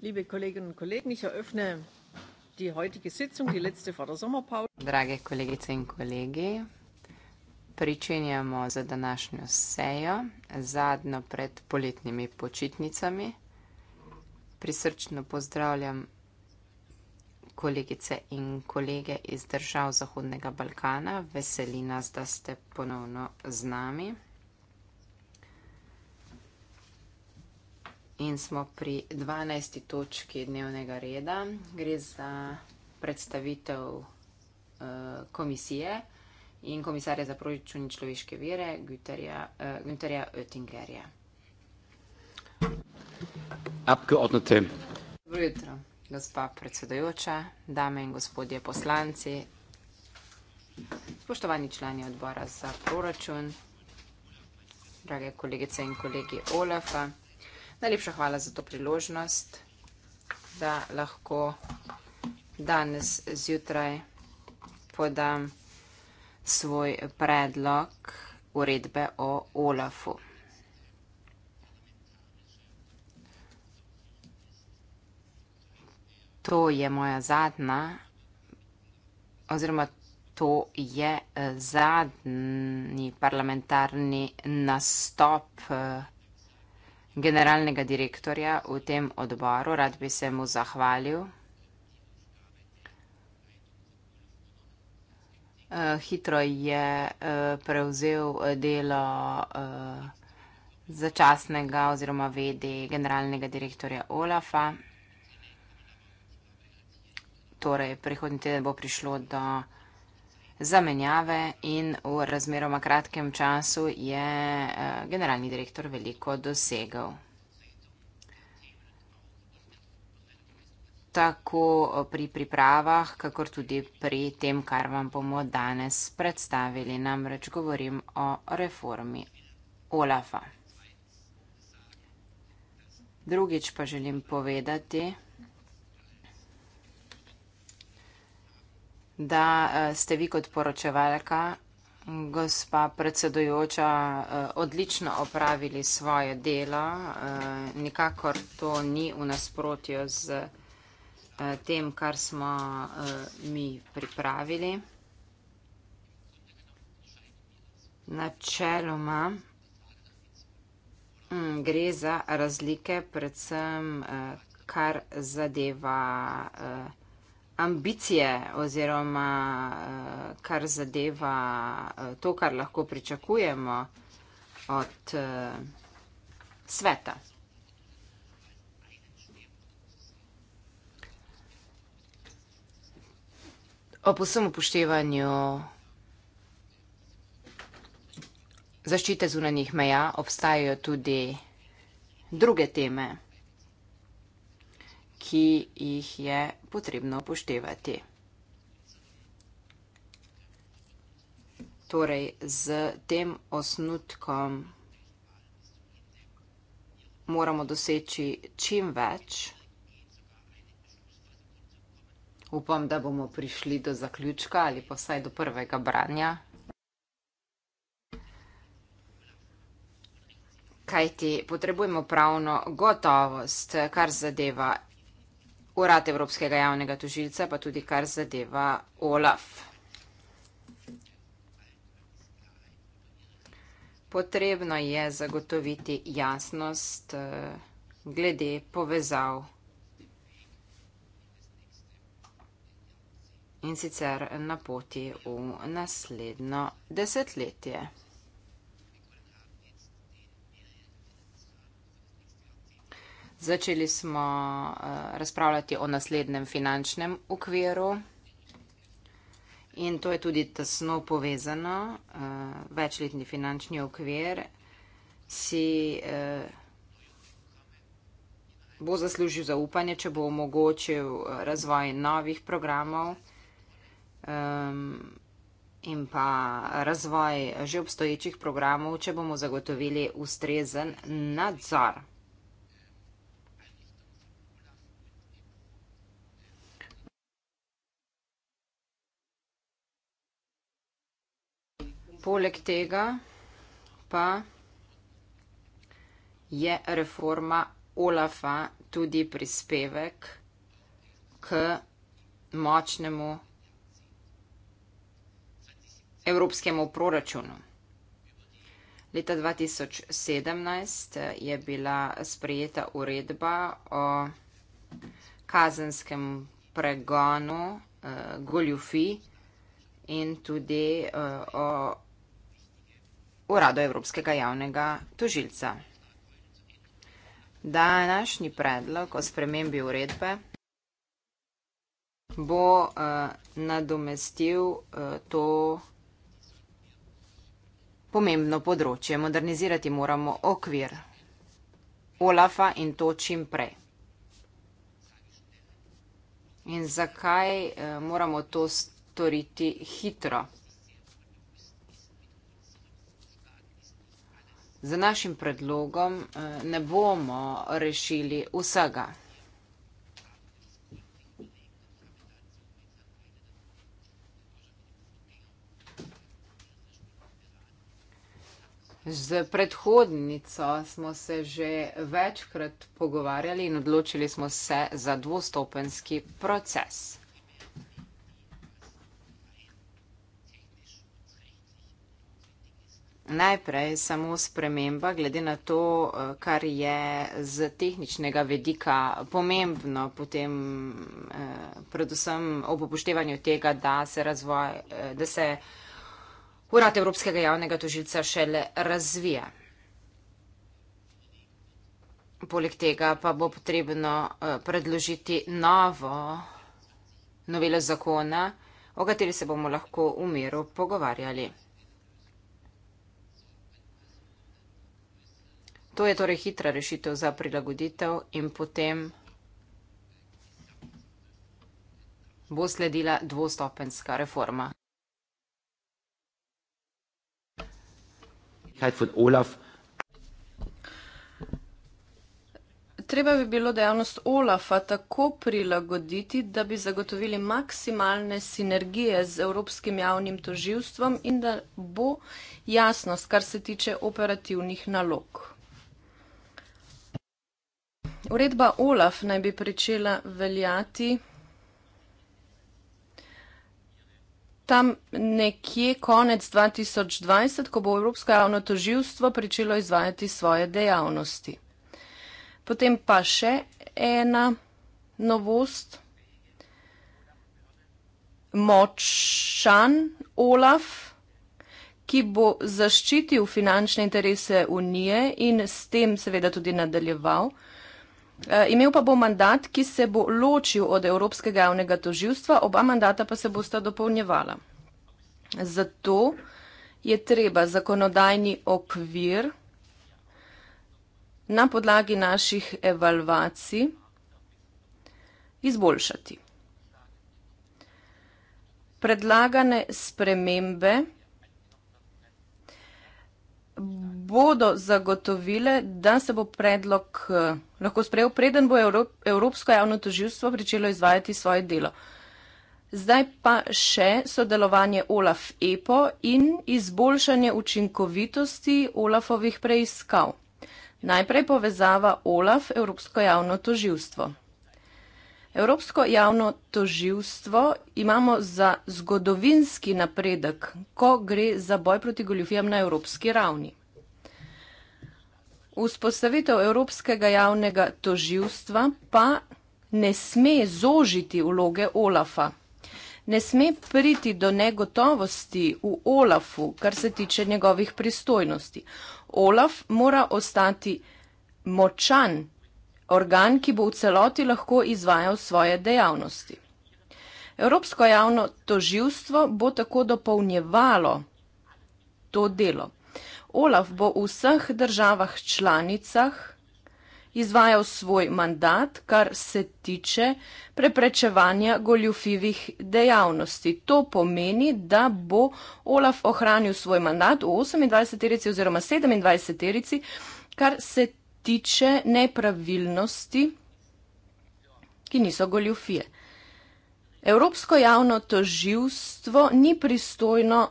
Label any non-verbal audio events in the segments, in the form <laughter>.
liebe kolleginnen und kollegen ich eröffne die heutige sitzung die letzte vor der sommerpause. drage kolegice in kolegi pričenjamo za današnjo sejo zadnjo pred poletnimi počitnicami prisrčno pozdravljam kolegice in kolege iz držav zahodnega balkana veseli nas da ste ponovno z nami. In smo pri 12. točki dnevnega reda. Gre za predstavitev uh, komisije in komisarja za proračun in človeške vire, eh, Günterja uh, Oettingerja. Abgeordnete. Dobro jutro, gospa predsedojoča, dame in gospodje poslanci, spoštovani člani odbora za proračun, drage kolegice in kolegi Olafa. Najlepša hvala za to priložnost, da lahko danes zjutraj podam svoj predlog uredbe o OLAF-u. To je moja zadnja, oziroma to je zadnji parlamentarni nastop vsega. Eh, generalnega direktorja v tem odboru. Rad bi se mu zahvalil. Eh, hitro je eh, prevzel eh, delo začasnega oziroma vede generalnega direktorja Olafa. Torej, prihodnji teden bo prišlo do zamenjave in v razmeroma kratkem času je eh, generalni direktor veliko dosegel. Tako eh, pri pripravah, kakor tudi pri tem, kar vam bomo danes predstavili, namreč govorim o reformi OLAFA. Drugič pa želim povedati, da eh, ste vi kot poročevalka, gospa predsedujoča, eh, odlično opravili svoje delo. Eh, nikakor to ni v nasprotju z tem, kar smo mi pripravili. Načeloma mm, gre za razlike, predvsem kar zadeva ambicije oziroma uh, kar zadeva uh, to, kar lahko pričakujemo od uh, sveta. Ob vsem upoštevanju zaščite zunanjih meja obstajajo tudi druge teme ki jih je potrebno upoštevati. Torej, z tem osnutkom moramo doseči čim več. Upam, da bomo prišli do zaključka ali pa vsaj do prvega branja. Kajti potrebujemo pravno gotovost, kar zadeva Urad Evropskega javnega tožilca, pa tudi kar zadeva OLAF. Potrebno je zagotoviti jasnost eh, glede povezav. In sicer na poti v naslednjo desetletje. Začeli smo uh, razpravljati o naslednjem finančnem okviru in to je tudi tesno povezano. Uh, večletni finančni okvir si uh, bo zaslužil zaupanje, če bo omogočil razvoj novih programov um, in pa razvoj že obstoječih programov, če bomo zagotovili ustrezen nadzor. poleg tega pa je reforma Olafa tudi prispevek k močnemu evropskemu proračunu. Leta 2017 je bila sprejeta uredba o kazenskem pregonu eh, goljufi in tudi eh, o Urado Evropskega javnega tožilca. Današnji predlog o spremembi uredbe bo uh, nadomestil uh, to pomembno področje. Modernizirati moramo okvir OLAFA in to čim prej. In zakaj uh, moramo to storiti hitro? Z našim predlogom eh, ne bomo rešili vsega. Z predhodnico smo se že večkrat pogovarjali in odločili smo se za dvostopenski proces. Najprej samo sprememba, glede na to, eh, kar je z tehničnega vedika pomembno, potem eh, predvsem ob upoštevanju tega, da se, razvoj, eh, da se urad Evropskega javnega tožilca šele razvija. Poleg tega pa bo potrebno predložiti novo novelo zakona, o kateri se bomo lahko v miru pogovarjali. To je torej hitra rešitev za prilagoditev in potem bo sledila dvostopenska reforma. Treba bi bilo dejavnost OLAF-a tako prilagoditi, da bi zagotovili maksimalne sinergije z Evropskim javnim toživstvom in da bo jasnost, kar se tiče operativnih nalog. Uredba OLAF naj bi pričela veljati tam nekje konec 2020, ko bo Evropsko javno toživstvo pričelo izvajati svoje dejavnosti. Potem pa še ena novost. Močan OLAF ki bo zaščitil finančne interese Unije in s tem seveda tudi nadaljeval. Eh, imel pa bo mandat, ki se bo ločil od Evropskega javnega toživstva, oba mandata pa se bosta dopolnjevala. Zato je treba zakonodajni okvir na podlagi naših evalvacij izboljšati. Predlagane spremembe bodo zagotovile, da se bo predlog eh, lahko sprejel, preden bo Evropsko javno toživstvo pričelo izvajati svoje delo. Zdaj pa še sodelovanje Olaf Epo in izboljšanje učinkovitosti Olafovih preiskav. Najprej povezava Olaf Evropsko javno toživstvo. Evropsko javno toživstvo imamo za zgodovinski napredek, ko gre za boj proti goljufijam na evropski ravni. Vzpostavitev Evropskega javnega toživstva pa ne sme zožiti vloge Olafa. Ne sme priti do negotovosti v Olafu, kar se tiče njegovih pristojnosti. Olaf mora ostati močan organ, ki bo v celoti lahko izvajal svoje dejavnosti. Evropsko javno toživstvo bo tako dopolnjevalo to delo. Olaf bo v vseh državah članicah izvajal svoj mandat, kar se tiče preprečevanja goljufivih dejavnosti. To pomeni, da bo Olaf ohranil svoj mandat v 28-terici oziroma 27-terici, kar se tiče nepravilnosti, ki niso goljufije. Evropsko javno toživstvo ni pristojno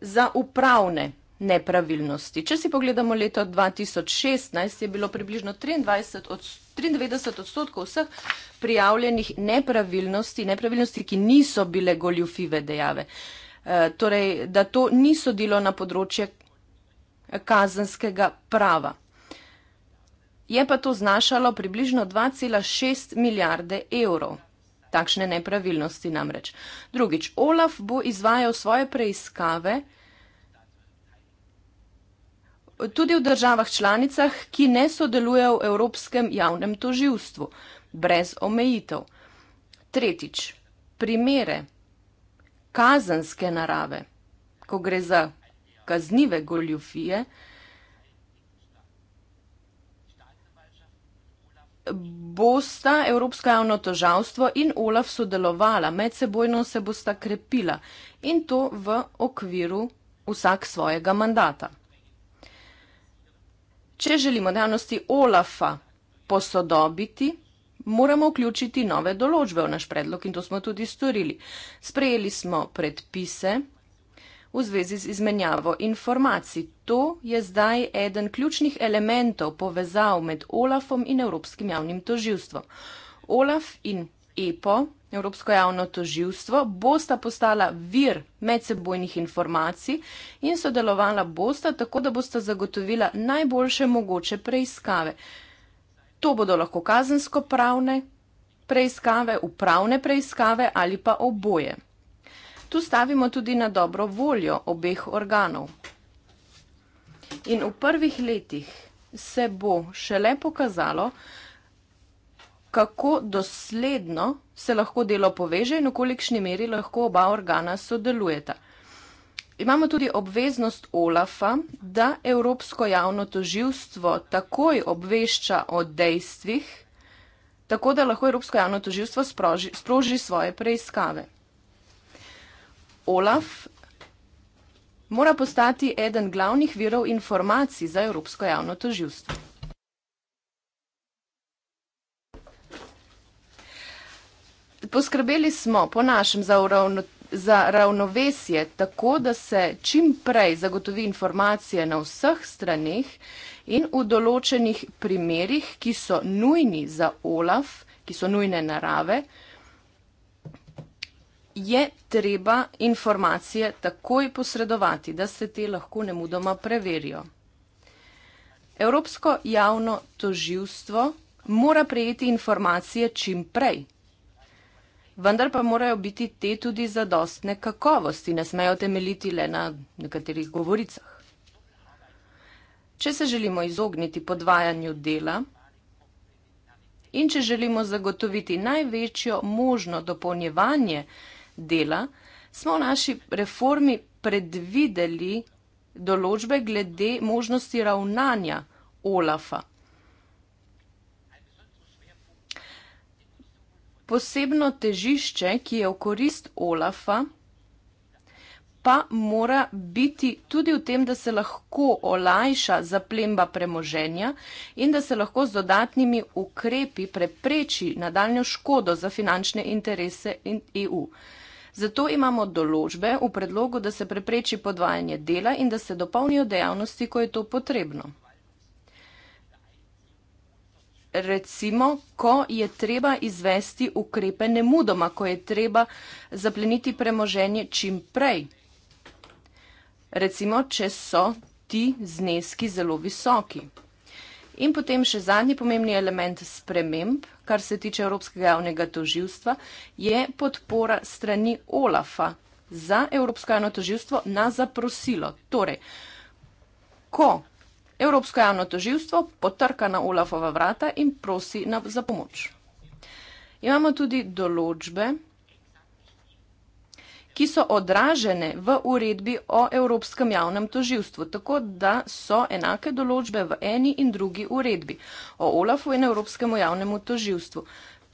za upravne nepravilnosti. Če si pogledamo leto 2016, je bilo približno 23 od, 93 odstotkov vseh prijavljenih nepravilnosti, nepravilnosti, ki niso bile goljufive dejave. E, torej, da to ni sodilo na področje kazenskega prava. Je pa to znašalo približno 2,6 milijarde evrov takšne nepravilnosti namreč. Drugič, Olaf bo izvajal svoje preiskave tudi v državah članicah, ki ne sodelujejo v Evropskem javnem toživstvu, brez omejitev. Tretjič, primere kazanske narave, ko gre za kaznive goljufije, bosta Evropsko javno tožavstvo in OLAF sodelovala, medsebojno se bosta krepila in to v okviru vsak svojega mandata. Če želimo dejavnosti OLAF-a posodobiti, moramo vključiti nove določbe v naš predlog in to smo tudi storili. Sprejeli smo predpise, v zvezi z izmenjavo informacij. To je zdaj eden ključnih elementov povezav med OLAF-om in Evropskim javnim toživstvom. OLAF in EPO, Evropsko javno toživstvo, bosta postala vir medsebojnih informacij in sodelovala bosta tako, da bosta zagotovila najboljše mogoče preiskave. To bodo lahko kazensko pravne preiskave, upravne preiskave ali pa oboje. Tu stavimo tudi na dobro voljo obeh organov. In v prvih letih se bo šele pokazalo, kako dosledno se lahko delo poveže in v kolikšni meri lahko oba organa sodelujeta. Imamo tudi obveznost OLAF-a, da Evropsko javno toživstvo takoj obvešča o dejstvih, tako da lahko Evropsko javno toživstvo sproži, sproži svoje preiskave. Olaf mora postati eden glavnih virov informacij za Evropsko javno toživstvo. Poskrbeli smo po našem za, uravno, za ravnovesje tako, da se čim prej zagotovi informacije na vseh straneh in v določenih primerih, ki so nujni za Olaf, ki so nujne narave, je treba informacije takoj posredovati, da se te lahko nemudoma preverijo. Evropsko javno toživstvo mora prejeti informacije čim prej. Vendar pa morajo biti te tudi zadostne kakovosti, ne smejo temeljiti le na nekaterih govoricah. Če se želimo izogniti podvajanju dela in če želimo zagotoviti največjo možno dopolnjevanje dela, smo v naši reformi predvideli določbe glede možnosti ravnanja OLAF-a. Posebno težišče, ki je v korist OLAF-a, pa mora biti tudi v tem, da se lahko olajša zaplemba premoženja in da se lahko z dodatnimi ukrepi prepreči nadaljnjo škodo za finančne interese in EU. Zato imamo določbe v predlogu, da se prepreči podvajanje dela in da se dopolnijo dejavnosti, ko je to potrebno. Recimo, ko je treba izvesti ukrepe nemudoma, ko je treba zapleniti premoženje čim prej. Recimo, če so ti zneski zelo visoki. In potem še zadnji pomembni element sprememb, kar se tiče Evropskega javnega toživstva, je podpora strani OLAF-a za Evropsko javno toživstvo na zaprosilo. Torej, ko Evropsko javno toživstvo potrka na OLAF-ova vrata in prosi za pomoč. Imamo tudi določbe, ki so odražene v uredbi o Evropskem javnem toživstvu, tako da so enake določbe v eni in drugi uredbi o Olafu in Evropskem javnemu toživstvu,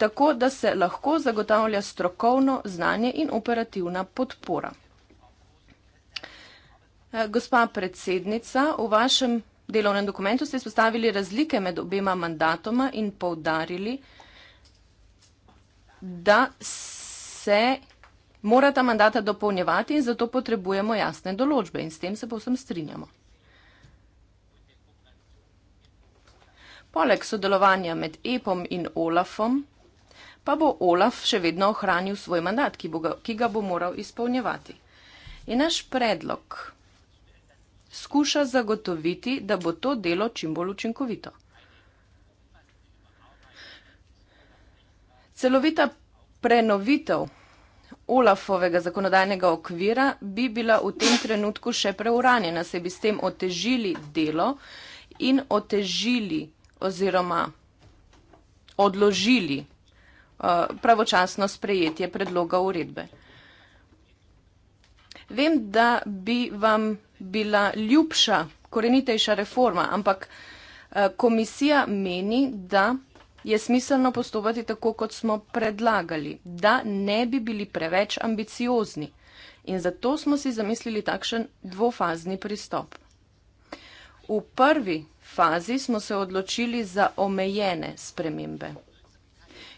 tako da se lahko zagotavlja strokovno znanje in operativna podpora. Eh, gospa predsednica, v vašem delovnem dokumentu ste spostavili razlike med obema mandatoma in povdarili, da se mora ta mandata dopolnjevati in zato potrebujemo jasne določbe in s tem se povsem strinjamo. Poleg sodelovanja med EPOM in OLAFom pa bo OLAF še vedno ohranil svoj mandat, ki, bo ga, ki ga bo moral izpolnjevati. In naš predlog skuša zagotoviti, da bo to delo čim bolj učinkovito. Celovita prenovitev Olafovega zakonodajnega okvira, bi bila v tem trenutku še preuranjena, se bi s tem otežili delo in otežili oziroma odložili uh, pravočasno sprejetje predloga uredbe. Vem, da bi vam bila ljubša, korenitejša reforma, ampak uh, komisija meni, da je smiselno postopati tako, kot smo predlagali, da ne bi bili preveč ambiciozni. In zato smo si zamislili takšen dvofazni pristop. V prvi fazi smo se odločili za omejene spremembe,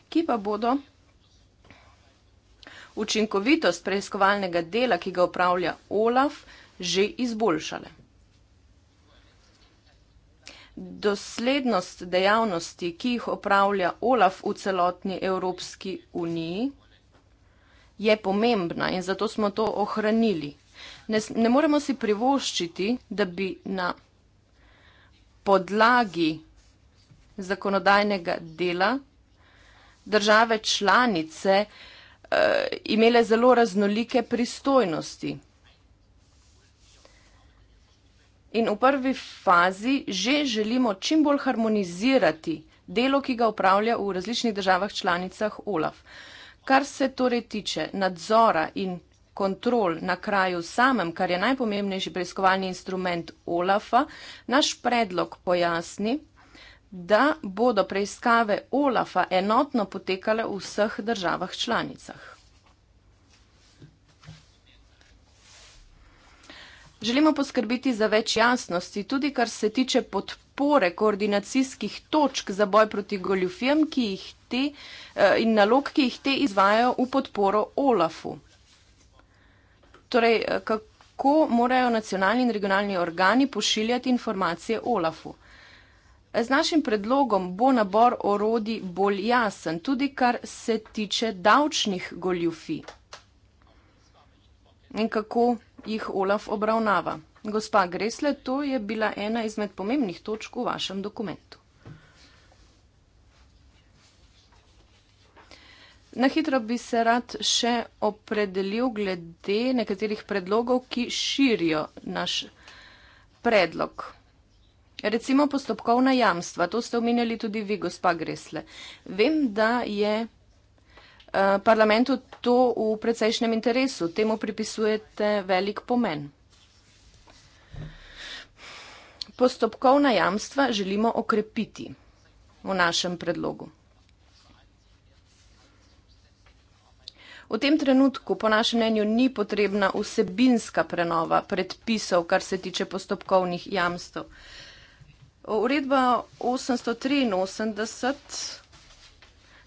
ki pa bodo učinkovitost preiskovalnega dela, ki ga upravlja Olaf, že izboljšale doslednost dejavnosti, ki jih opravlja OLAF v celotni Evropski uniji, je pomembna in zato smo to ohranili. Ne, ne moremo si privoščiti, da bi na podlagi zakonodajnega dela države članice uh, imele zelo raznolike pristojnosti in v prvi fazi že želimo čim bolj harmonizirati delo, ki ga upravlja v različnih državah članicah OLAF. Kar se torej tiče nadzora in kontrol na kraju samem, kar je najpomembnejši preiskovalni instrument OLAF-a, naš predlog pojasni, da bodo preiskave OLAF-a enotno potekale v vseh državah članicah. Želimo poskrbeti za več jasnosti, tudi kar se tiče podpore koordinacijskih točk za boj proti goljufijam eh, in nalog, ki jih te izvajajo v podporo OLAF-u. Torej, eh, kako morajo nacionalni in regionalni organi pošiljati informacije OLAF-u? Eh, z našim predlogom bo nabor orodi bolj jasen, tudi kar se tiče davčnih goljufij. In kako jih Olaf obravnava. Gospa Gresle, to je bila ena izmed pomembnih točk v vašem dokumentu. Na hitro bi se rad še opredelil glede nekaterih predlogov, ki širijo naš predlog. Recimo postopkovna jamstva, to ste omenjali tudi vi, gospa Gresle. Vem, da je Eh, parlamentu to v precejšnjem interesu. Temu pripisujete velik pomen. Postopkovna jamstva želimo okrepiti v našem predlogu. V tem trenutku, po našem mnenju, ni potrebna vsebinska prenova predpisov, kar se tiče postopkovnih jamstv. Uredba 883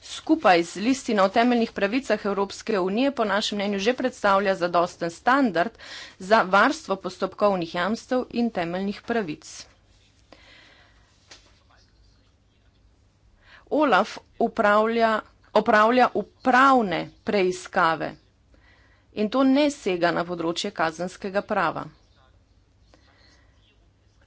skupaj z listino o temeljnih pravicah Evropske unije po našem mnenju že predstavlja zadosten standard za varstvo postopkovnih jamstev in temeljnih pravic. Olaf upravlja, opravlja upravne preiskave in to ne sega na področje kazenskega prava.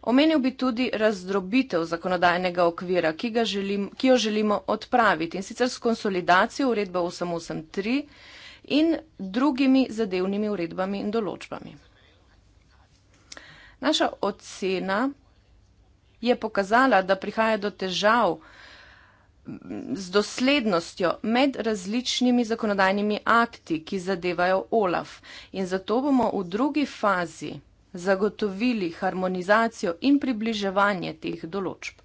Omenil bi tudi razdrobitev zakonodajnega okvira, ki, želim, ki jo želimo odpraviti in sicer s konsolidacijo uredbe 883 in drugimi zadevnimi uredbami in določbami. Naša ocena je pokazala, da prihaja do težav z doslednostjo med različnimi zakonodajnimi akti, ki zadevajo OLAF. In zato bomo v drugi fazi zagotovili harmonizacijo in približevanje teh določb.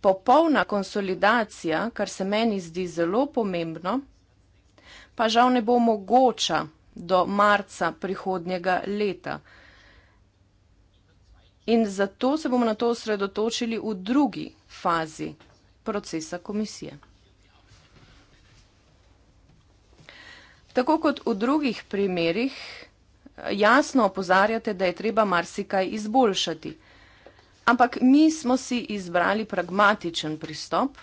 Popolna konsolidacija, kar se meni zdi zelo pomembno, pa žal ne bo mogoča do marca prihodnjega leta. In zato se bomo na to osredotočili v drugi fazi procesa komisije. Tako kot v drugih primerih, jasno opozarjate, da je treba marsikaj izboljšati. Ampak mi smo si izbrali pragmatičen pristop.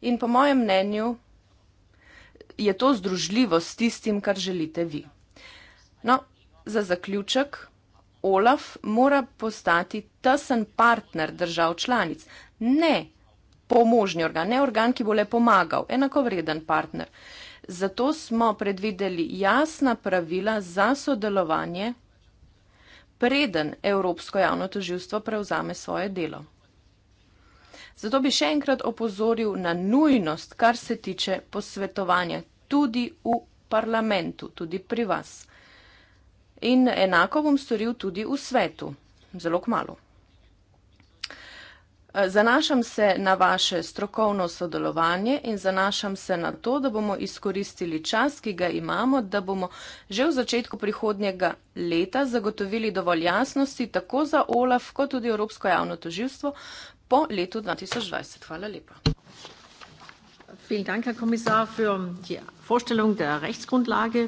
In po mojem mnenju je to združljivo s tistim, kar želite vi. No, za zaključek, Olaf mora postati tesen partner držav članic. Ne, pomožni organ, ne organ, ki bo le pomagal, enakovreden partner. Zato smo predvideli jasna pravila za sodelovanje, preden Evropsko javno toživstvo prevzame svoje delo. Zato bi še enkrat opozoril na nujnost, kar se tiče posvetovanja tudi v parlamentu, tudi pri vas. In enako bom storil tudi v svetu, zelo k malu. Eh, zanašam se na vaše strokovno sodelovanje in zanašam se na to, da bomo izkoristili čas, ki ga imamo, da bomo že v začetku prihodnjega leta zagotovili dovolj jasnosti tako za OLAF, kot tudi Evropsko javno toživstvo po letu 2020. Hvala lepa. Vielen Dank, Herr Kommissar, für die Vorstellung der Rechtsgrundlage.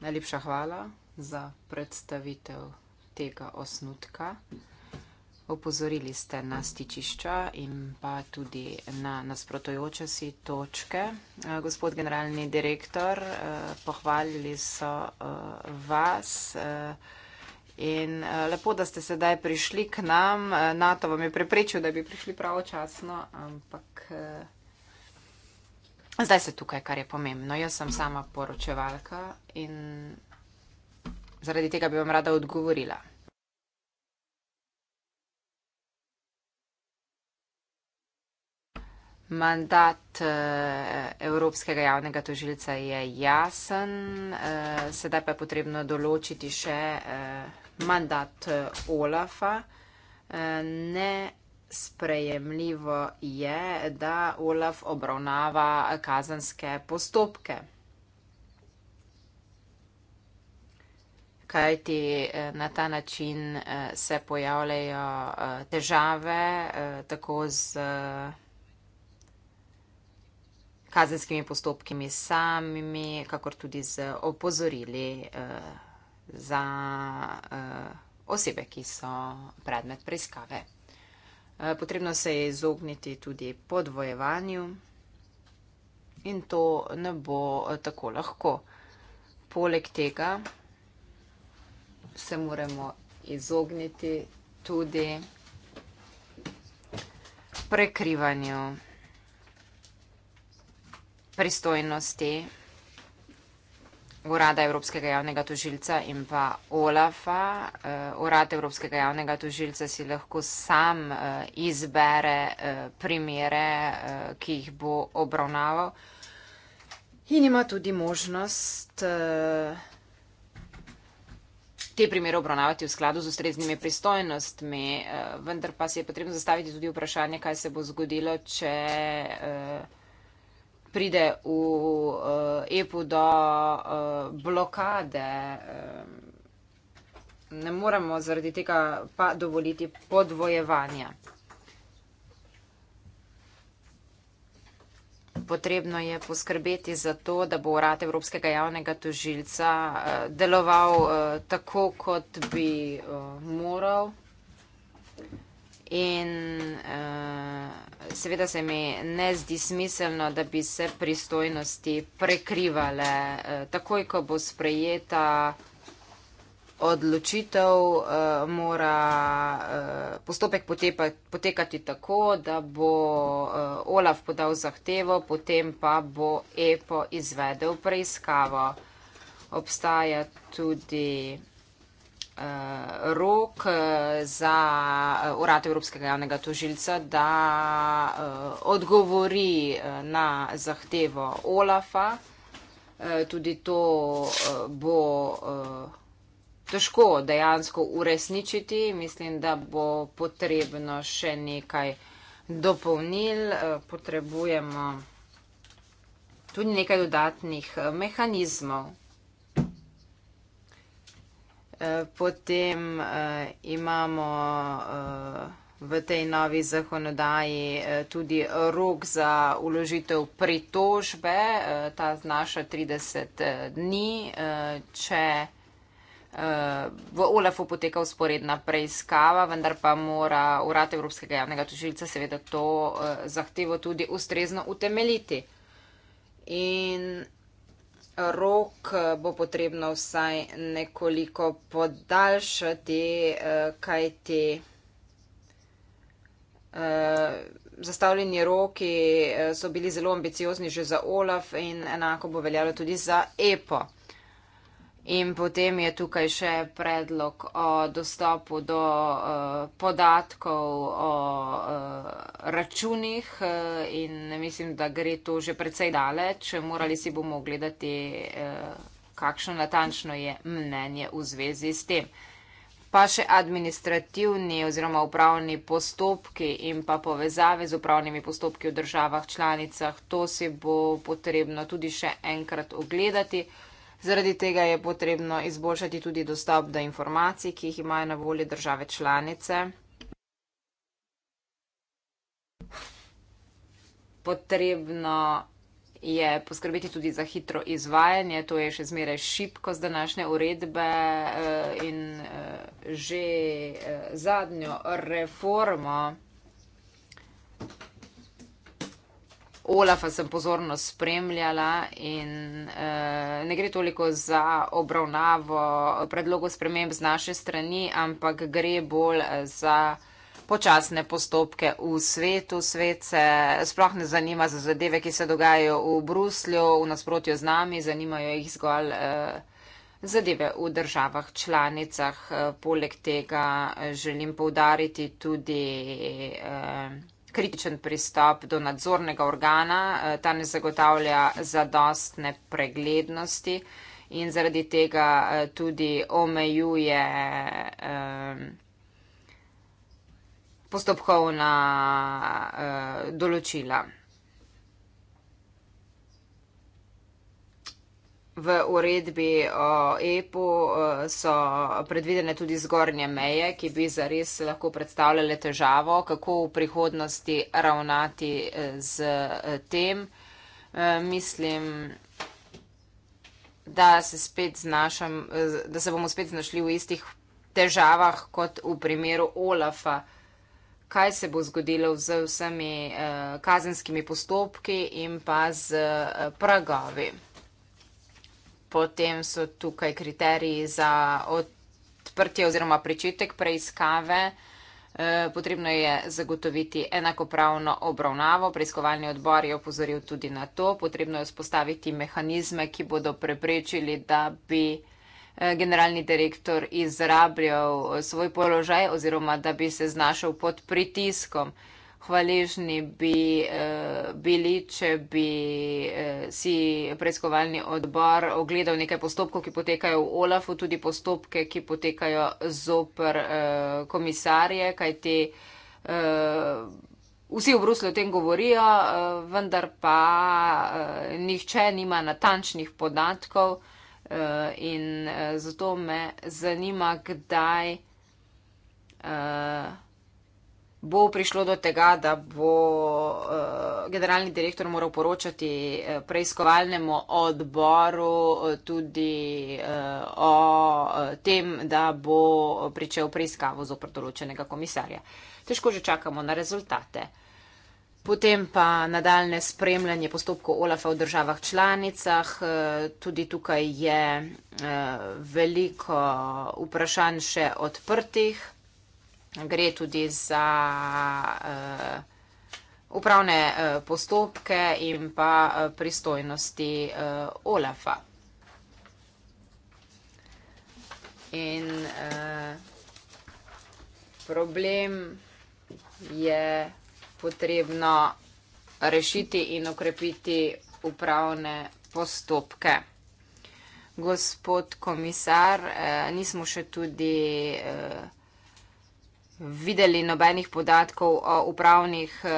Najlepša hvala za predstavitev tega osnutka. Opozorili ste na stičišča in pa tudi na nasprotojoče si točke. Eh, gospod generalni direktor, eh, pohvalili so eh, vas in lepo, da ste sedaj prišli k nam. NATO vam je preprečil, da bi prišli pravočasno, ampak zdaj ste tukaj, kar je pomembno. Jaz sem sama poročevalka in zaradi tega bi vam rada odgovorila. Mandat eh, Evropskega javnega tožilca je jasen, eh, sedaj pa je potrebno določiti še eh, mandat Olafa. Nesprejemljivo je, da Olaf obravnava kazanske postopke. Kajti na ta način se pojavljajo težave tako z kazenskimi postopkimi samimi, kakor tudi z opozorili uh, za uh, osebe, ki so predmet preiskave. Eh, potrebno se je izogniti tudi podvojevanju in to ne bo tako lahko. Poleg tega se moramo izogniti tudi prekrivanju pristojnosti Urada Evropskega javnega tožilca in pa OLAFA. Eh, Urad Evropskega javnega tožilca si lahko sam eh, izbere eh, primere, ki jih bo obravnaval in ima tudi možnost te primere obravnavati v skladu z ustreznimi pristojnostmi, vendar pa si je potrebno zastaviti tudi vprašanje, kaj se bo zgodilo, če pride v uh, eh, EPU do uh, blokade, uh, ne moremo zaradi tega pa dovoliti podvojevanja. Potrebno je poskrbeti za to, da bo urad Evropskega javnega tožilca uh, deloval uh, tako, kot bi uh, moral. In uh, seveda se mi ne zdi smiselno, da bi se pristojnosti prekrivale. Uh, takoj, ko bo sprejeta odločitev, uh, mora uh, postopek potepa, potekati tako, da bo uh, Olaf podal zahtevo, potem pa bo EPO izvedel preiskavo. Obstaja tudi. Eh, rok eh, za eh, Urad Evropskega javnega tožilca, da odgovori na zahtevo OLAFA. Tudi to bo težko dejansko uresničiti. Mislim, da bo potrebno še nekaj dopolnil. Potrebujemo tudi nekaj dodatnih mehanizmov. Eh, potem uh, imamo uh, v tej novi zakonodaji uh, tudi rok za uložitev pritožbe, uh, ta znaša 30 dni, uh, če uh, v OLAF-u poteka usporedna preiskava, vendar pa mora Urad Evropskega javnega tožilca seveda to uh, zahtevo tudi ustrezno utemeliti. In rok eh, bo potrebno vsaj nekoliko podaljšati, eh, kaj ti eh, zastavljeni roki so bili zelo ambiciozni že za OLAF in enako bo veljalo tudi za EPO. In potem je tukaj še predlog o dostopu do uh, podatkov o uh, računih eh, in mislim, da gre to že precej daleč. Morali si bomo gledati, uh, kakšno natančno je mnenje v zvezi s tem. Pa še administrativni oziroma upravni postopki in pa povezave z upravnimi postopki v državah članicah, to si bo potrebno tudi še enkrat ogledati. Zaradi tega je potrebno izboljšati tudi dostop do informacij, ki jih imajo na voljo države članice. Potrebno je poskrbeti tudi za hitro izvajanje, to je še zmeraj šipko z današnje uredbe eh, in eh, že eh, zadnjo reformo. Olafa sem pozorno spremljala in uh, ne gre toliko za obravnavo predlogov sprememb z naše strani, ampak gre bolj eh, za počasne postopke v svetu. Svet se sploh ne zanima za zadeve, ki se dogajajo v Bruslju, v nasprotju z nami, zanimajo jih zgolj. Uh, Zadeve v državah članicah, poleg tega želim poudariti tudi eh, kritičen pristop do nadzornega organa, eh, ta ne zagotavlja zadostne preglednosti in zaradi tega eh, tudi omejuje eh, postopkovna določila. V uredbi o EPU eh, so predvidene tudi zgornje meje, ki bi zares lahko predstavljale težavo, kako v prihodnosti ravnati eh, z eh, tem. Mislim, da se, znašam, da se bomo spet znašli v istih težavah kot v primeru Olafa. Kaj se bo zgodilo z vsemi kazenskimi postopki in pa z pragovi? Potem so tukaj kriteriji za odprtje oziroma pričetek preiskave. Eh, potrebno je zagotoviti enakopravno obravnavo. Preiskovalni odbor je upozoril tudi na to. Potrebno je spostaviti mehanizme, ki bodo preprečili, da bi eh, generalni direktor izrabljal eh, svoj položaj oziroma da bi se znašel pod pritiskom hvaležni bi eh, bili, če bi eh, si preiskovalni odbor ogledal nekaj postopkov, ki potekajo v OLAF-u, tudi postopke, ki potekajo zoper eh, komisarje, kajti eh, vsi v Bruslju o tem govorijo, eh, vendar pa eh, nihče nima natančnih podatkov eh, in eh, zato me zanima, kdaj. Eh, bo prišlo do tega, da bo uh, generalni direktor moral poročati uh, preiskovalnemu odboru uh, tudi uh, o uh, tem, da bo pričel preiskavo zopr določenega komisarja. Težko že čakamo na rezultate. Potem pa nadaljne spremljanje postopkov OLAF-a v državah članicah. Tudi tukaj je veliko vprašanj še odprtih gre tudi za uh, upravne uh, postopke in pa uh, pristojnosti uh, OLAFA. In uh, problem je potrebno rešiti in okrepiti upravne postopke. Gospod komisar, eh, nismo še tudi eh, videli nobenih podatkov o upravnih eh,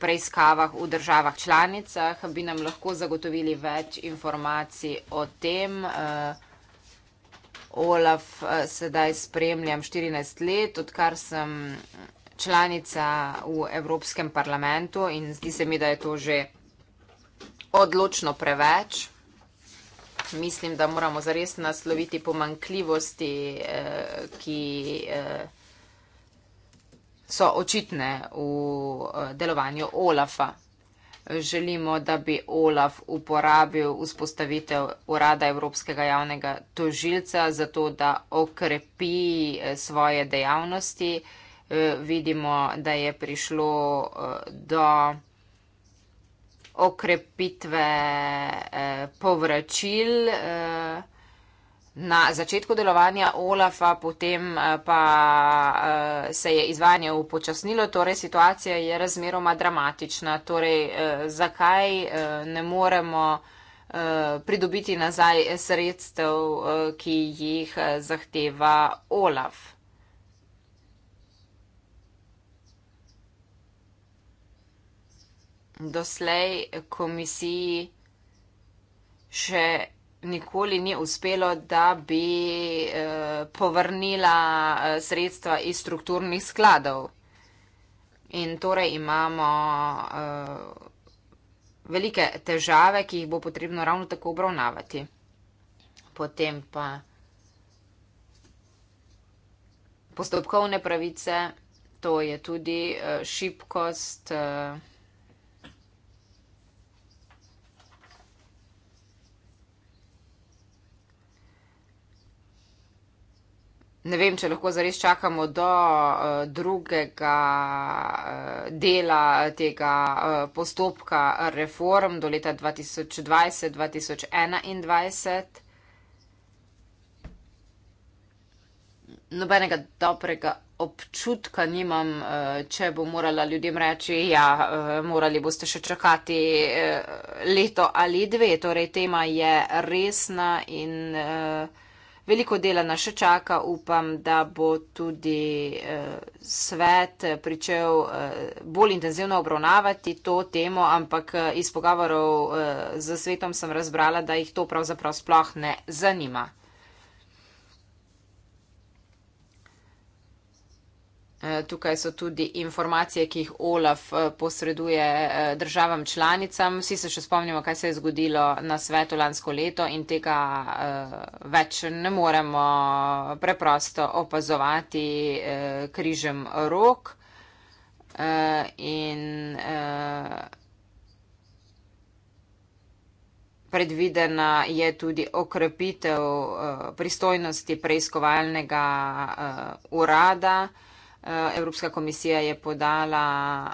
preiskavah v državah članicah, bi nam lahko zagotovili več informacij o tem. Eh, Olaf, eh, sedaj spremljam 14 let, odkar sem članica v Evropskem parlamentu in zdi se mi, da je to že odločno preveč. Mislim, da moramo zares nasloviti pomankljivosti, ki jih so očitne v eh, delovanju Olafa. Želimo, da bi Olaf uporabil vzpostavitev Urada Evropskega javnega tožilca za to, da okrepi eh, svoje dejavnosti. Eh, vidimo, da je prišlo do okrepitve povračil na začetku delovanja OLAF-a, potem eh, pa eh, se je izvajanje upočasnilo, torej situacija je razmeroma dramatična. Torej, eh, zakaj ne moremo pridobiti nazaj sredstev, ki jih zahteva OLAF? Doslej komisiji še nikoli ni uspelo, da bi eh, povrnila eh, sredstva iz strukturnih skladov. In torej imamo eh, velike težave, ki jih bo potrebno ravno tako obravnavati. Potem pa postopkovne pravice, to je tudi eh, šibkost. Eh, ne vem, če lahko zares čakamo do uh, drugega uh, dela tega uh, postopka reform do leta 2020-2021. Nobenega dobrega občutka nimam, če bo morala ljudem reči, ja, morali boste še čakati leto ali dve. Torej, tema je resna in uh, Veliko dela nas še čaka, upam, da bo tudi eh, svet pričel eh, bolj intenzivno obravnavati to temo, ampak eh, iz pogovorov eh, z svetom sem razbrala, da jih to pravzaprav sploh ne zanima. Eh, tukaj so tudi informacije, ki jih Olaf eh, posreduje eh, državam članicam. Vsi se še spomnimo, kaj se je zgodilo na svetu lansko leto in tega več ne moremo preprosto opazovati križem rok. In predvidena je tudi okrepitev pristojnosti preiskovalnega urada. Eh, Evropska komisija je podala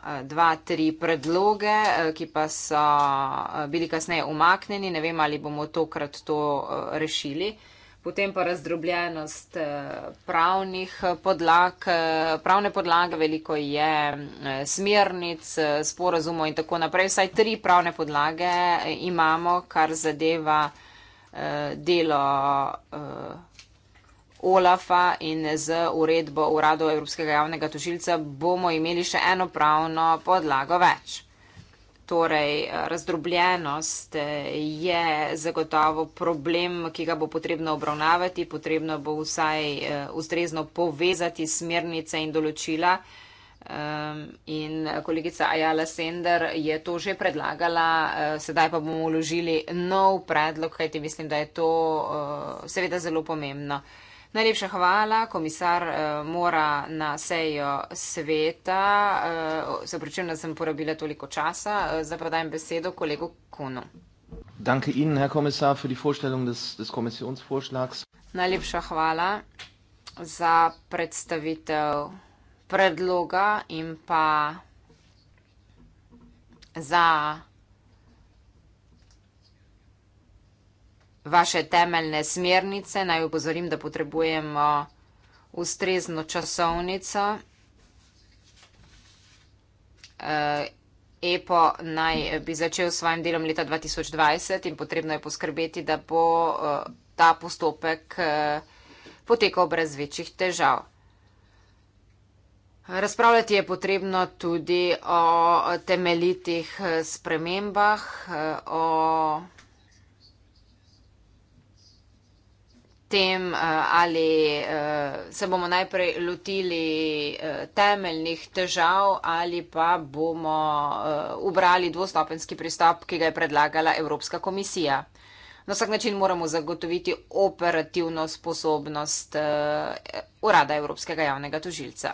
eh, dva, tri predloge, eh, ki pa so bili kasneje umaknjeni. Ne vem, ali bomo tokrat to rešili. Potem pa razdrobljenost pravnih podlag, pravne podlage, veliko je smernic, sporazumov in tako naprej. Vsaj tri pravne podlage imamo, kar zadeva delo OLAF-a in z uredbo Urado Evropskega javnega tožilca bomo imeli še eno pravno podlago več. Torej, razdrobljenost je zagotovo problem, ki ga bo potrebno obravnavati, potrebno bo vsaj eh, ustrezno povezati smernice in določila. Ehm, in kolegica Ajala Sender je to že predlagala, eh, sedaj pa bomo uložili nov predlog, kajti mislim, da je to eh, seveda zelo pomembno. Najlepša hvala. Komisar uh, mora na sejo sveta. Uh, se pričujem, da sem porabila toliko časa. Uh, zdaj pa dajem besedo kolegu Kunu. Danke Ihnen, Herr Kommissar, für die Vorstellung des, des Kommissionsvorschlags. Najlepša hvala za predstavitev predloga in pa za. vaše temeljne smernice. Naj upozorim, da potrebujemo ustrezno časovnico. Eh, EPO naj eh, bi začel s svojim delom leta 2020 in potrebno je poskrbeti, da bo eh, ta postopek potekal brez večjih težav. Razpravljati je potrebno tudi o temeljitih spremembah, o tem, eh, ali eh, se bomo najprej lotili eh, temeljnih težav ali pa bomo ubrali dvostopenski pristop, ki ga je predlagala Evropska komisija. Na vsak način moramo zagotoviti operativno sposobnost Urada Evropskega javnega tožilca.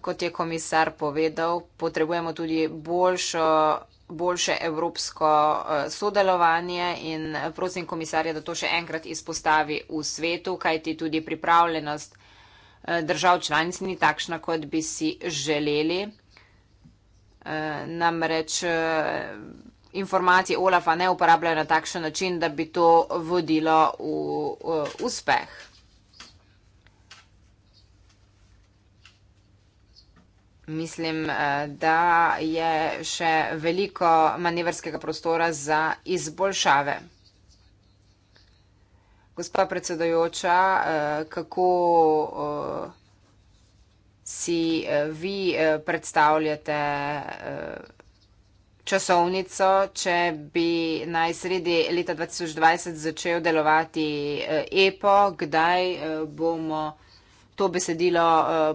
Kot je komisar povedal, potrebujemo tudi boljšo boljše evropsko eh, sodelovanje in eh, prosim komisarja, da to še enkrat izpostavi v svetu, kajti tudi pripravljenost eh, držav članic ni takšna, kot bi si želeli. Namreč informacije OLAF-a ne uporabljajo na takšen način, da bi to vodilo v uspeh. Mislim, eh, da je še veliko manevrskega prostora za izboljšave. Gospa predsedojoča, eh, kako eh, si vi predstavljate časovnico, če bi naj sredi leta 2020 začel delovati EPO, e kdaj bomo to besedilo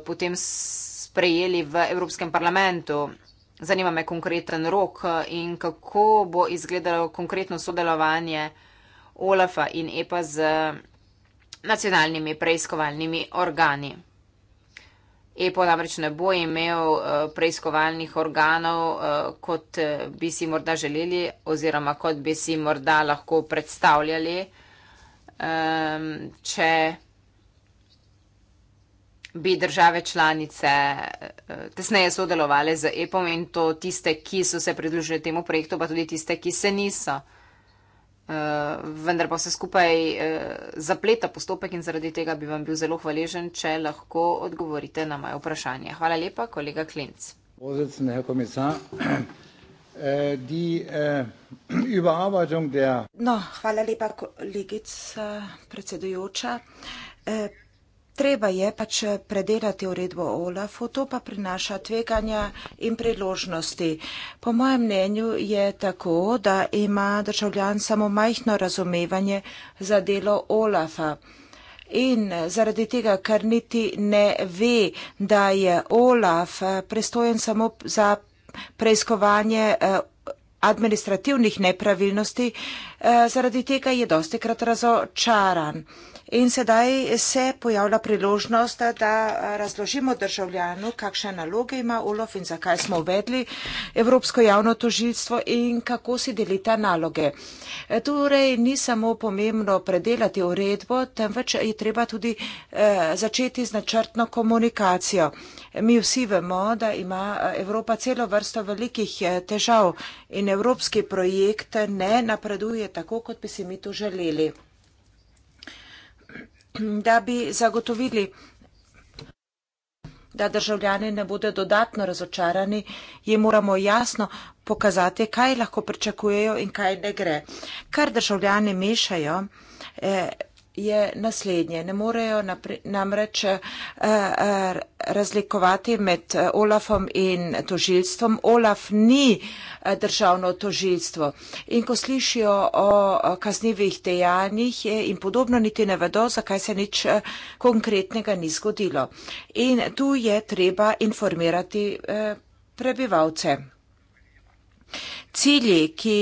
potem sredstvo? sprejeli v Evropskem parlamentu. Zanima me konkreten rok eh, in kako bo izgledalo konkretno sodelovanje OLAF-a in EPA z nacionalnimi preiskovalnimi organi. EPO namreč ne bo imel eh, preiskovalnih organov, eh, kot bi si morda želeli oziroma kot bi si morda lahko predstavljali, ehm, če bi države članice eh, tesneje sodelovali z EPOM in to tiste, ki so se pridružili temu projektu, pa tudi tiste, ki se niso. Eh, vendar pa se skupaj eh, zapleta postopek in zaradi tega bi vam bil zelo hvaležen, če lahko odgovorite na moje vprašanje. Hvala lepa, kolega Klinc. Äh, äh, <clears throat> no, hvala lepa, kolegica predsedujoča. Äh, Treba je pač predelati uredbo OLAF-u, to pa prinaša tveganja in priložnosti. Po mojem mnenju je tako, da ima državljan samo majhno razumevanje za delo OLAF-a. In zaradi tega, ker niti ne ve, da je OLAF eh, prestojen samo za preiskovanje eh, administrativnih nepravilnosti, eh, zaradi tega je dostikrat razočaran. In sedaj se pojavlja priložnost, da razložimo državljanu, kakšne naloge ima Olof in zakaj smo uvedli Evropsko javno tožilstvo in kako si delita naloge. Torej, ni samo pomembno predelati uredbo, temveč je treba tudi eh, začeti z načrtno komunikacijo. Mi vsi vemo, da ima eh, Evropa celo vrsto velikih eh, težav in evropski projekt ne napreduje tako, kot bi si mi to želeli da bi zagotovili, da državljani ne bodo dodatno razočarani, jim moramo jasno pokazati, kaj lahko pričakujejo in kaj ne gre. Kar državljani mešajo, eh, je naslednje. Ne morejo namreč eh, eh, razlikovati med eh, Olafom in tožilstvom. Olaf ni državno tožilstvo. In ko slišijo o kaznivih dejanjih in podobno, niti ne vedo, zakaj se nič konkretnega ni zgodilo. In tu je treba informirati prebivalce. Cilji, ki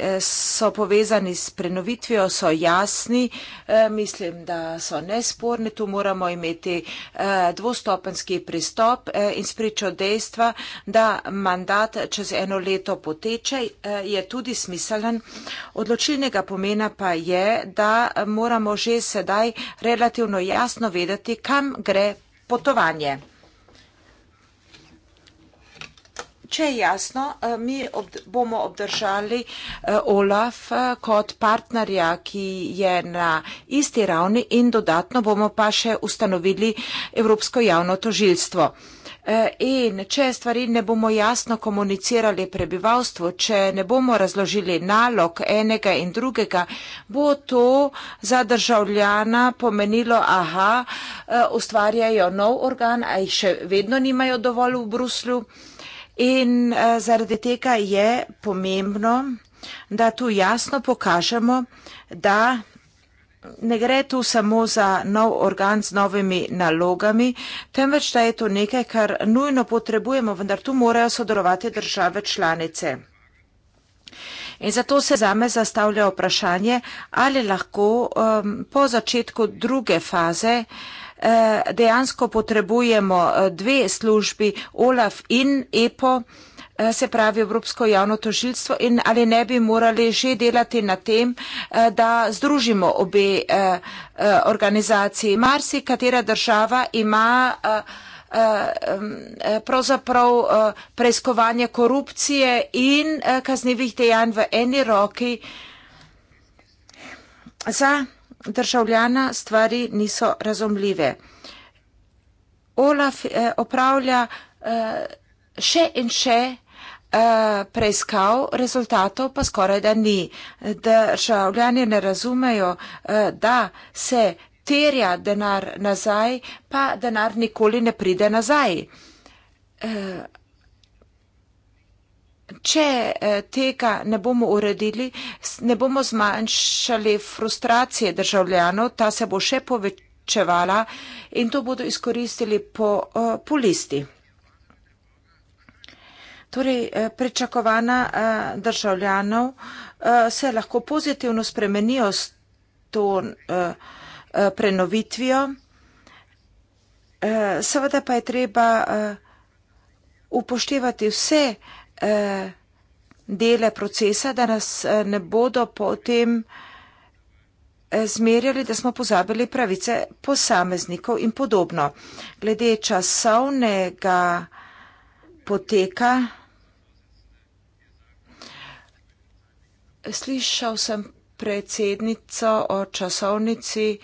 eh, so povezani s prenovitvijo, so jasni, eh, mislim, da so nesporni. Tu moramo imeti eh, dvostopenski pristop in spričo dejstva, da mandat čez eno leto poteče, je tudi smiselen. Odločilnega pomena pa je, da moramo že sedaj relativno jasno vedeti, kam gre potovanje. Če je jasno, eh, mi ob, bomo obdržali eh, Olaf eh, kot partnerja, ki je na isti ravni in dodatno bomo pa še ustanovili Evropsko javno tožilstvo. In če stvari ne bomo jasno komunicirali prebivalstvu, če ne bomo razložili nalog enega in drugega, bo to za državljana pomenilo, aha, ustvarjajo nov organ, a jih še vedno nimajo dovolj v Bruslju. In uh, zaradi tega je pomembno, da tu jasno pokažemo, da ne gre tu samo za nov organ z novimi nalogami, temveč da je to nekaj, kar nujno potrebujemo, vendar tu morajo sodelovati države članice. In zato se zame zastavlja vprašanje, ali lahko um, po začetku druge faze uh, Eh, dejansko potrebujemo eh, dve službi, OLAF in EPO, eh, se pravi Evropsko javno tožilstvo in ali ne bi morali že delati na tem, da združimo obe organizaciji. Marsi, katera država ima mm, pravzaprav preiskovanje korupcije in kaznevih dejanj v eni roki za državljana stvari niso razumljive. Olaf eh, opravlja eh, še in še eh, preiskav, rezultatov pa skoraj da ni. Državljani ne razumejo, eh, da se terja denar nazaj, pa denar nikoli ne pride nazaj. Eh, Če eh, tega ne bomo uredili, ne bomo zmanjšali frustracije državljanov, ta se bo še povečevala in to bodo izkoristili po eh, polisti. Torej, eh, pričakovana državljanov se lahko pozitivno spremenijo s to prenovitvijo. Seveda pa je treba upoštevati vse Eh, dele procesa, da nas eh, ne bodo potem eh, zmerjali, da smo pozabili pravice posameznikov in podobno. Glede časovnega poteka. Slišal sem predsednico o časovnici,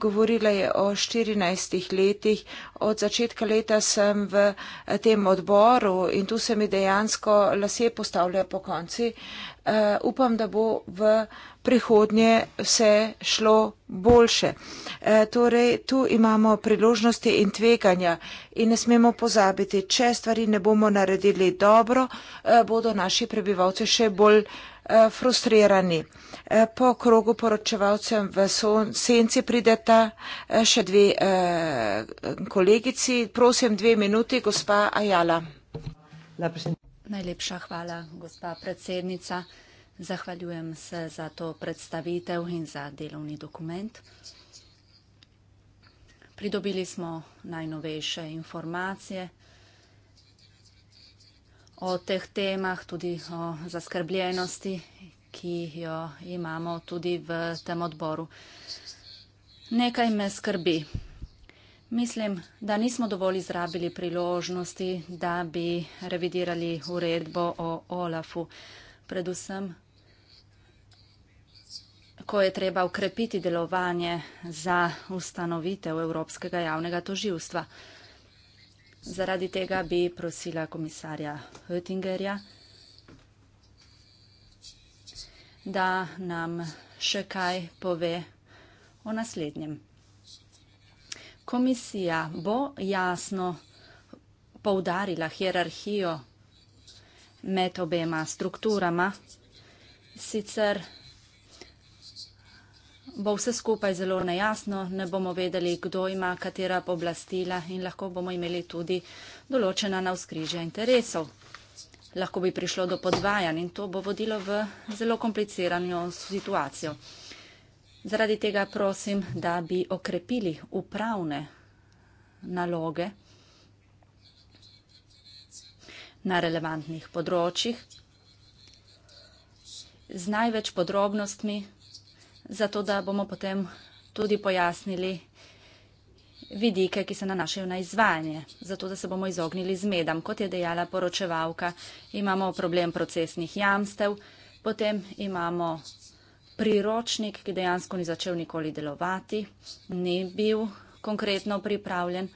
Govorila je o 14 letih. Od začetka leta sem v eh, tem odboru in tu se mi dejansko lase postavljajo po konci. Uh, eh, upam, da bo v prihodnje vse šlo boljše. Uh, torej, tu imamo priložnosti in tveganja in ne smemo pozabiti, če stvari ne bomo naredili dobro, uh, bodo naši prebivalci še bolj uh, Eh, frustrirani. Eh, po krogu poročevalcev v senci prideta eh, še dve kolegici. Prosim, dve minuti, gospa Ajala. Najlepša hvala, gospa predsednica. Zahvaljujem se za to predstavitev in za delovni dokument. Pridobili smo najnovejše informacije o teh temah, tudi o zaskrbljenosti, ki jo imamo tudi v tem odboru. Nekaj me skrbi. Mislim, da nismo dovolj izrabili priložnosti, da bi revidirali uredbo o OLAF-u. Predvsem, ko je treba ukrepiti delovanje za ustanovitev Evropskega javnega toživstva. Zaradi tega bi prosila komisarja Oettingerja, da nam še kaj pove o naslednjem. Komisija bo jasno poudarila hierarhijo med obema strukturama, sicer bo vse skupaj zelo nejasno, ne bomo vedeli, kdo ima katera pooblastila in lahko bomo imeli tudi določena navskrižja interesov. Lahko bi prišlo do podvajanj in to bo vodilo v zelo komplicirano situacijo. Zaradi tega prosim, da bi okrepili upravne naloge na relevantnih področjih z največ podrobnostmi, zato da bomo potem tudi pojasnili vidike, ki se nanašajo na izvajanje, zato da se bomo izognili zmedam. Kot je dejala poročevalka, imamo problem procesnih jamstev, potem imamo priročnik, ki dejansko ni začel nikoli delovati, ni bil konkretno pripravljen.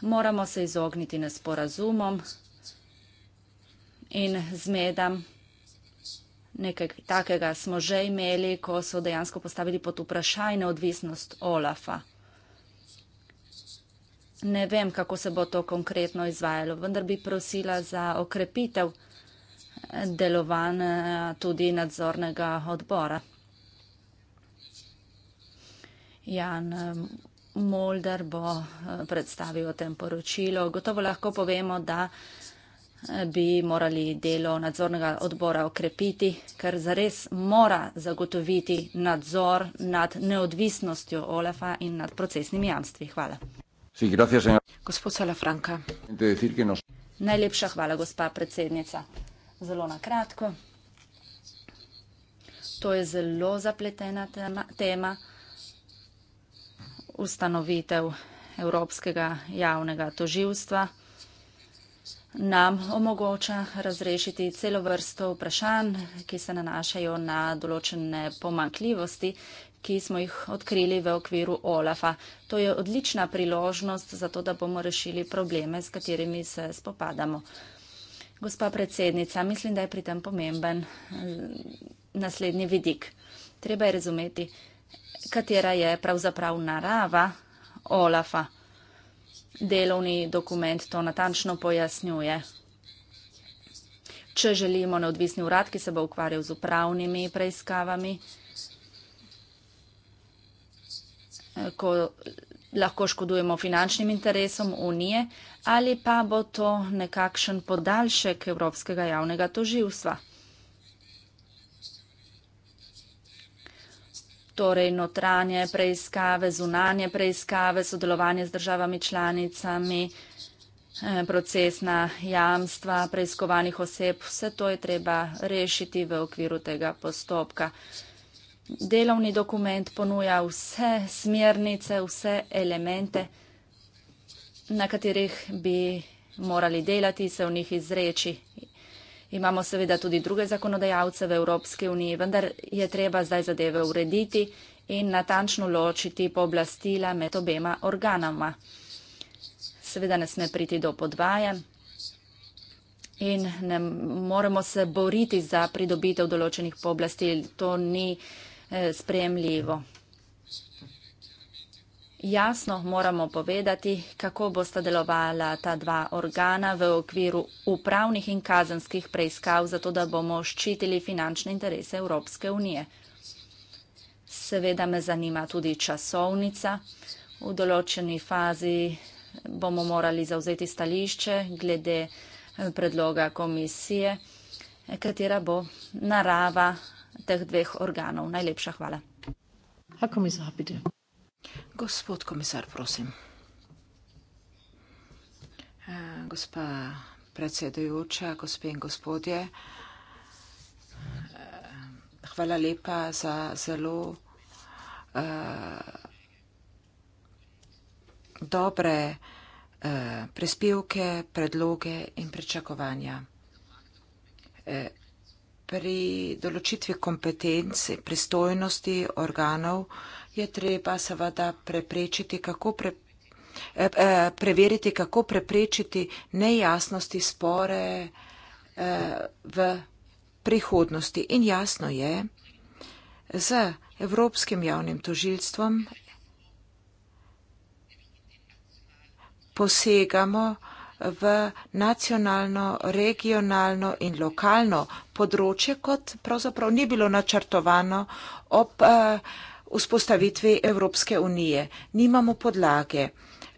Moramo se izogniti nesporazumom in zmedam nekaj takega smo že imeli, ko so dejansko postavili pod vprašaj neodvisnost Olafa. Ne vem, kako se bo to konkretno izvajalo, vendar bi prosila za okrepitev delovan eh, tudi nadzornega odbora. Jan eh, Molder bo eh, predstavil o tem poročilo. Gotovo lahko povemo, da bi morali delo nadzornega odbora okrepiti, ker zares mora zagotoviti nadzor nad neodvisnostjo OLEFA in nad procesnimi jamstvi. Hvala. Sí, gracias, Gospod Salafranka. Nos... Najlepša hvala, gospa predsednica. Zelo na kratko. To je zelo zapletena tema. tema. Ustanovitev Evropskega javnega toživstva nam omogoča razrešiti celo vrsto vprašanj, ki se nanašajo na določene pomankljivosti, ki smo jih odkrili v okviru OLAFA. To je odlična priložnost za to, da bomo rešili probleme, s katerimi se spopadamo. Gospa predsednica, mislim, da je pri tem pomemben eh, naslednji vidik. Treba je razumeti, katera je pravzaprav narava OLAFA delovni dokument to natančno pojasnjuje. Če želimo neodvisni urad, ki se bo ukvarjal z upravnimi preiskavami, eh, ko lahko škodujemo finančnim interesom Unije, ali pa bo to nekakšen podaljšek Evropskega javnega toživstva. torej notranje preiskave, zunanje preiskave, sodelovanje z državami članicami, eh, procesna jamstva preiskovanih oseb. Vse to je treba rešiti v okviru tega postopka. Delovni dokument ponuja vse smernice, vse elemente, na katerih bi morali delati, se v njih izreči Imamo seveda tudi druge zakonodajalce v Evropske uniji, vendar je treba zdaj zadeve urediti in natančno ločiti pooblastila med obema organama. Seveda ne sme priti do podvaje in ne moremo se boriti za pridobitev določenih pooblastil. To ni eh, sprejemljivo. Jasno moramo povedati, kako bosta delovala ta dva organa v okviru upravnih in kazenskih preiskav, zato da bomo ščitili finančne interese Evropske unije. Seveda me zanima tudi časovnica. V določeni fazi bomo morali zauzeti stališče glede eh, predloga komisije, katera bo narava teh dveh organov. Najlepša hvala. Herr Kommissar, bitte. Gospod komisar, prosim. Eh, gospa predsedujoča, gospe in gospodje, eh, hvala lepa za zelo uh, dobre uh, prispevke, predloge in pričakovanja. Pri določitvi kompetenc in pristojnosti organov uh, je treba seveda preprečiti, kako preprečiti. Eh, eh, preveriti, kako preprečiti nejasnosti, spore eh, v prihodnosti. In jasno je, z Evropskim javnim tožilstvom posegamo v nacionalno, regionalno in lokalno področje, kot pravzaprav ni bilo načrtovano ob vzpostavitvi Evropske unije. Nimamo podlage.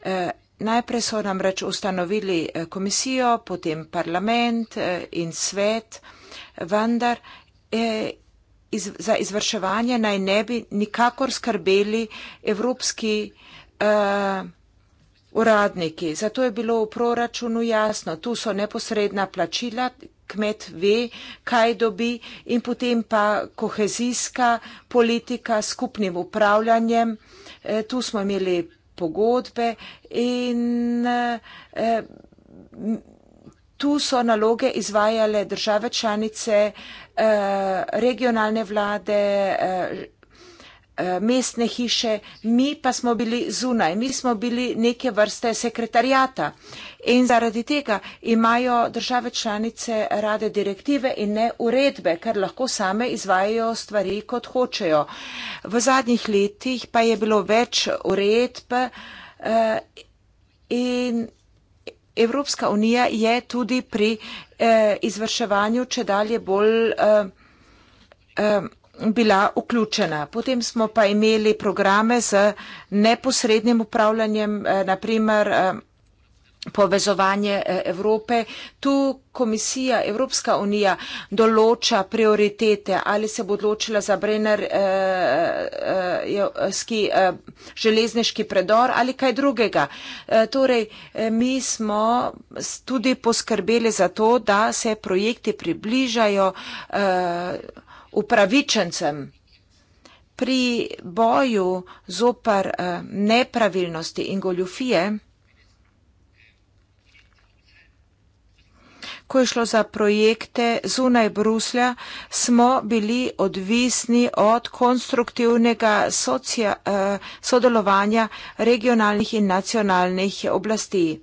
Eh, najprej so nam reč ustanovili eh, komisijo, potem parlament eh, in svet, vendar iz, za izvrševanje naj ne bi nikakor skrbeli evropski uh, uradniki. Zato je bilo v proračunu jasno, tu so neposredna plačila, kmet ve, kaj dobi in potem pa kohezijska politika s skupnim upravljanjem. E, tu smo imeli pogodbe in e, tu so naloge izvajale države članice, e, regionalne vlade, Eh, mestne hiše, mi pa smo bili zunaj, mi smo bili neke vrste sekretarijata. In zaradi tega imajo države članice rade direktive in ne uredbe, ker lahko same izvajajo stvari, kot hočejo. V zadnjih letih pa je bilo več uredb eh, in Evropska unija je tudi pri eh, izvrševanju če dalje bolj bila vključena. Potem smo pa imeli programe z neposrednim upravljanjem, eh, naprimer eh, povezovanje eh, Evrope. Tu komisija Evropska unija določa prioritete, ali se bo odločila za Brennerski eh, eh, železniški predor ali kaj drugega. Eh, torej, eh, mi smo tudi poskrbeli za to, da se projekti približajo. Eh, upravičencem. Pri boju zopar eh, nepravilnosti in goljufije, ko je šlo za projekte zunaj Bruslja, smo bili odvisni od konstruktivnega socia, eh, sodelovanja regionalnih in nacionalnih oblasti.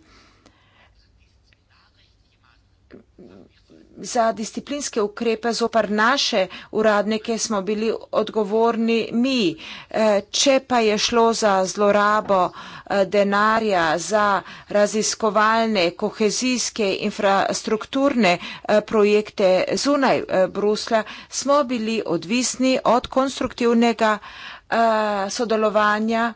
za disciplinske ukrepe zopr naše uradnike smo bili odgovorni mi. Eh, če pa je šlo za zlorabo eh, denarja za raziskovalne, kohezijske, infrastrukturne eh, projekte zunaj Brusla, smo bili odvisni od konstruktivnega sodelovanja.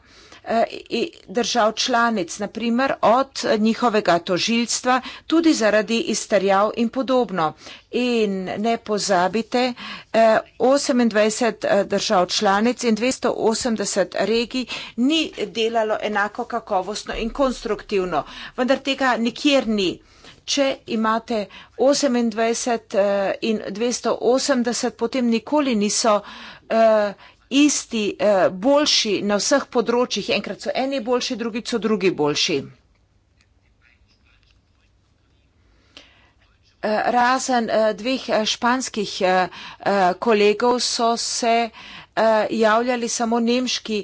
Eh, držav članic, naprimer od njihovega tožilstva, tudi zaradi izterjav in podobno. In ne pozabite, 28 eh, eh, držav članic in 280 regij ni delalo enako kakovostno in konstruktivno, vendar tega nikjer ni. Če imate 28 in 280, potem nikoli niso isti, eh, boljši na vseh področjih. Enkrat so eni boljši, drugi so drugi boljši. Eh, razen eh, dveh španskih kolegov so se javljali samo nemški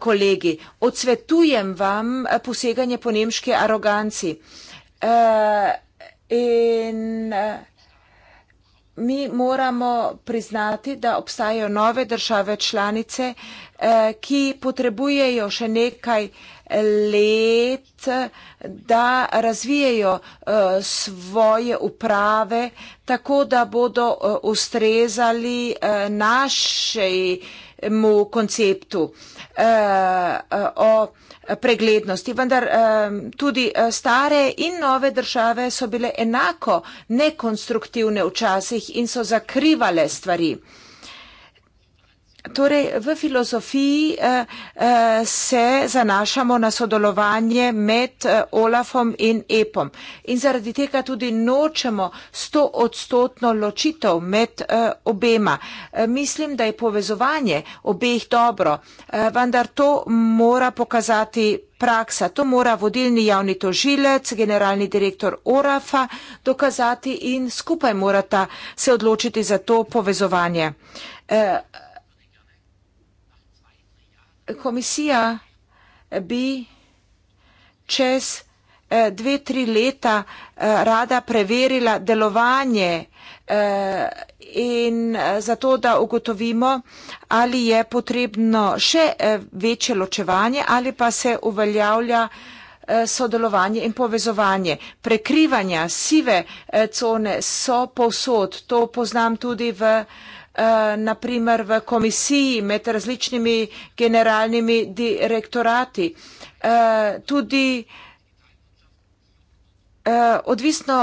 kolegi. Odsvetujem vam poseganje po nemški aroganci. In, mi moramo priznati, da obstajajo nove države članice, eh, ki potrebujejo še nekaj let, da razvijajo eh, svoje uprave tako, da bodo eh, ustrezali našemu konceptu. Eh, o preglednosti. Vendar eh, tudi eh, stare in nove države so bile enako nekonstruktivne včasih in so zakrivale stvari. Torej, v filozofiji eh, eh, se zanašamo na sodelovanje med eh, Olafom in Epom in zaradi tega tudi nočemo sto odstotno ločitev med eh, obema. Eh, mislim, da je povezovanje obeh dobro, eh, vendar to mora pokazati praksa. To mora vodilni javni tožilec, generalni direktor Orafa dokazati in skupaj morata se odločiti za to povezovanje. Eh, komisija bi čez eh, dve, tri leta eh, rada preverila delovanje eh, in zato, da ugotovimo, ali je potrebno še večje ločevanje ali pa se uveljavlja sodelovanje in povezovanje. Prekrivanja sive cone so povsod, to poznam tudi v Eh, naprimer v komisiji med različnimi generalnimi direktorati. Eh, tudi eh, odvisno,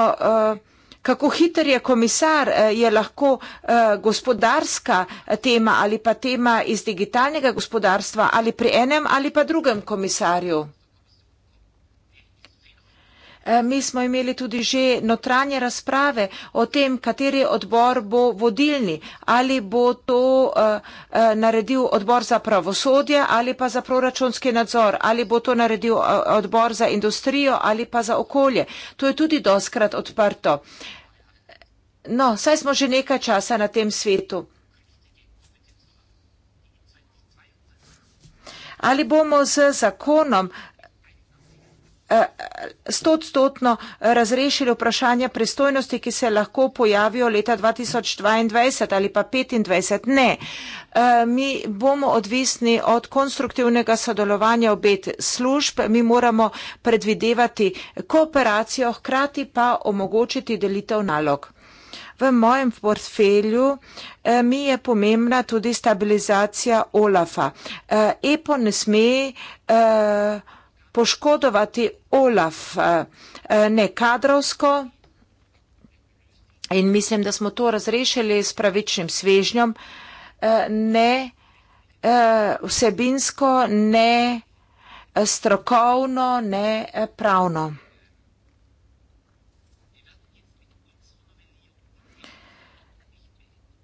kako hiter je komisar, je lahko gospodarska tema ali pa tema iz digitalnega gospodarstva ali pri enem ali pa drugem komisarju. Eh, mi smo imeli tudi že notranje razprave o tem, kateri odbor bo vodilni, ali bo to eh, eh, naredil odbor za pravosodje ali pa za proračunski nadzor, ali bo to naredil odbor za industrijo ali pa za okolje. To je tudi doskrat odprto. No, saj smo že nekaj časa na tem svetu. Ali bomo z zakonom stotstotno razrešili vprašanja pristojnosti, ki se lahko pojavijo leta 2022 ali pa 2025. Ne. E, mi bomo odvisni od konstruktivnega sodelovanja obet služb, mi moramo predvidevati kooperacijo, hkrati pa omogočiti delitev nalog. V mojem portfelju e, mi je pomembna tudi stabilizacija OLAFA. E, EPO ne sme. Uh, poškodovati OLAF eh, eh, nekadrovsko in mislim, da smo to razrešili s pravičnim svežnjom, eh, ne vsebinsko, ne strokovno, ne pravno.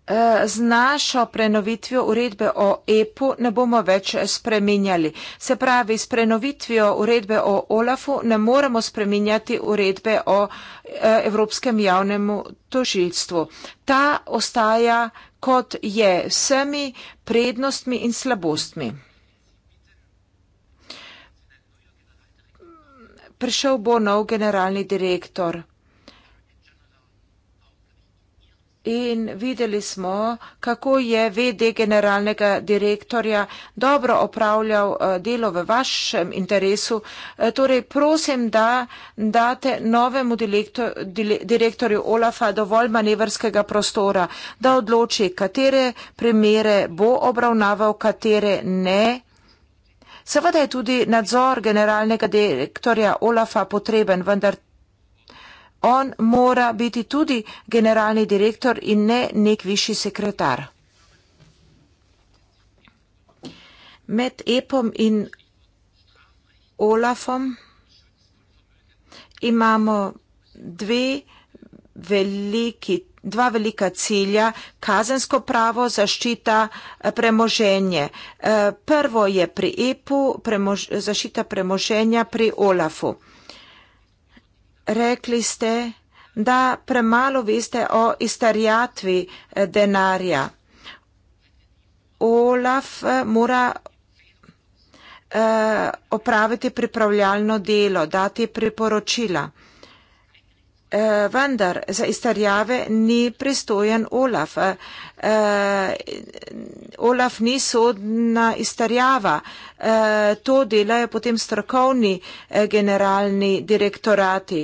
Eh, z našo prenovitvijo uredbe o EPU ne bomo več spreminjali. Se pravi, s prenovitvijo uredbe o OLAF-u ne moremo spreminjati uredbe o eh, Evropskem javnem tožilstvu. Ta ostaja kot je vsemi prednostmi in slabostmi. Prišel bo nov generalni direktor. In videli smo, kako je VD generalnega direktorja dobro opravljal eh, delo v vašem interesu. Eh, torej, prosim, da date novemu direktor, direktorju Olafa dovolj manevrskega prostora, da odloči, katere primere bo obravnaval, katere ne. Seveda je tudi nadzor generalnega direktorja Olafa potreben, vendar on mora biti tudi generalni direktor in ne nek višji sekretar. Med Epom in Olafom imamo dve veliki, dva velika cilja, kazensko pravo, zaščita eh, premoženje. Eh, prvo je pri Epu, premož, zaščita premoženja pri Olafu rekli ste, da premalo veste o istarjatvi eh, denarja. Olaf eh, mora eh, opraviti pripravljalno delo, dati priporočila. Eh, vendar za izterjave ni pristojen Olaf. Eh, Olaf ni sodna izterjava. Eh, to delajo potem strokovni generalni direktorati.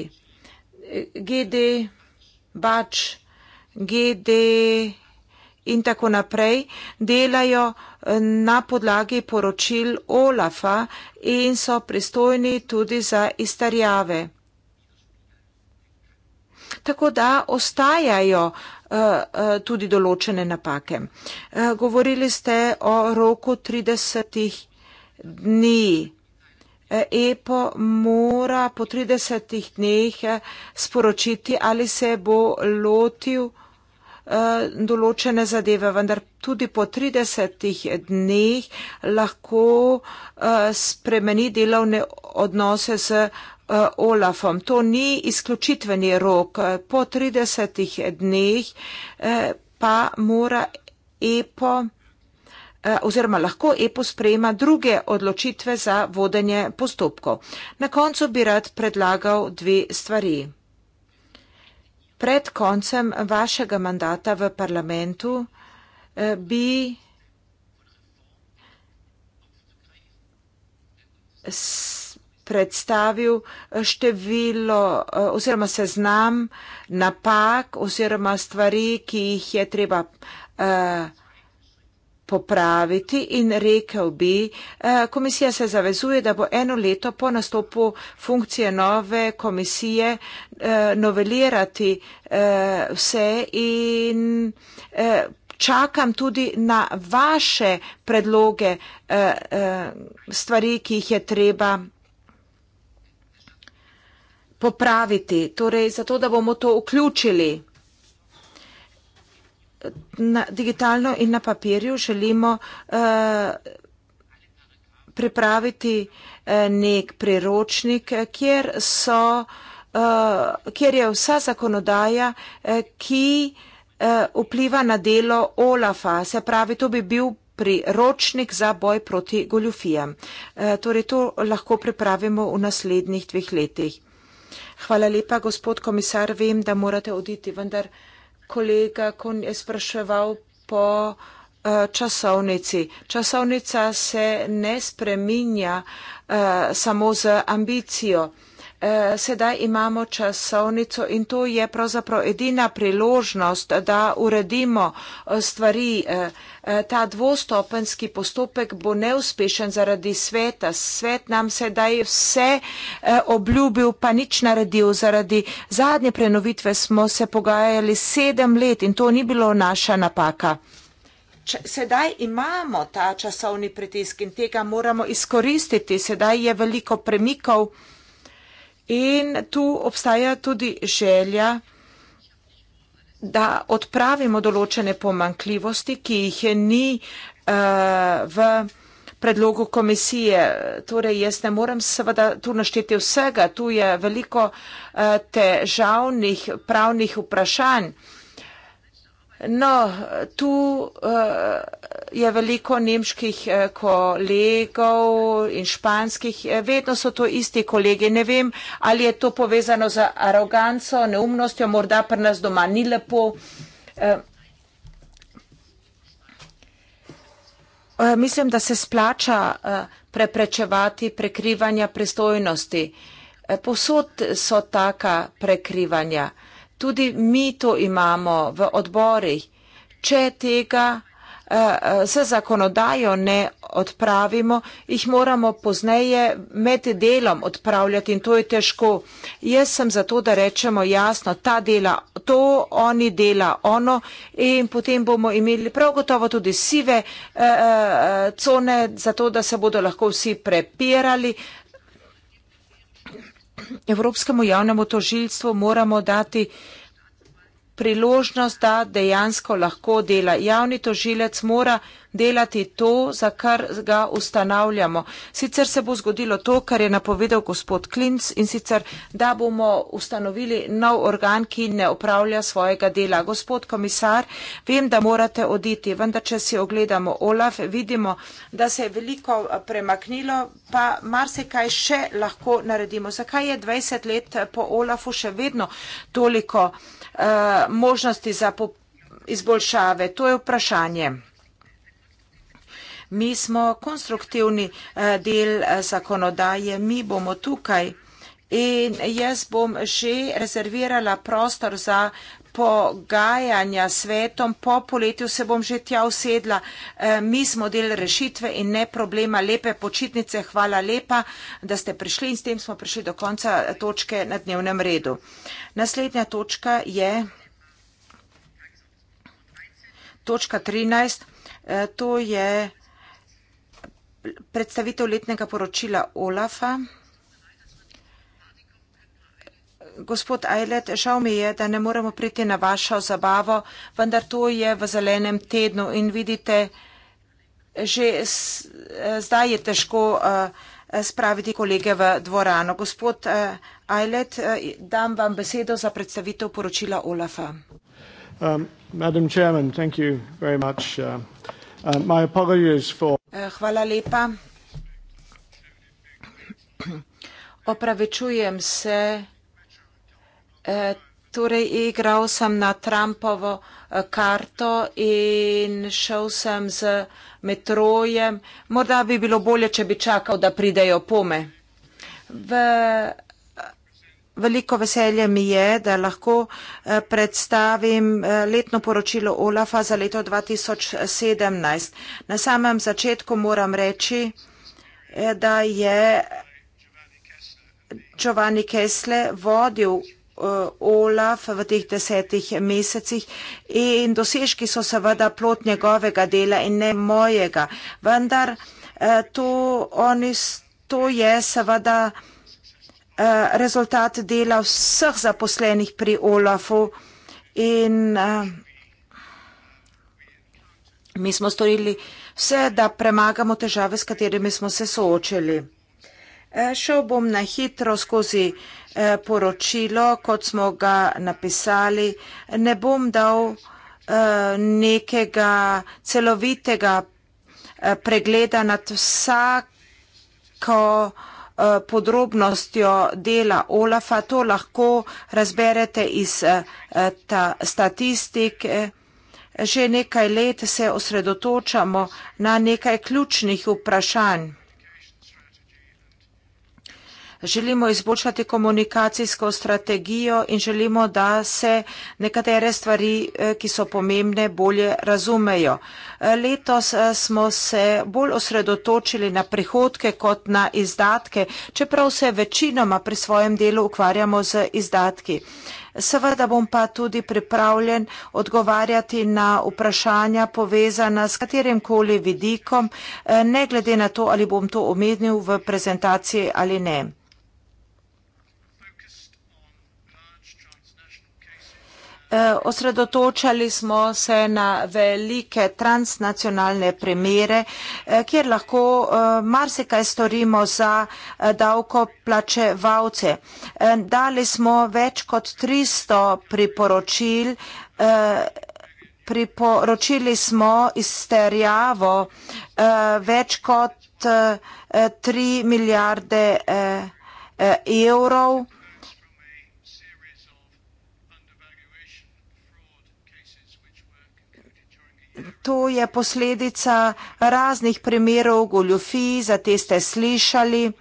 GD, Bač, GD in tako naprej delajo na podlagi poročil Olafa in so pristojni tudi za izterjave tako da ostajajo eh, eh, tudi določene napake. Eh, govorili ste o roku 30 dni. EPO e mora po 30 dneh sporočiti, ali se bo lotil določene zadeve, vendar tudi po 30 dneh lahko spremeni delovne odnose z Eh, Olafom. To ni izključitveni rok. Po 30 dneh eh, pa mora EPO eh, oziroma lahko EPO sprejema druge odločitve za vodenje postopkov. Na koncu bi rad predlagal dve stvari. Pred koncem vašega mandata v parlamentu bi s predstavil eh, število eh, oziroma seznam napak oziroma stvari, ki jih je treba eh, popraviti in rekel bi, komisija se zavezuje, da bo eno leto po nastopu funkcije nove komisije novelirati vse in čakam tudi na vaše predloge stvari, ki jih je treba popraviti, torej zato, da bomo to vključili. Na, digitalno in na papirju želimo uh, pripraviti uh, nek priročnik, kjer, so, uh, kjer je vsa zakonodaja, uh, ki uh, vpliva na delo OLAFA. Se pravi, to bi bil priročnik za boj proti goljufijam. Uh, torej, to lahko pripravimo v naslednjih dveh letih. Hvala lepa, gospod komisar. Vem, da morate oditi, vendar kolega Kon je spraševal po uh, časovnici. Časovnica se ne spreminja uh, samo z ambicijo. Eh, sedaj imamo časovnico in to je pravzaprav edina priložnost, da uredimo eh, stvari. Eh, ta dvostopenski postopek bo neuspešen zaradi sveta. Svet nam sedaj vse obljubil, pa nič naredil. Zaradi zadnje prenovitve smo se pogajali sedem let in to ni bilo naša napaka. Sedaj imamo ta časovni pritisk in tega moramo izkoristiti. Sedaj je veliko premikov. In tu obstaja tudi želja, da odpravimo določene pomankljivosti, ki jih ni uh, v predlogu komisije. Torej, jaz ne morem seveda tu našteti vsega, tu je veliko uh, težavnih pravnih vprašanj. Uh, No, tu uh, je veliko nemških uh, kolegov in španskih, eh, vedno so to isti kolegi. Ne vem, ali je to povezano z aroganco, neumnostjo, morda pri nas doma ni lepo. Uh, Mislim, da se splača preprečevati prekrivanja pristojnosti. Posod so taka prekrivanja tudi mi to imamo v odborih. Če tega uh, se zakonodajo ne odpravimo, jih moramo pozneje med delom odpravljati in to je težko. Jaz sem zato, da rečemo jasno, ta dela to, oni dela ono in potem bomo imeli prav gotovo tudi sive uh, cone, zato da se bodo lahko vsi prepirali, uh, Evropskemu javnemu tožilstvu moramo dati priložnost, da dejansko lahko dela. Javni tožilec mora delati to, za kar ga ustanavljamo. Sicer se bo zgodilo to, kar je napovedal gospod Klinc in sicer, da bomo ustanovili nov organ, ki ne upravlja svojega dela. Gospod komisar, vem, da morate oditi, vendar če si ogledamo Olaf, vidimo, da se je veliko eh, premaknilo, pa marsikaj še lahko naredimo. Zakaj je 20 let eh, po Olafu še vedno toliko uh, možnosti za izboljšave? To je vprašanje mi smo konstruktivni eh, del eh, zakonodaje, mi bomo tukaj in jaz bom že rezervirala prostor za pogajanja s svetom, po poletju se bom že tja usedla, eh, mi smo del rešitve in ne problema, lepe počitnice, hvala lepa, da ste prišli in s tem smo prišli do konca točke na dnevnem redu. Naslednja točka je točka 13, to je predstavitev letnega poročila OLAFA. Gospod Ajlet, žal mi je, da ne moremo priti na vašo zabavo, vendar to je v zelenem tednu in vidite, že eh, zdaj je težko eh, spraviti kolege v dvorano. Gospod eh, Ajlet, dam vam besedo za predstavitev poročila OLAFA. Um, Madam Chairman, thank you very much. Uh, Uh, eh, hvala lepa. Opravičujem se. Eh, torej, igral sem na Trumpovo eh, karto in šel sem z metrojem. Morda bi bilo bolje, če bi čakal, da pridejo pome. V Veliko veselje mi je, da lahko eh, predstavim eh, letno poročilo OLAFA za leto 2017. Na samem začetku moram reči, eh, da je Giovanni Kessle vodil OLAF v teh desetih mesecih in dosežki so seveda plot njegovega dela in ne mojega. Vendar to, oni, to je seveda. Eh, rezultat dela vseh zaposlenih pri OLAF-u in eh, mi smo storili vse, da premagamo težave, s katerimi smo se soočili. Eh, šel bom na hitro skozi poročilo, kot smo ga napisali. Ne bom dal nekega celovitega pregleda nad vsako Eh, podrobnostjo dela Olafa. To lahko razberete iz eh, eh, ta statistik. Že nekaj let se osredotočamo na nekaj ključnih vprašanj želimo izboljšati komunikacijsko strategijo in želimo, da se nekatere stvari, eh, ki so pomembne, bolje razumejo. Eh, letos eh, smo se bolj osredotočili na prihodke kot na izdatke, čeprav se večinoma pri svojem delu ukvarjamo z izdatki. Seveda bom pa tudi pripravljen odgovarjati na vprašanja povezana s katerim koli vidikom, ne glede na to, ali bom to omenil v prezentaciji ali ne. Eh, osredotočali smo se na velike transnacionalne primere, eh, kjer lahko eh, marsikaj storimo za davkoplačevalce. Dali smo več kot 300 priporočil, priporočili smo izterjavo več kot 3 milijarde evrov. to je posledica raznih primerov goljofij, za te ste slišali.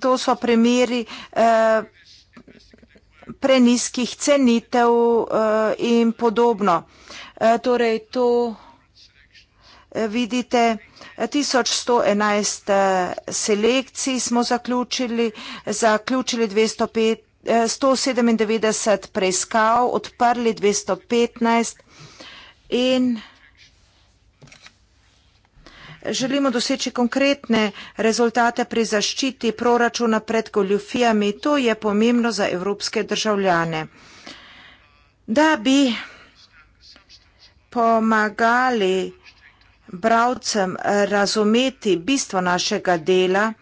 To so primeri eh, preniskih cenitev eh, in podobno. Eh, torej, to vidite, da je to, 1111 eh, selekcij smo zaključili, zaključili 205, 197 eh, preiskav, odprli 215 in Želimo doseči konkretne rezultate pri zaščiti proračuna pred goljufijami. To je pomembno za evropske državljane. Da bi pomagali državljani, bravcem razumeti bistvo našega dela,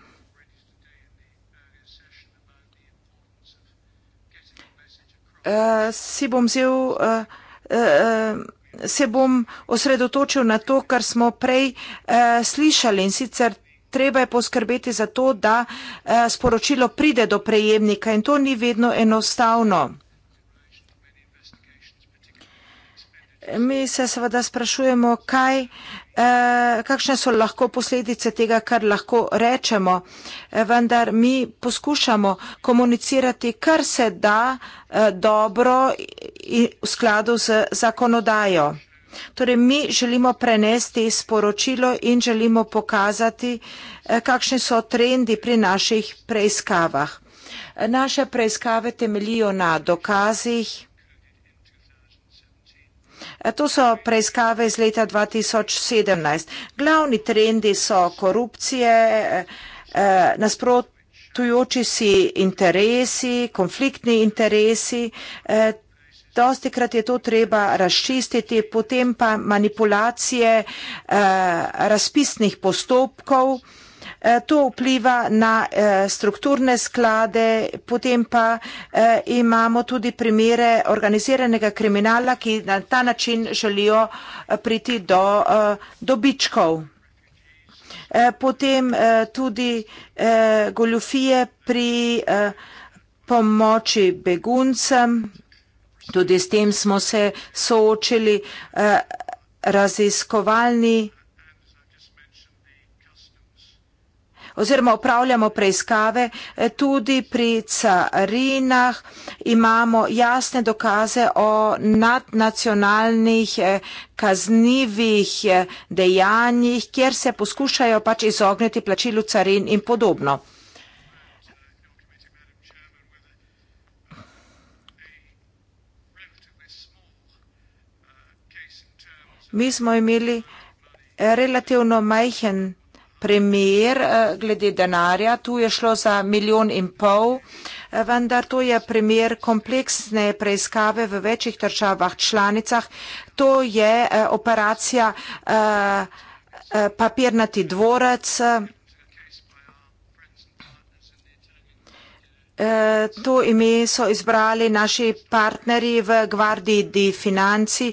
eh, si bom vzel, eh, eh, se bom osredotočil na to, kar smo prej slišali in sicer treba je poskrbeti za to, da sporočilo pride do prejemnika in to ni vedno enostavno. Mi se seveda sprašujemo, kaj, eh, kakšne so lahko posledice tega, kar lahko rečemo, eh, vendar mi poskušamo komunicirati, kar se da eh, dobro in v skladu z zakonodajo. Torej, mi želimo prenesti sporočilo in želimo pokazati, eh, kakšni so trendi pri naših preiskavah. Naše preiskave temelijo na dokazih. E, to so preiskave iz leta 2017. Glavni trendi so korupcije, e, e, nasprotujoči si interesi, konfliktni interesi. Dosti krat je to treba razčistiti, potem pa manipulacije razpisnih postopkov. Eh, to vpliva na eh, strukturne sklade, potem pa eh, imamo tudi primere organiziranega kriminala, ki na ta način želijo priti do dobičkov. Potem tudi goljofije pri pomoči beguncem, tudi s tem smo se soočili raziskovalni oziroma upravljamo preiskave eh, tudi pri carinah, imamo jasne dokaze o nadnacionalnih eh, kaznivih eh, dejanjih, kjer se poskušajo pač izogniti plačilu carin in podobno. Mi smo imeli relativno majhen primer eh, glede denarja. Tu je šlo za milijon in pol, eh, vendar to je primer kompleksne preiskave v večjih državah članicah. To je eh, operacija papirnati dvorec. To ime so izbrali naši partnerji v Gvardiji di Financi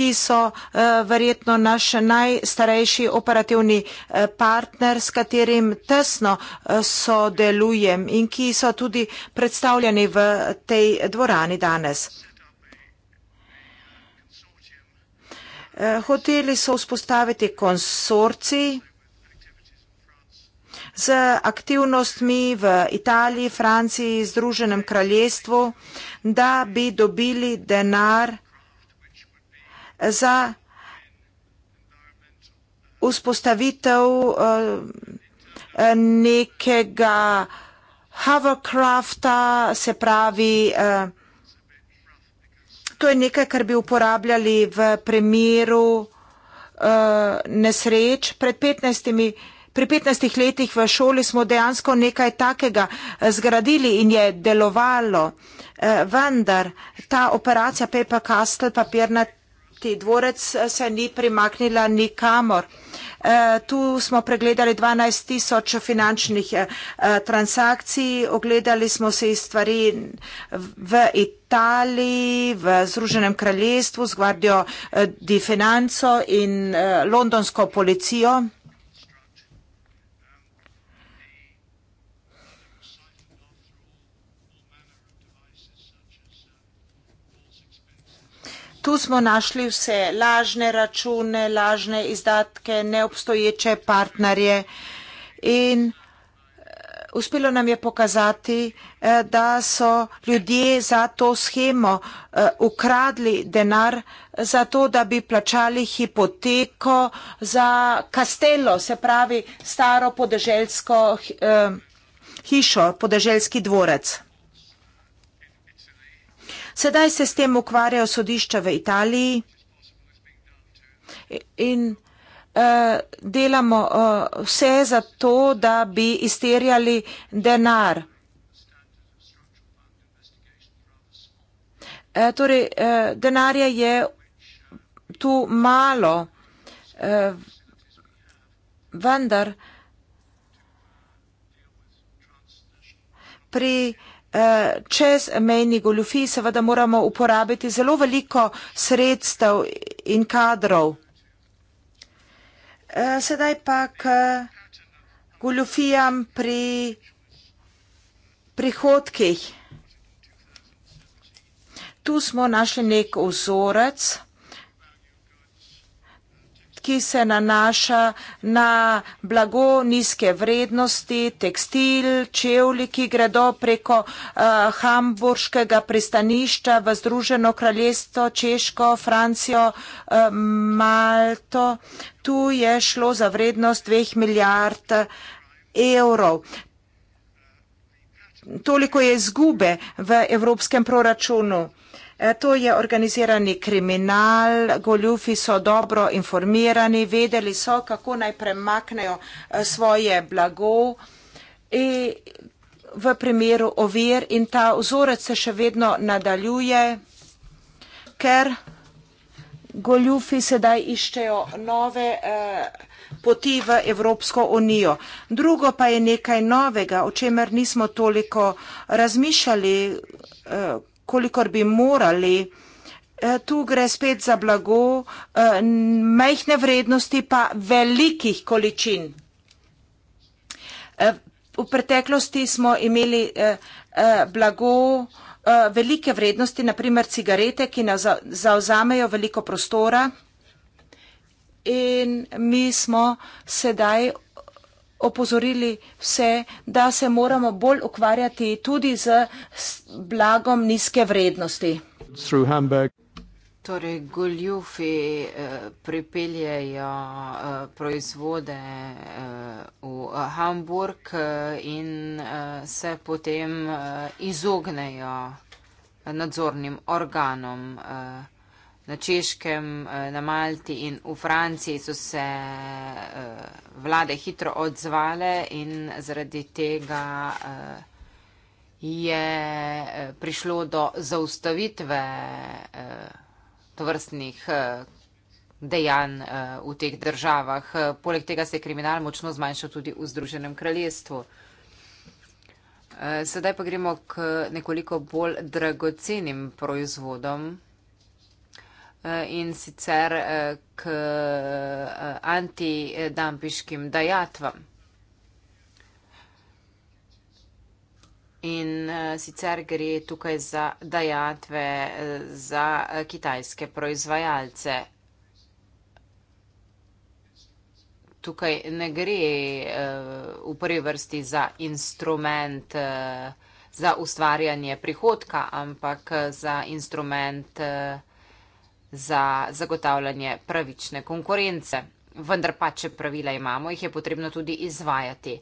ki so eh, verjetno naš najstarejši operativni eh, partner, s katerim tesno eh, sodelujem in ki so tudi predstavljeni v tej dvorani danes. Hoteli so vzpostaviti konsorci z aktivnostmi v Italiji, Franciji, Združenem kraljestvu, da bi dobili denar za vzpostavitev eh, nekega hovercrafta, se pravi, eh, to je nekaj, kar bi uporabljali v primeru eh, nesreč. Pred 15. Pri 15 letih v šoli smo dejansko nekaj takega zgradili in je delovalo, vendar ta operacija Paper Castle, papirnat ti dvorec eh, se ni premaknila nikamor. Eh, tu smo pregledali 12 tisoč finančnih eh, transakcij, ogledali smo se iz stvari v Italiji, v Združenem kraljestvu z Guardio di Financo in londonsko policijo. Tu smo našli vse lažne račune, lažne izdatke, neobstoječe partnerje in eh, uspelo nam je pokazati, eh, da so ljudje za to schemo eh, ukradli denar, zato da bi plačali hipoteko za kastelo, se pravi staro podeželsko hišo, podeželski dvorec. Sedaj se s tem ukvarjajo sodišča v Italiji in uh, delamo uh, vse za to, da bi izterjali denar. E, torej, e, denarja je tu malo, e, vendar pri čezmejni goljufiji seveda moramo uporabiti zelo veliko sredstev in kadrov. E, sedaj pa k goljufijam pri prihodkih. Tu smo našli nek vzorec ki se nanaša na blago nizke vrednosti, tekstil, čevli, ki gredo preko uh, Hamburškega pristanišča v Združeno kraljestvo, Češko, Francijo, uh, Malto. Tu je šlo za vrednost 2 milijard eh, evrov. Toliko je izgube v evropskem proračunu. Uh, E, to je organizirani kriminal, goljufi so dobro informirani, vedeli so, kako naj premaknejo e, svoje blago in e, v primeru ovir in ta vzorec se še vedno nadaljuje, ker goljufi sedaj iščejo nove poti v Evropsko unijo. Drugo pa je nekaj novega, o čemer nismo toliko razmišljali, kolikor bi morali. E, tu gre spet za blago e, majhne vrednosti, pa velikih količin. E, v preteklosti smo imeli blago velike vrednosti, naprimer cigarete, ki zauzamejo veliko prostora. In mi smo sedaj opozorili vse, da se moramo bolj ukvarjati tudi z blagom nizke vrednosti. Torej, goljufi eh, pripeljejo eh, proizvode eh, v eh, Hamburg eh, in eh, se potem eh, izognejo nadzornim organom. Eh, na Češkem, eh, na Malti in v Franciji so se eh, vlade hitro odzvale in zaradi tega eh, je prišlo do zaustavitve tovrstnih dejanj v teh državah. Poleg tega se je kriminal močno zmanjšal tudi v Združenem kraljestvu. Sedaj pa gremo k nekoliko bolj dragocenim proizvodom. Eh, in sicer eh, k eh, antidampiškim dajatvam. In sicer gre tukaj za dajatve za kitajske proizvajalce. Tukaj ne gre v prvi vrsti za instrument za ustvarjanje prihodka, ampak za instrument za zagotavljanje pravične konkurence. Vendar pa, če pravila imamo, jih je potrebno tudi izvajati.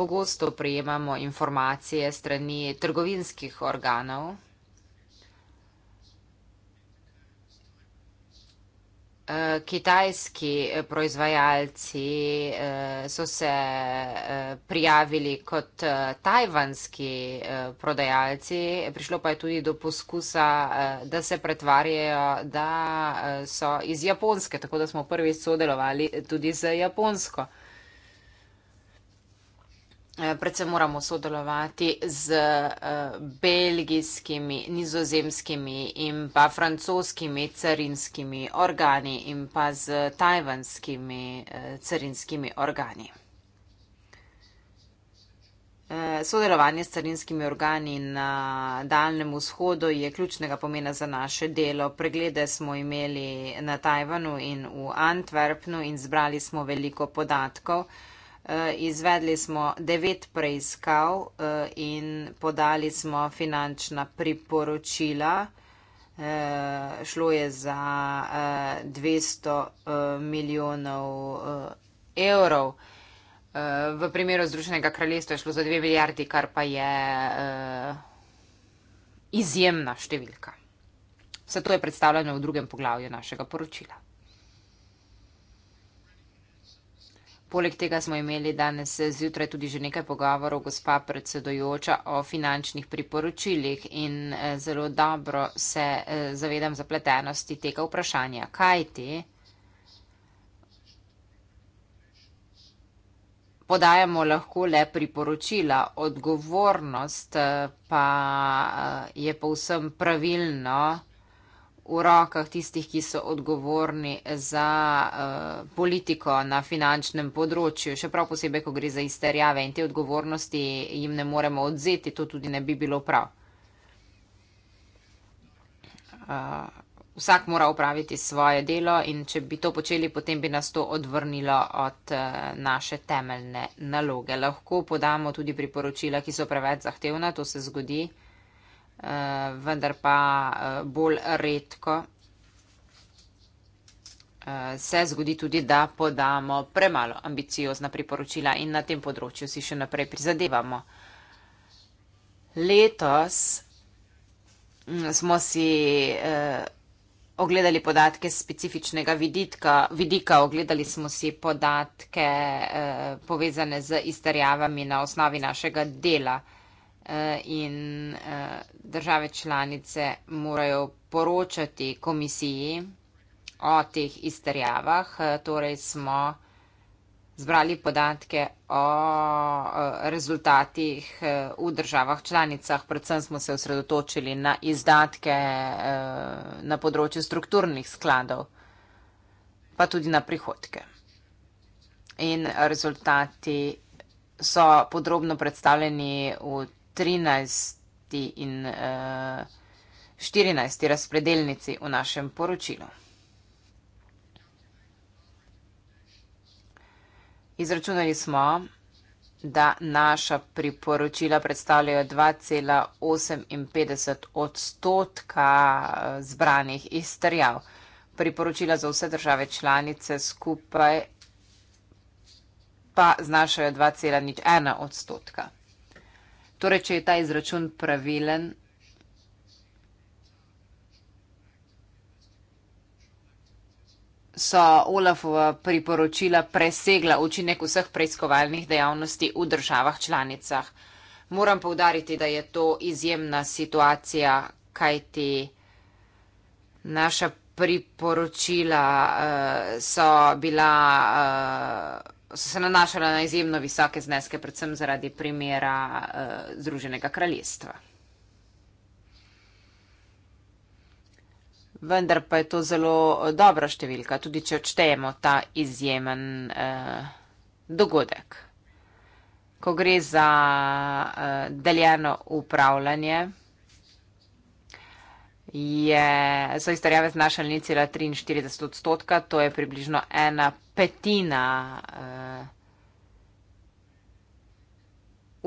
Pogosto prejemamo informacije strani trgovinskih organov, Eh, kitajski eh, proizvajalci eh, so se prijavili kot tajvanski prodajalci. Prišlo pa je tudi do poskusa, da se pretvarjajo, da so iz Japonske, tako da smo prvi sodelovali tudi z Japonsko. Eh, predvsem moramo sodelovati z eh, belgijskimi, nizozemskimi in pa francoskimi carinskimi organi in pa z tajvanskimi eh, carinskimi organi. Sodelovanje s carinskimi organi na Daljnem vzhodu je ključnega pomena za naše delo. Preglede smo imeli na Tajvanu in v Antwerpnu in zbrali smo veliko podatkov. Eh, izvedli smo devet preiskav eh, in podali smo finančna priporočila. Eh, šlo je za 200 milijonov evrov. V primeru Združenega kraljestva je šlo za dve milijardi, kar pa je izjemna številka. Vse to je predstavljeno v drugem poglavju našega poročila. Poleg tega smo imeli danes zjutraj tudi že nekaj pogovorov, gospa predsedojoča, o finančnih priporočilih in eh, zelo dobro se eh, zavedam zapletenosti tega vprašanja. Kaj ti? Podajamo lahko le priporočila, odgovornost eh, pa je povsem pravilno v rokah tistih, ki so odgovorni za uh, politiko na finančnem področju, še prav posebej, ko gre za izterjave in te odgovornosti jim ne moremo odzeti, to tudi ne bi bilo prav. Uh, vsak mora upraviti svoje delo in če bi to počeli, potem bi nas to odvrnilo od uh, naše temeljne naloge. Lahko podamo tudi priporočila, ki so preveč zahtevna, to se zgodi. Eh, vendar pa eh, bolj redko eh, se zgodi tudi, da podamo premalo ambiciozna priporočila in na tem področju si še naprej prizadevamo. Letos mm, smo si ogledali podatke z specifičnega vidika, vidika, ogledali smo si podatke povezane z izterjavami na osnovi našega dela. Eh, in eh, države članice morajo poročati komisiji o teh izterjavah. Eh, torej smo zbrali podatke o rezultatih v državah članicah. Predvsem smo se osredotočili na izdatke na področju strukturnih skladov, pa tudi na prihodke. In rezultati so podrobno predstavljeni v tem, 13. in uh, eh, 14. razpredelnici v našem poročilu. Izračunali smo, da naša priporočila predstavljajo 2,58 odstotka eh, zbranih izterjav. Priporočila za vse države članice skupaj pa znašajo 2,01 odstotka. Torej, če je ta izračun pravilen. So Olafova priporočila presegla učinek vseh preiskovalnih dejavnosti v državah članicah. Moram povdariti, da je to izjemna situacija, kajti naša priporočila uh, so bila. Uh, so se nanašala na izjemno visoke zneske, predvsem zaradi primera uh, Združenega kraljestva. Vendar pa je to zelo eh, dobra številka, tudi če odštejemo ta izjemen uh, dogodek. Ko gre za uh, deljeno upravljanje, je, so izterjave znašali 0,43 odstotka, to je približno ena petina uh,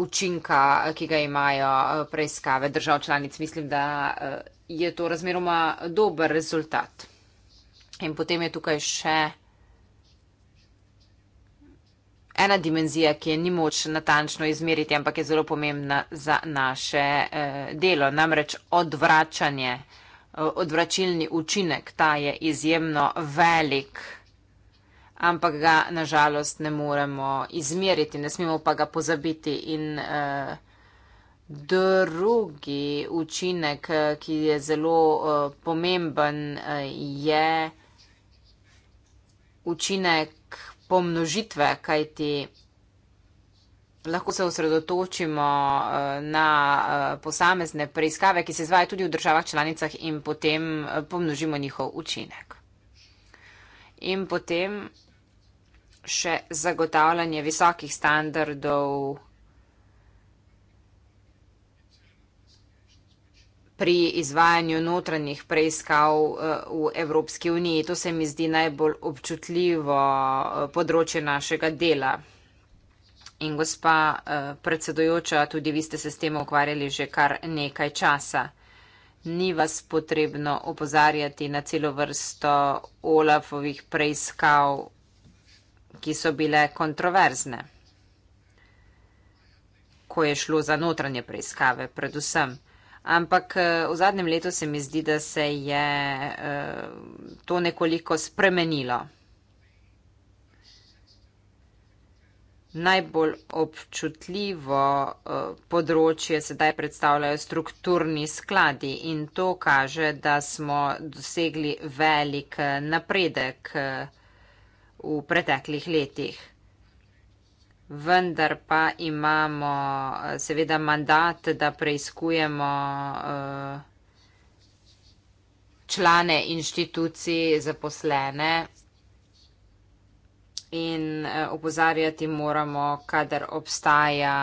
učinka, ki ga imajo eh, preiskave držav članic. Mislim, da uh, je to razmeroma dober rezultat. In potem je tukaj še ena dimenzija, ki je ni moč natančno izmeriti, ampak je zelo pomembna za naše uh, delo, namreč odvračanje. Odvračilni učinek, ta je izjemno velik ampak ga nažalost ne moremo izmeriti, ne smemo pa ga pozabiti. In uh, drugi učinek, ki je zelo uh, pomemben, uh, je učinek pomnožitve, kajti lahko se osredotočimo uh, na uh, posamezne preiskave, ki se izvajajo tudi v državah članicah in potem uh, pomnožimo njihov učinek. In potem še zagotavljanje visokih standardov pri izvajanju notranjih preiskav eh, v Evropski uniji. To se mi zdi najbolj občutljivo eh, področje našega dela. In gospa eh, predsedojoča, tudi vi ste se s tem ukvarjali že kar nekaj časa. Ni vas potrebno opozarjati na celo vrsto Olafovih preiskav ki so bile kontroverzne, ko je šlo za notranje preiskave predvsem. Ampak eh, v zadnjem letu se mi zdi, da se je eh, to nekoliko spremenilo. Najbolj občutljivo eh, področje sedaj predstavljajo strukturni skladi in to kaže, da smo dosegli velik napredek v preteklih letih. Vendar pa imamo eh, seveda mandat, da preizkujemo eh, člane inštitucij zaposlene in eh, opozarjati moramo, kadar obstaja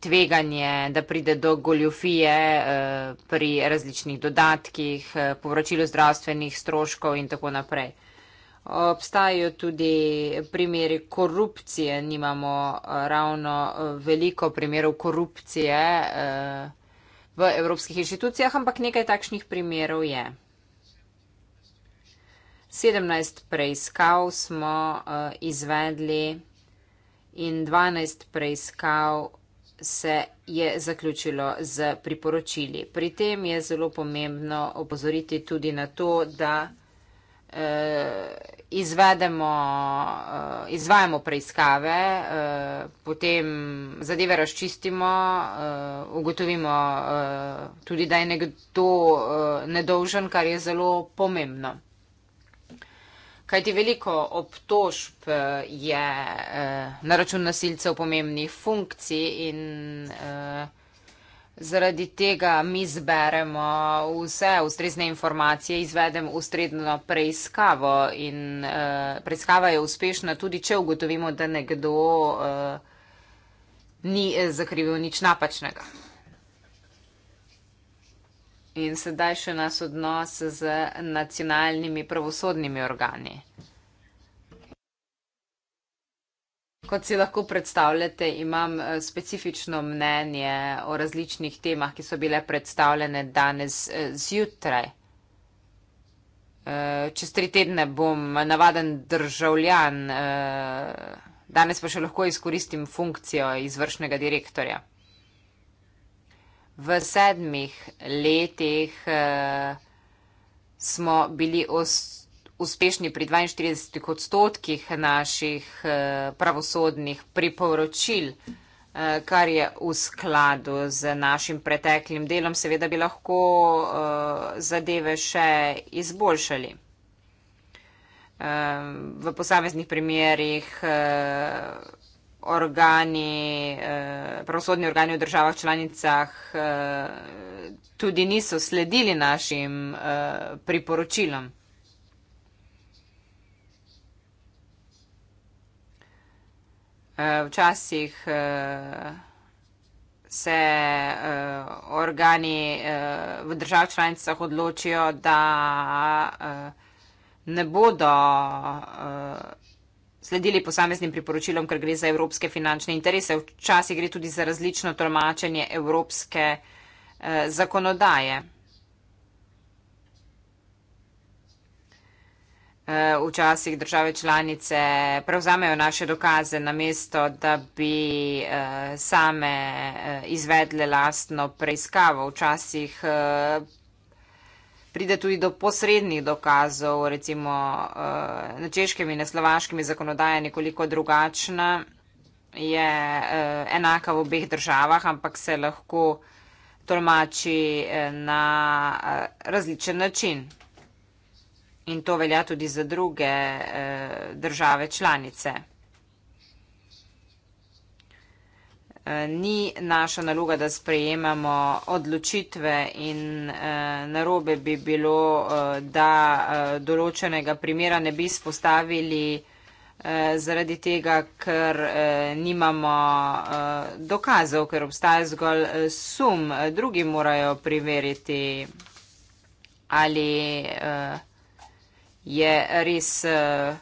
tveganje, da pride do goljofije pri različnih dodatkih, povračilu zdravstvenih stroškov in tako naprej. Obstajajo tudi primeri korupcije, nimamo eh, ravno eh, veliko primerov korupcije eh, v evropskih inštitucijah, ampak nekaj takšnih primerov je. 17 preiskav smo izvedli in 12 preiskav se je zaključilo z priporočili. Pri tem je zelo pomembno opozoriti tudi na to, da Eh, izvedemo, eh, izvajamo preiskave, eh, potem zadeve razčistimo, ugotovimo tudi, da je nekdo nedolžen, kar je zelo pomembno. Kajti veliko obtožb je na račun nasilcev pomembnih funkcij in Zaradi tega mi zberemo vse ustrezne informacije, izvedemo ustredno preiskavo in uh, preiskava je uspešna, tudi če ugotovimo, da nekdo uh, ni eh, zakrivil nič napačnega. In sedaj še nas odnos z nacionalnimi pravosodnimi organi. Kot si lahko predstavljate, imam eh, specifično mnenje o različnih temah, ki so bile predstavljene danes eh, zjutraj. Eh, čez tri tedne bom navaden državljan, danes pa še lahko izkoristim funkcijo izvršnega direktorja. V sedmih letih smo bili ost uspešni pri 42 odstotkih naših eh, pravosodnih priporočil, eh, kar je v skladu z našim preteklim delom, seveda bi lahko eh, zadeve še izboljšali. V posameznih primerjih organi, pravosodni organi v državah članicah tudi niso sledili našim priporočilom. Eh, včasih eh, se eh, organi v državah članicah odločijo, da ne bodo sledili posameznim priporočilom, ker gre za evropske finančne interese. Včasih gre tudi za različno tolmačenje evropske zakonodaje. Eh, včasih države članice prevzamejo naše dokaze na mesto, da bi eh, same eh, izvedle lastno preiskavo. Včasih pride tudi do posrednjih dokazov, recimo na češkem in na slovaškem zakonodaja nekoliko drugačna je enaka v obeh državah, ampak se lahko tolmači na različen način. In to velja tudi za druge eh, države članice. Eh, ni naša naloga, da sprejemamo odločitve in eh, narobe bi bilo, da določenega primera ne bi spostavili zaradi tega, ker nimamo dokazov, ker obstaja zgolj sum. Drugi morajo priveriti, ali vsega je res eh,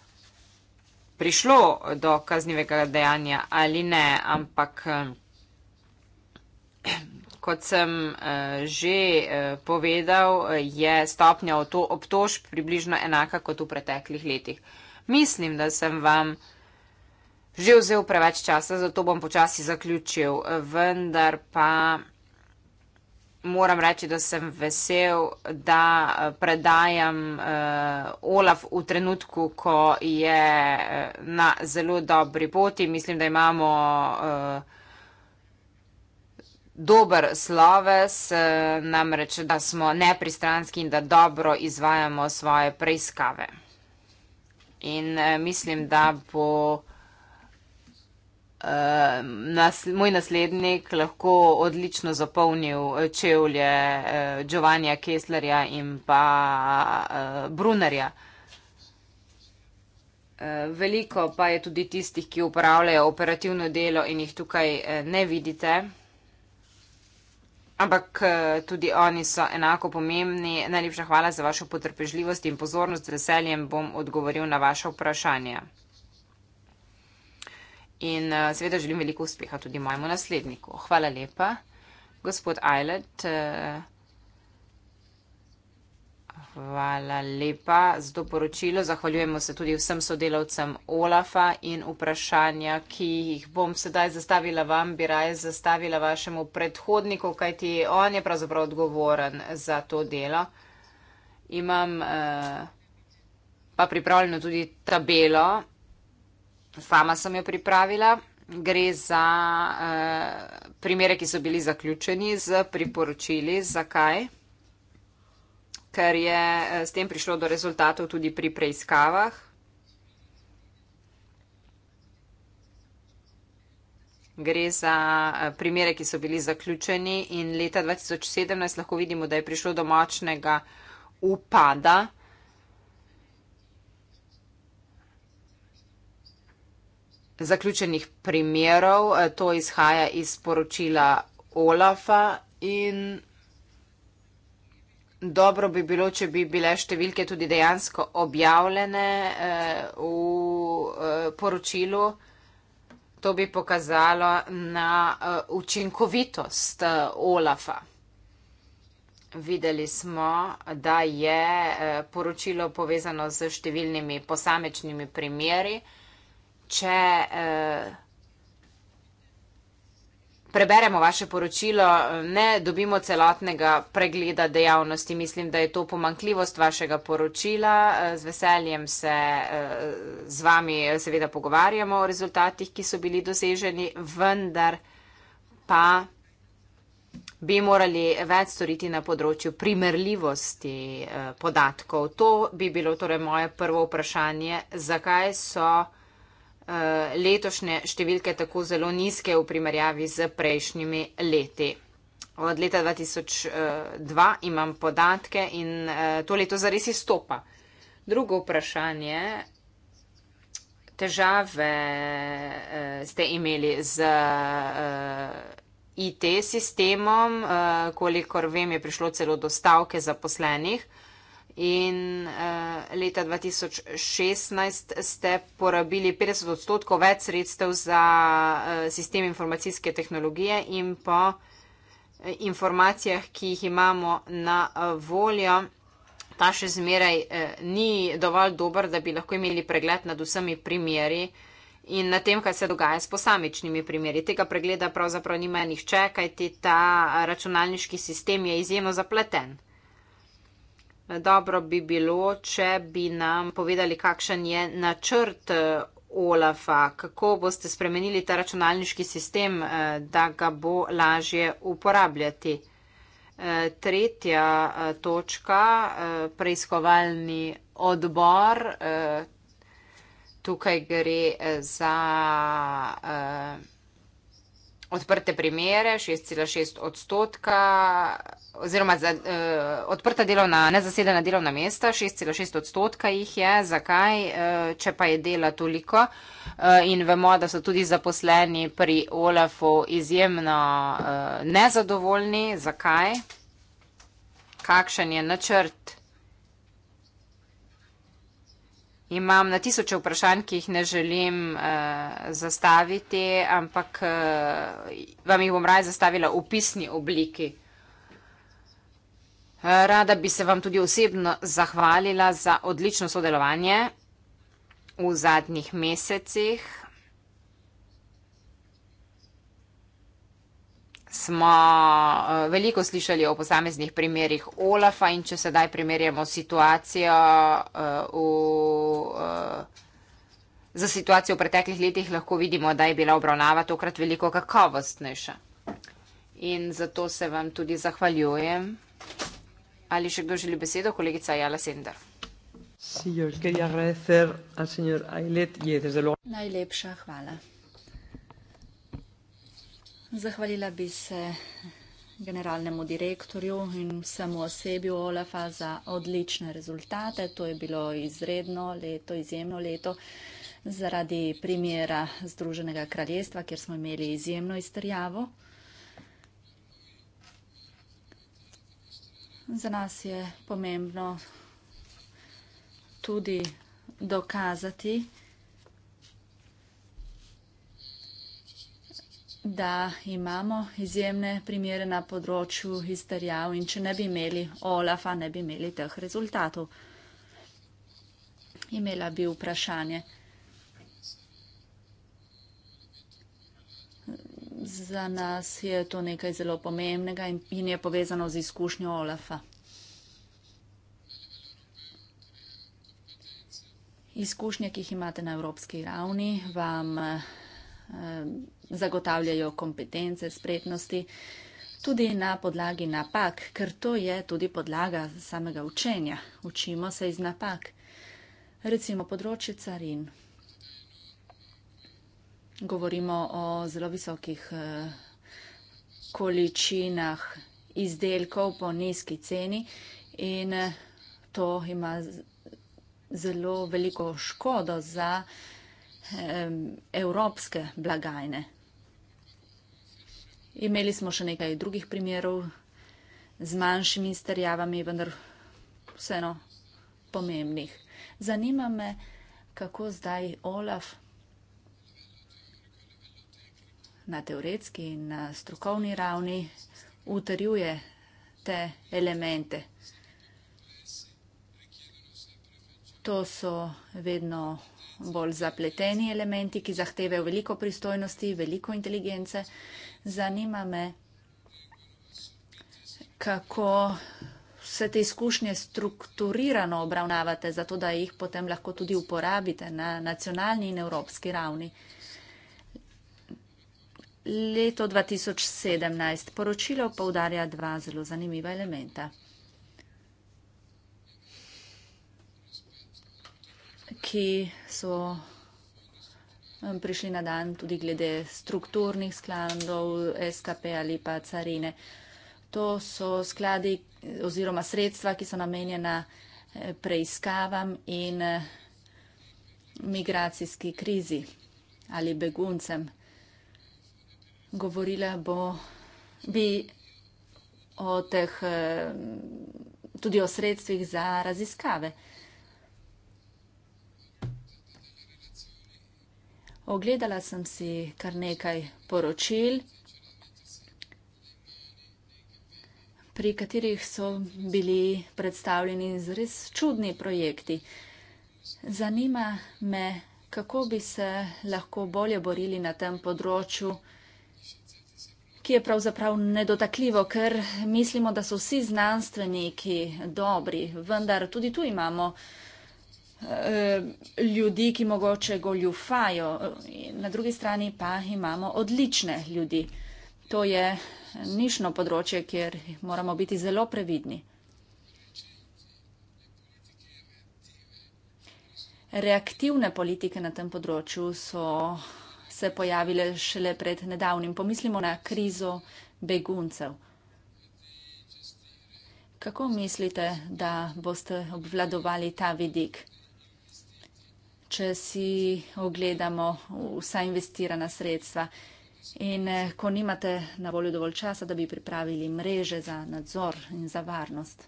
prišlo do kaznivega dejanja ali ne, ampak eh, kot sem eh, že povedal, je stopnja obtožb približno enaka kot v preteklih letih. Mislim, da sem vam že vzel preveč časa, zato bom počasi zaključil, vendar pa moram reči, da sem vesel, da eh, predajam uh, Olaf v trenutku, ko je eh, na zelo dobri poti. Mislim, da imamo uh, dober sloves, uh, namreč, da smo nepristranski in da dobro izvajamo svoje preiskave. In uh, mislim, da bo nas, moj naslednik lahko odlično zapolnil čevlje uh, eh, Giovanja Kesslerja in pa uh, eh, Brunerja. Eh, veliko pa je tudi tistih, ki upravljajo operativno delo in jih tukaj ne vidite. Ampak tudi oni so enako pomembni. Najlepša hvala za vašo potrpežljivost in pozornost. Z veseljem bom odgovoril na vaše vprašanje. In uh, seveda želim veliko uspeha tudi mojemu nasledniku. Hvala lepa, gospod Ajlet. Uh, hvala lepa za to poročilo. Zahvaljujemo se tudi vsem sodelavcem Olafa in vprašanja, ki jih bom sedaj zastavila vam, bi raje zastavila vašemu predhodniku, kajti on je pravzaprav odgovoren za to delo. Imam uh, pa pripravljeno tudi tabelo sama sem jo pripravila. Gre za uh, primere, ki so bili zaključeni z priporočili, zakaj. Ker je eh, s tem prišlo do rezultatov tudi pri preiskavah. Gre za eh, primere, ki so bili zaključeni in leta 2017 lahko vidimo, da je prišlo do močnega upada zaključenih primerov. Eh, to izhaja iz poročila Olafa in dobro bi bilo, če bi bile številke tudi dejansko objavljene eh, v eh, poročilu. To bi pokazalo na učinkovitost Olafa. Videli smo, da je poročilo povezano z številnimi posamečnimi primeri če eh, preberemo vaše poročilo, ne dobimo celotnega pregleda dejavnosti. Mislim, da je to pomankljivost vašega poročila. Eh, z veseljem se eh, z vami seveda pogovarjamo o rezultatih, ki so bili doseženi, vendar pa bi morali več storiti na področju primerljivosti podatkov. To bi bilo torej moje prvo vprašanje, zakaj so Eh, letošnje številke tako zelo nizke v primerjavi z prejšnjimi leti. Od leta 2002 imam podatke in eh, to leto zares izstopa. Drugo vprašanje. Težave eh, ste imeli z IT sistemom, kolikor vem, je prišlo celo do stavke zaposlenih in uh, leta 2016 ste porabili 50 odstotkov več sredstev za uh, sistem informacijske tehnologije in po eh, informacijah, ki jih imamo na voljo, ta še zmeraj eh, ni dovolj dober, da bi lahko imeli pregled nad vsemi primeri in nad tem, kaj se dogaja s posamičnimi primeri. Tega pregleda pravzaprav nima nihče, kajti ta računalniški sistem je izjemno zapleten. Dobro bi bilo, če bi nam povedali, kakšen je načrt eh, OLAF-a, kako boste spremenili ta računalniški sistem, eh, da ga bo lažje uporabljati. Eh, tretja točka, preiskovalni odbor. Tukaj gre za odprte primere, 6,6 odstotka oziroma za, uh, odprta delovna, nezasedena delovna mesta, 6,6 odstotka jih je, zakaj, uh, če pa je dela toliko uh, in vemo, da so tudi zaposleni pri OLAF-u izjemno uh, nezadovoljni, zakaj, kakšen je načrt. Imam na tisoče vprašanj, ki jih ne želim uh, zastaviti, ampak uh, vam jih bom raje zastavila v pisni obliki. Rada bi se vam tudi osebno zahvalila za odlično sodelovanje v zadnjih mesecih. Smo eh, veliko slišali o posameznih primerih Olafa in če sedaj primerjamo situacijo eh, v, eh, za situacijo v preteklih letih, lahko vidimo, da je bila obravnava tokrat veliko kakovostnejša. In zato se vam tudi zahvaljujem. Ali še kdo želi besedo, kolegica Jala Sender? Si jo želim agradecer, a senjor Ajlet je zelo. Najlepša hvala. Zahvalila bi se generalnemu direktorju in vsemu osebju Olafa za odlične rezultate. To je bilo izredno leto, izjemno leto zaradi primjera Združenega kraljestva, kjer smo imeli izjemno izterjavo. Za nas je pomembno tudi dokazati, da imamo izjemne primere na področju izterjav in če ne bi imeli Olafa, ne bi imeli teh rezultatov. Imela bi vprašanje. Za nas je to nekaj zelo pomembnega in, in je povezano z izkušnjo Olafa. Izkušnje, ki jih imate na evropski ravni, vam eh, zagotavljajo kompetence, spretnosti, tudi na podlagi napak, ker to je tudi podlaga samega učenja. Učimo se iz napak. Recimo področje carin govorimo o zelo visokih eh, količinah izdelkov po nizki ceni in eh, to ima zelo veliko škodo za evropske blagajne. Imeli smo še nekaj drugih primerov z manjšimi izterjavami, vendar vseeno pomembnih. Zanima me, kako zdaj Olaf na teoretski in na strokovni ravni utrjuje te elemente. To so vedno bolj zapleteni elementi, ki zahtevajo veliko pristojnosti, veliko inteligence. Zanima me, kako vse te izkušnje strukturirano obravnavate, zato da jih potem lahko tudi uporabite na nacionalni in evropski ravni leto 2017. Poročilo poudarja dva zelo zanimiva elementa. ki so um, prišli na dan tudi glede strukturnih skladov SKP ali pa carine. To so skladi oziroma sredstva, ki so namenjena eh, preiskavam in eh, migracijski krizi ali beguncem govorila bo, bi o teh, eh, tudi o sredstvih za raziskave. Ogledala sem si kar nekaj poročil, pri katerih so bili predstavljeni res čudni projekti. Zanima me, kako bi se lahko bolje borili na tem področju ki je pravzaprav nedotakljivo, ker mislimo, da so vsi znanstveniki dobri, vendar tudi tu imamo eh, ljudi, ki mogoče goljufajo, eh, na drugi strani pa imamo odlične ljudi. To je nišno področje, kjer moramo biti zelo previdni. Reaktivne politike na tem področju so se pojavile šele pred nedavnim. Pomislimo na krizo beguncev. Kako mislite, da boste obvladovali ta vidik? Če si ogledamo vsa investirana sredstva in eh, ko nimate na voljo dovolj časa, da bi pripravili mreže za nadzor in za varnost.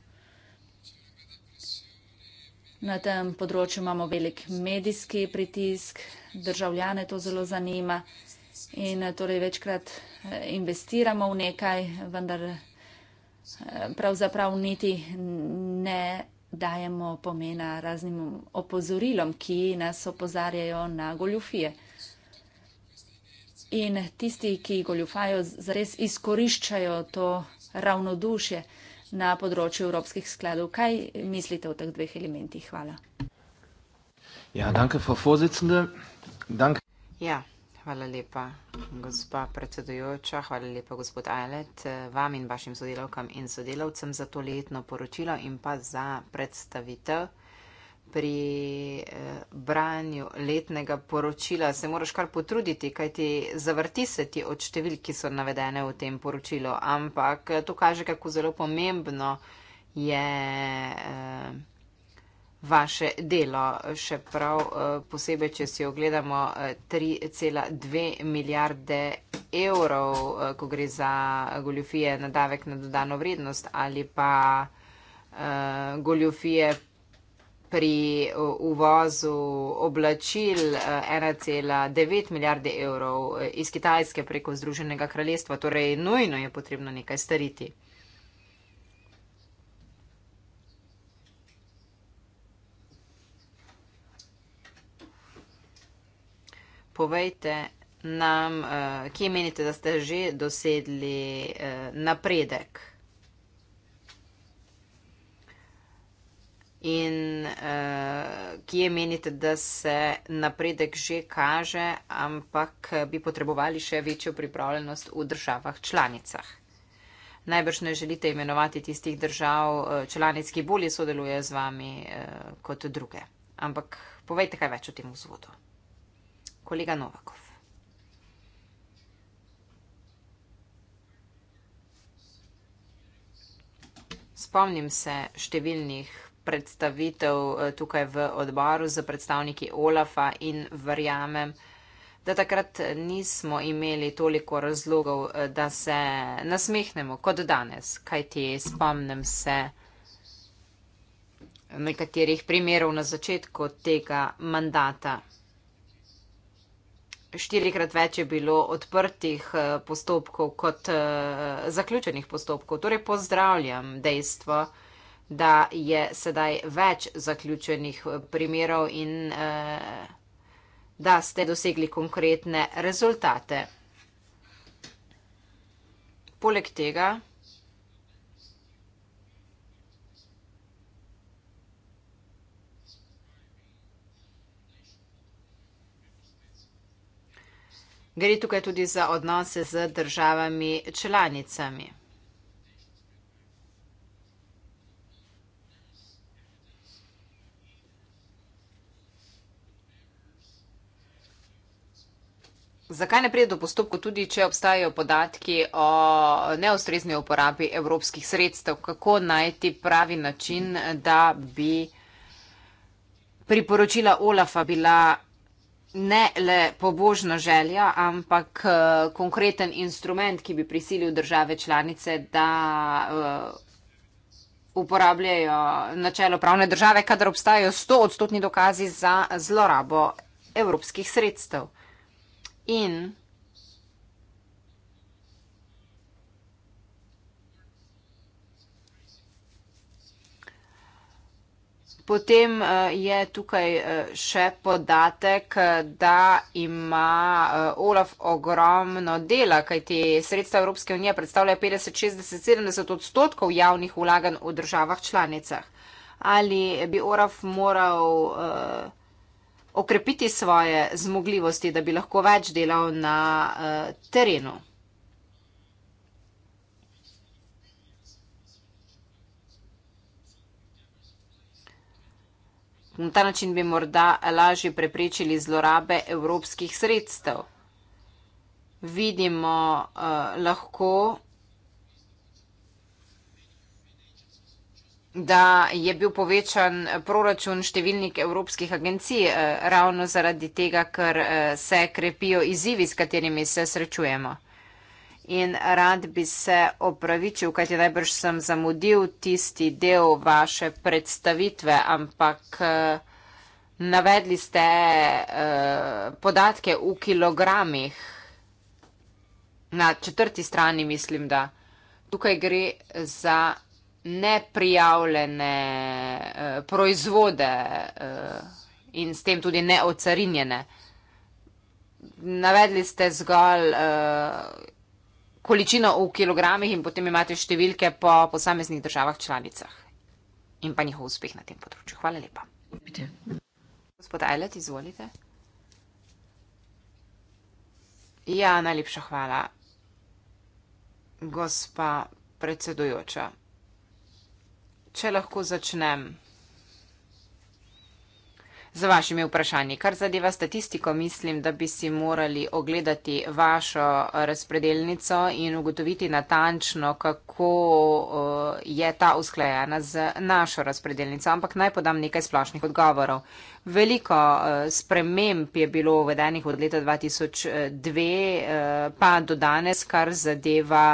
Na tem področju imamo velik medijski pritisk, državljane to zelo zanima in eh, torej večkrat eh, investiramo v nekaj, vendar eh, pravzaprav niti ne dajemo pomena raznim opozorilom, ki nas opozarjajo na goljufije. In tisti, ki goljufajo, zares izkoriščajo to ravnodušje na področju evropskih skladov. Kaj mislite o teh dveh elementih? Hvala. Ja, danke, Frau Vorsitzende. Dank. Ja, hvala lepa, gospa predsedujoča, hvala lepa, gospod Ajlet, vam in vašim sodelavkam in sodelavcem za to letno poročilo in pa za predstavitev. Pri eh, branju letnega poročila se moraš kar potruditi, kajti zavrti se ti od številk, ki so navedene v tem poročilu, ampak to kaže, kako zelo pomembno je. Eh, vaše delo, še prav eh, posebej, če si ogledamo 3,2 eh, milijarde evrov, eh, ko gre za goljofije na davek na dodano vrednost ali pa uh, goljofije pri uvozu oblačil 1,9 milijarde evrov iz Kitajske preko Združenega kraljestva. Torej, nujno je potrebno nekaj stariti. povejte nam, uh, kje menite, da ste že dosedli uh, eh, napredek. In uh, kje menite, da se napredek že kaže, ampak bi potrebovali še večjo pripravljenost v državah članicah. Najbrž ne želite imenovati tistih držav članic, ki bolje sodelujejo z vami uh, kot druge. Ampak povejte kaj več o tem vzvodu kolega Novakov. Spomnim se številnih predstavitev eh, tukaj v odboru z predstavniki OLAFA in verjamem, da takrat nismo imeli toliko razlogov, eh, da se nasmehnemo kot danes, kajti spomnim se nekaterih primerov na začetku tega mandata štirikrat več je bilo odprtih eh, postopkov kot eh, zaključenih postopkov. Torej pozdravljam dejstvo, da je sedaj več zaključenih eh, primerov in da ste dosegli konkretne rezultate. Poleg tega Gre tukaj tudi za odnose z državami članicami. Zakaj ne pride do postopku tudi, če obstajajo podatki o neustrezni uporabi evropskih sredstev? Kako najti pravi način, da bi priporočila Olafa bila ne le pobožna želja, ampak uh, konkreten instrument, ki bi prisilil države članice, da uh, uporabljajo načelo pravne države, kadar obstajajo sto odstotni dokazi za zlorabo evropskih sredstev. In Potem eh, je tukaj eh, še podatek, eh, da ima Olaf ogromno dela, kajti sredstva Evropske unije predstavljajo 50, 60, 70 odstotkov javnih vlaganj v državah članicah. Ali bi Olaf moral okrepiti svoje zmogljivosti, da bi lahko več delal na terenu? Na ta način bi morda lažje preprečili zlorabe evropskih sredstev. Vidimo uh, lahko, da je bil povečan proračun številnih evropskih agencij eh, ravno zaradi tega, ker eh, se krepijo izzivi, s katerimi se srečujemo in rad bi se opravičil, kajti najbrž sem zamudil tisti del vaše predstavitve, ampak eh, navedli ste eh, podatke v kilogramih. Na četrti strani mislim, da tukaj gre za neprijavljene eh, proizvode in s tem tudi neocarinjene. Navedli ste zgolj količino v kilogramih in potem imate številke po posameznih državah članicah in pa njihov uspeh na tem področju. Hvala lepa. Gospod Ajlet, izvolite. Ja, najlepša hvala. Gospa predsedujoča, če lahko začnem z vašimi vprašanji. Kar zadeva statistiko, mislim, da bi si morali ogledati vašo eh, razpredelnico in ugotoviti natančno, kako eh, je ta usklajena z našo razpredelnico. Ampak naj podam nekaj splošnih odgovorov. Veliko eh, sprememb je bilo uvedenih od leta 2002 pa do danes, kar zadeva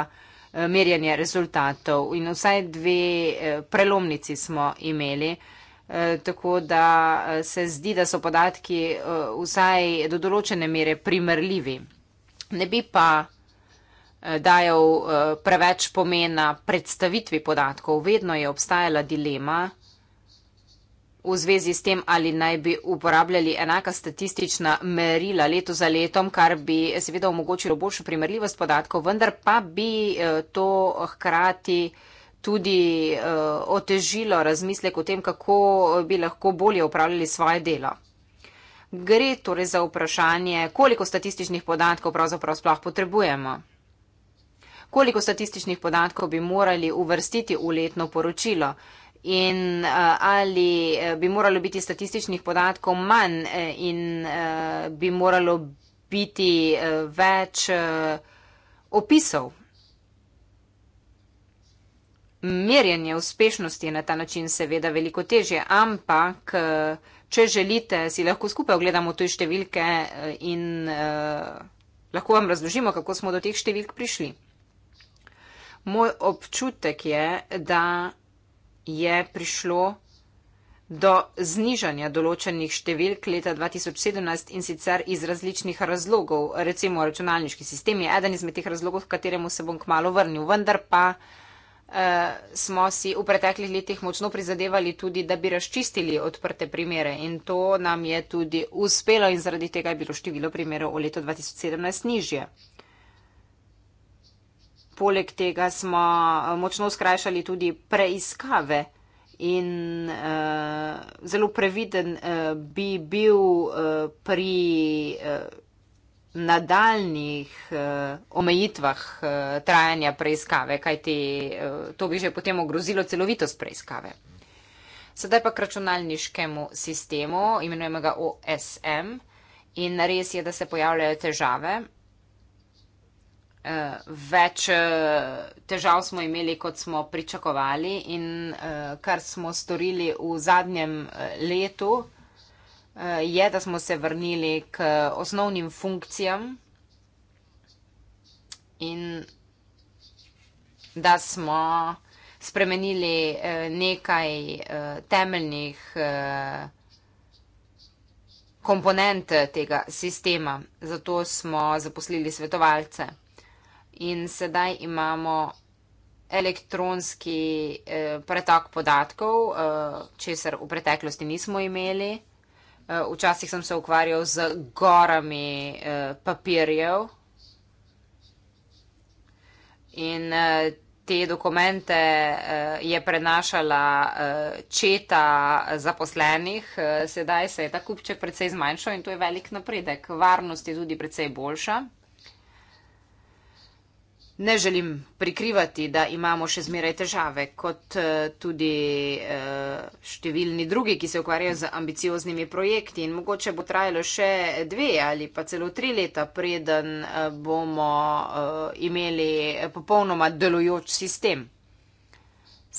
merjanje rezultatov. In vsaj dve prelomnici smo imeli. Eh, tako da eh, se zdi, da so podatki eh, vsaj do določene mere primerljivi. Ne bi pa dajal preveč pomena predstavitvi podatkov. Vedno je obstajala dilema v zvezi s tem, ali naj bi uporabljali enaka statistična merila leto za letom, kar bi seveda omogočilo boljšo primerljivost podatkov, vendar pa bi to hkrati tudi uh, otežilo razmislek o tem, kako bi lahko bolje upravljali svoje delo. Gre torej za vprašanje, koliko statističnih podatkov pravzaprav sploh potrebujemo. Koliko statističnih podatkov bi morali uvrstiti v letno poročilo in uh, ali eh, bi moralo biti statističnih podatkov manj in uh, bi moralo biti uh, več uh, opisov merjenje uspešnosti je na ta način seveda veliko težje, ampak eh, če želite, si lahko skupaj ogledamo tuje številke eh, in uh, lahko vam razložimo, kako smo do teh številk prišli. Moj občutek je, da je prišlo do znižanja določenih številk leta 2017 in sicer iz različnih razlogov. Recimo računalniški sistem je eden izmed teh razlogov, v kateremu se bom kmalo vrnil, vendar pa. Eh, smo si v preteklih letih močno prizadevali tudi, da bi razčistili odprte primere in to nam je tudi uspelo in zaradi tega je bilo število primerov v letu 2017 nižje. Poleg tega smo eh, močno skrajšali tudi preiskave in uh, zelo previden uh, bi bil uh, pri. Uh, nadaljnih eh, omejitvah eh, trajanja preiskave, kajti eh, to bi že potem ogrozilo celovitost preiskave. Sedaj pa k računalniškemu sistemu, imenujemo ga OSM, in res je, da se pojavljajo težave. Več težav smo imeli, kot smo pričakovali, in kar smo storili v zadnjem letu, Eh, je, da smo se vrnili k osnovnim funkcijam in da smo spremenili eh, nekaj eh, temeljnih komponent tega sistema. Zato smo zaposlili svetovalce. In sedaj imamo elektronski pretok podatkov, česar v preteklosti nismo imeli. Eh, včasih sem se ukvarjal z gorami eh, papirjev in eh, te dokumente je prenašala četa zaposlenih, sedaj se je ta kupček precej zmanjšal in to je velik napredek. Varnost je tudi precej boljša. Ne želim prikrivati, da imamo še zmeraj težave, kot eh, tudi eh, številni drugi, ki se ukvarjajo z ambicioznimi projekti in mogoče bo trajalo še dve ali pa celo tri leta, preden eh, bomo imeli popolnoma delujoč sistem.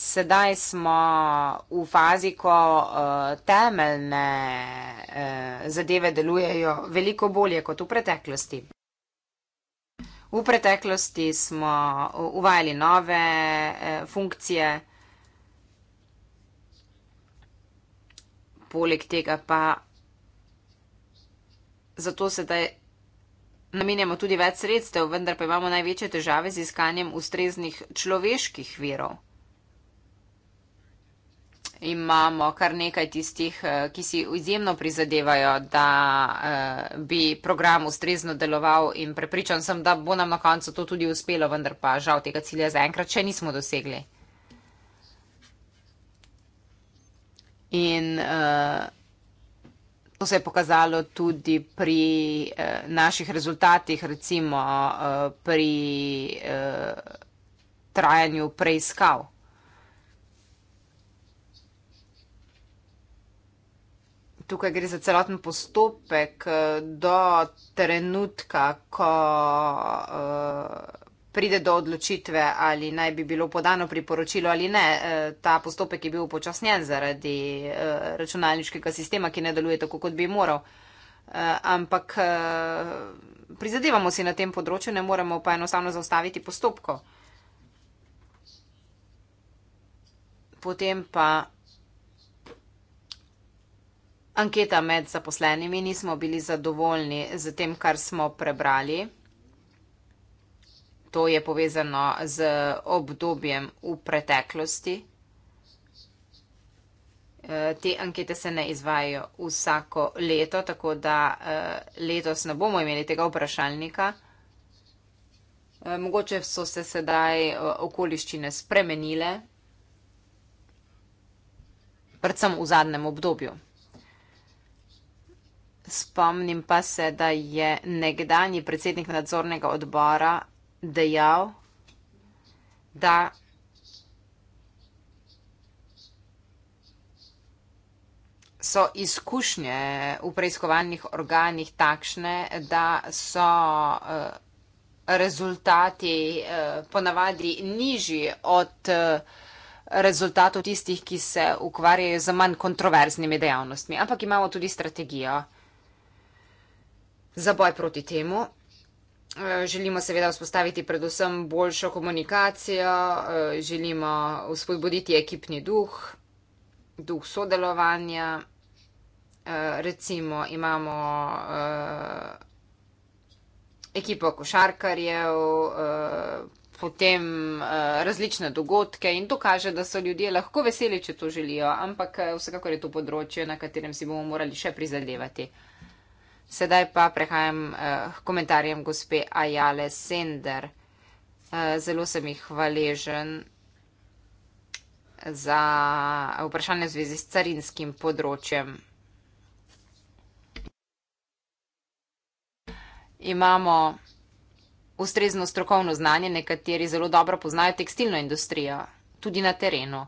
Sedaj smo v fazi, ko temeljne zadeve delujejo veliko bolje kot v preteklosti. V preteklosti smo uvajali nove e, funkcije, poleg tega pa zato sedaj namenjamo tudi več sredstev, vendar pa imamo največje težave z iskanjem ustreznih človeških virov imamo kar nekaj tistih, eh, ki si izjemno prizadevajo, da eh, bi program ustrezno deloval in prepričan sem, da bo nam na koncu to tudi uspelo, vendar pa žal tega cilja zaenkrat še nismo dosegli. In eh, to se je pokazalo tudi pri naših rezultatih, recimo pri trajanju preiskav. tukaj gre za celoten postopek eh, do trenutka, ko uh, pride do odločitve, ali naj bi bilo podano priporočilo ali ne. Uh, ta postopek je bil upočasnjen zaradi uh, računalniškega sistema, ki ne deluje tako, kot bi moral. Uh, ampak uh, prizadevamo si na tem področju, ne moremo pa enostavno zaustaviti postopko. Potem pa anketa med zaposlenimi, nismo bili zadovoljni z tem, kar smo prebrali. To je povezano z obdobjem v preteklosti. E, te ankete se ne izvajajo vsako leto, tako da e, letos ne bomo imeli tega vprašalnika. E, mogoče so se sedaj okoliščine spremenile, predvsem v zadnjem obdobju. Spomnim pa se, da je nekdani predsednik nadzornega odbora dejal, da so izkušnje v preiskovalnih organih takšne, da so eh, rezultati eh, ponavadi nižji od eh, rezultatov tistih, ki se ukvarjajo z manj kontroverznimi dejavnostmi. Ampak imamo tudi strategijo. Za boj proti temu eh, želimo seveda vzpostaviti predvsem boljšo komunikacijo, eh, želimo vzpodbuditi ekipni duh, duh sodelovanja. Eh, recimo imamo ekipo košarkarjev, potem različne dogodke in to kaže, da so ljudje lahko veseli, če to želijo, ampak vsekakor je to področje, na katerem si bomo morali še prizadevati. Sedaj pa prehajam k eh, komentarjem gospe Ajale Sender. Eh, zelo sem jih hvaležen za vprašanje v zvezi s carinskim področjem. Imamo ustrezno strokovno znanje, nekateri zelo dobro poznajo tekstilno industrijo, tudi na terenu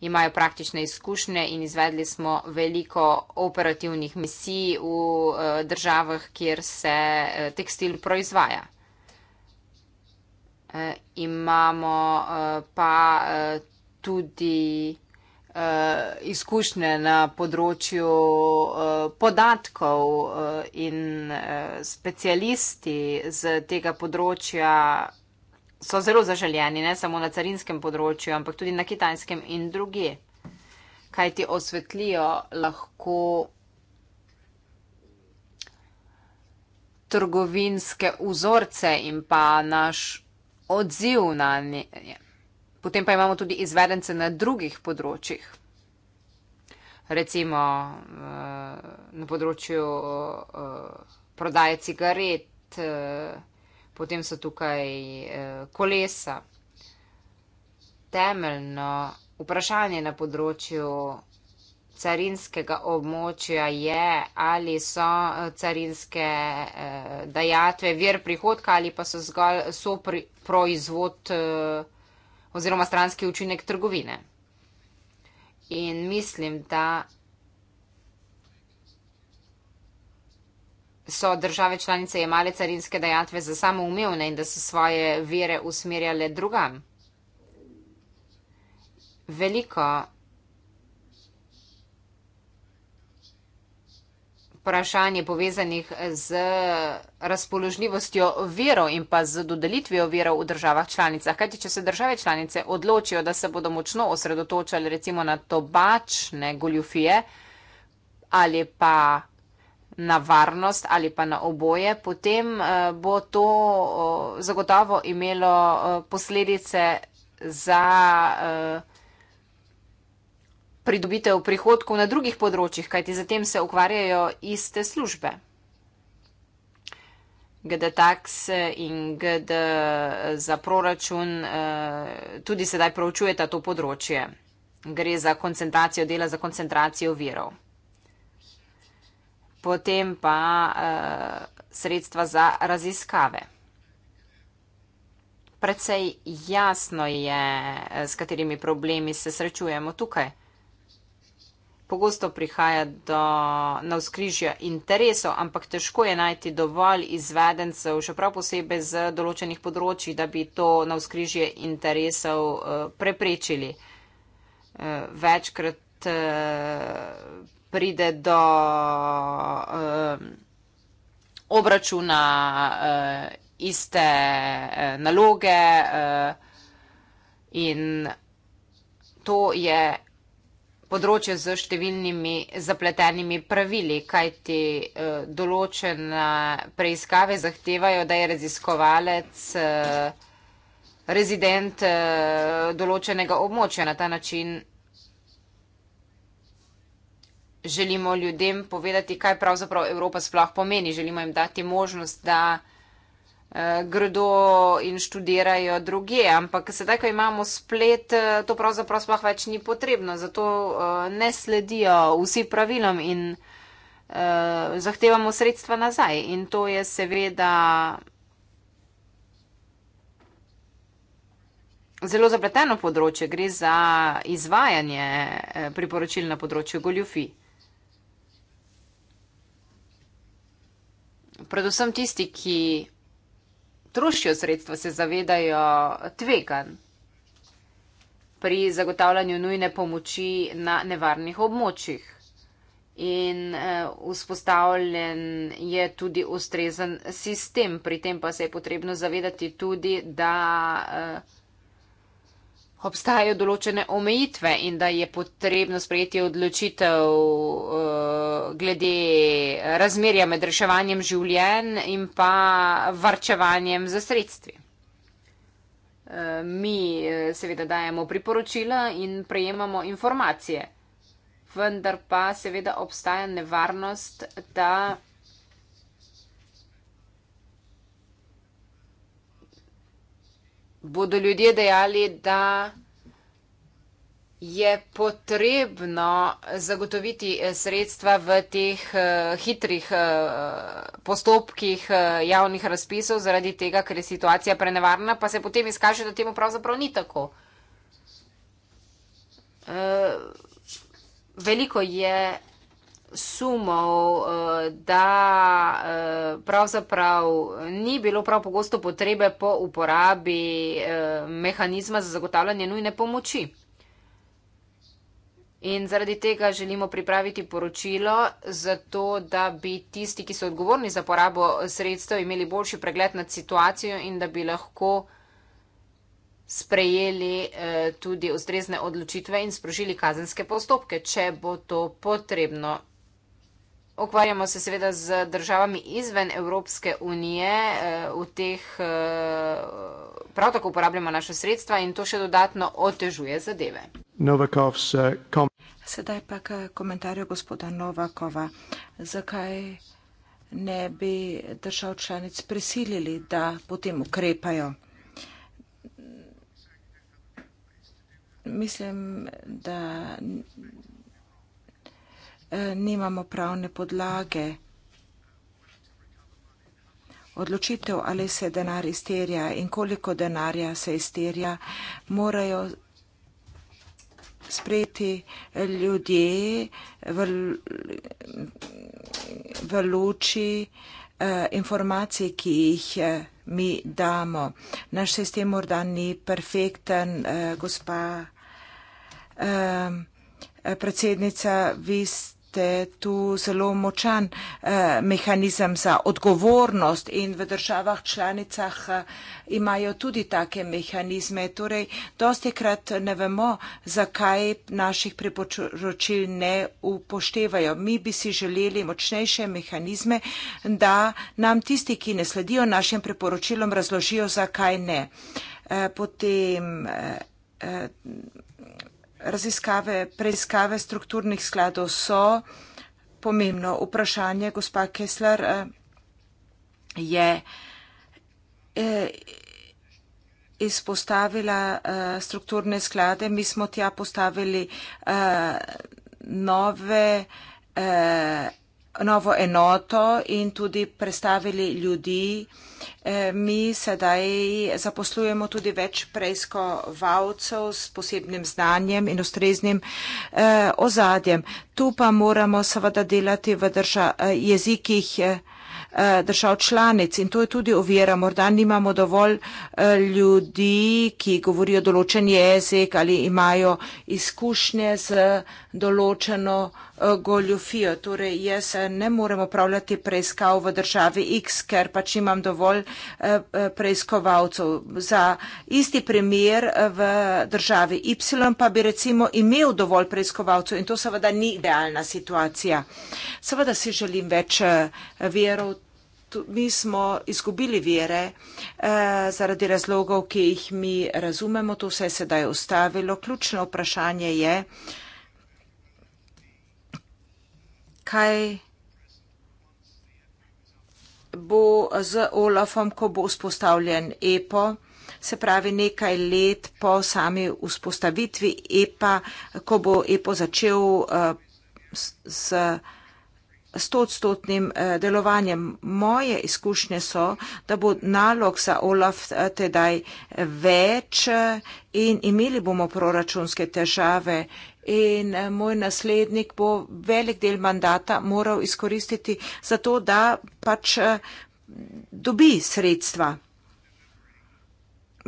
imajo praktične izkušnje in izvedli smo veliko operativnih misij v eh, državah, kjer se eh, tekstil proizvaja. Eh, imamo pa tudi izkušnje na področju podatkov in specialisti z tega področja so zelo zaželjeni, ne samo na carinskem področju, ampak tudi na kitajskem in druge. Kaj ti osvetlijo lahko trgovinske vzorce in pa naš odziv na nje. Potem pa imamo tudi izvedence na drugih področjih. Recimo eh, na področju eh, prodaje cigaret, eh, Potem so tukaj eh, kolesa. Temeljno vprašanje na področju carinskega območja je, ali so eh, carinske eh, dajatve vir prihodka ali pa so zgolj so pri, proizvod oziroma stranski učinek trgovine. In mislim, da so države članice jemale carinske dejatve za samoumevne in da so svoje vire usmerjale drugam. Veliko vprašanj je povezanih z razpoložljivostjo virov in pa z dodelitvijo virov v državah članicah. Kajti, če se države članice odločijo, da se bodo močno osredotočali recimo na tobačne goljufije ali pa na varnost ali pa na oboje, potem eh, bo to eh, zagotovo imelo eh, posledice za pridobitev prihodkov na drugih področjih, kajti zatem se ukvarjajo iste službe. GD tax in GD za proračun tudi sedaj proučujeta to področje. Gre za koncentracijo dela, za koncentracijo virov potem pa uh, sredstva za raziskave. Predvsej jasno je, eh, s katerimi problemi se srečujemo tukaj. Pogosto prihaja do navskrižja interesov, ampak težko je najti dovolj izvedencev, še prav posebej z določenih področji, da bi to navskrižje interesov eh, preprečili. Večkrat pride do uh, obračuna uh, iste uh, naloge uh, in to je področje z številnimi zapletenimi pravili, kajti uh, določene preiskave zahtevajo, da je raziskovalec uh, rezident uh, določenega območja na ta način želimo ljudem povedati, kaj pravzaprav Evropa sploh pomeni. Želimo jim dati možnost, da uh, gredo in študirajo druge. Ampak sedaj, ko imamo splet, eh, to pravzaprav sploh več ni potrebno. Zato uh, ne sledijo vsi pravilom in uh, zahtevamo sredstva nazaj. In to je seveda. Zelo zapleteno področje gre za izvajanje priporočil na področju goljufi. predvsem tisti, ki trošijo sredstva, se zavedajo tvegan pri zagotavljanju nujne pomoči na nevarnih območjih. In eh, vzpostavljen je tudi ustrezen sistem. Pri tem pa se je potrebno zavedati tudi, da eh, obstajajo določene omejitve in da je potrebno sprejeti odločitev eh, glede razmerja med reševanjem življenj in pa varčevanjem za sredstvi. Eh, mi eh, seveda dajemo priporočila in prejemamo informacije, vendar pa seveda obstaja nevarnost, da. bodo ljudje dejali, da je potrebno zagotoviti eh, sredstva v teh eh, hitrih eh, postopkih javnih razpisov zaradi tega, ker je situacija prenevarna, pa se potem izkaže, da temu pravzaprav ni tako. Veliko je sumov, eh, da eh, pravzaprav ni bilo prav pogosto potrebe po uporabi eh, mehanizma za zagotavljanje nujne pomoči. In zaradi tega želimo pripraviti poročilo, zato da bi tisti, ki so odgovorni za porabo sredstev, imeli boljši pregled nad situacijo in da bi lahko sprejeli tudi ustrezne odločitve in sprožili kazenske postopke, če bo to potrebno. Ukvarjamo se seveda z državami izven Evropske unije, eh, v teh eh, prav tako uporabljamo naše sredstva in to še dodatno otežuje zadeve. Novakov's, eh, kom... Sedaj pa k komentarju gospoda Novakova. Zakaj ne bi držav članic prisilili, da potem ukrepajo? Mislim, da Eh, nimamo pravne podlage. Odločitev, ali se denar izterja in koliko denarja se izterja, morajo sprejeti ljudje v, v luči eh, informacij, ki jih eh, mi damo. Naš sistem morda ni perfekten, gospa predsednica, vi ste imate tu zelo močan eh, mehanizem za odgovornost in v državah članicah eh, imajo tudi take mehanizme. Torej, dosti krat ne vemo, zakaj naših priporočil ne upoštevajo. Mi bi si želeli močnejše mehanizme, da nam tisti, ki ne sledijo našim priporočilom, razložijo, zakaj ne. Eh, potem, eh, eh, raziskave, preiskave strukturnih skladov so pomembno. Vprašanje, gospa Kessler, eh, je eh, izpostavila eh, strukturne sklade. Mi smo tja postavili nove, novo enoto in tudi predstavili ljudi, Eh, mi sedaj zaposlujemo tudi več preiskovalcev s posebnim znanjem in ustreznim eh, ozadjem. Tu pa moramo seveda delati v drža, eh, jezikih držav članic in to je tudi ovira. Morda nimamo dovolj ljudi, ki govorijo določen jezik ali imajo izkušnje z določeno Eh, goljufijo. Torej, jaz eh, ne morem upravljati preiskav v državi X, ker pač imam dovolj eh, preiskovalcev. Za isti primer v državi Y pa bi recimo imel dovolj preiskovalcev in to seveda ni idealna situacija. Seveda si želim več verov. Mi smo izgubili vere eh, zaradi razlogov, ki jih mi razumemo. To se je sedaj ustavilo. Ključno vprašanje je, eh, kaj bo z Olafom, ko bo vzpostavljen EPO, se pravi nekaj let po sami vzpostavitvi EPA, ko bo EPO začel z eh, stotstotnim eh, delovanjem. Moje izkušnje so, da bo nalog za Olaf eh, tedaj več in imeli bomo proračunske težave in eh, moj naslednik bo velik del mandata moral izkoristiti za to, da pač eh, dobi sredstva.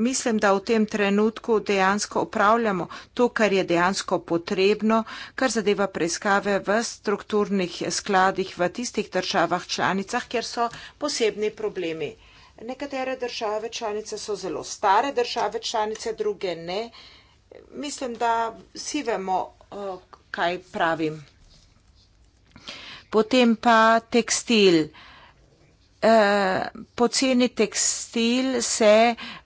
Mislim, da v tem trenutku dejansko upravljamo to, kar je dejansko potrebno, kar zadeva preiskave v strukturnih skladih v tistih državah članicah, kjer so posebni problemi. Nekatere države članice so zelo stare države članice, druge ne mislim, da vsi vemo, eh, kaj pravim. Potem pa tekstil. E, poceni tekstil se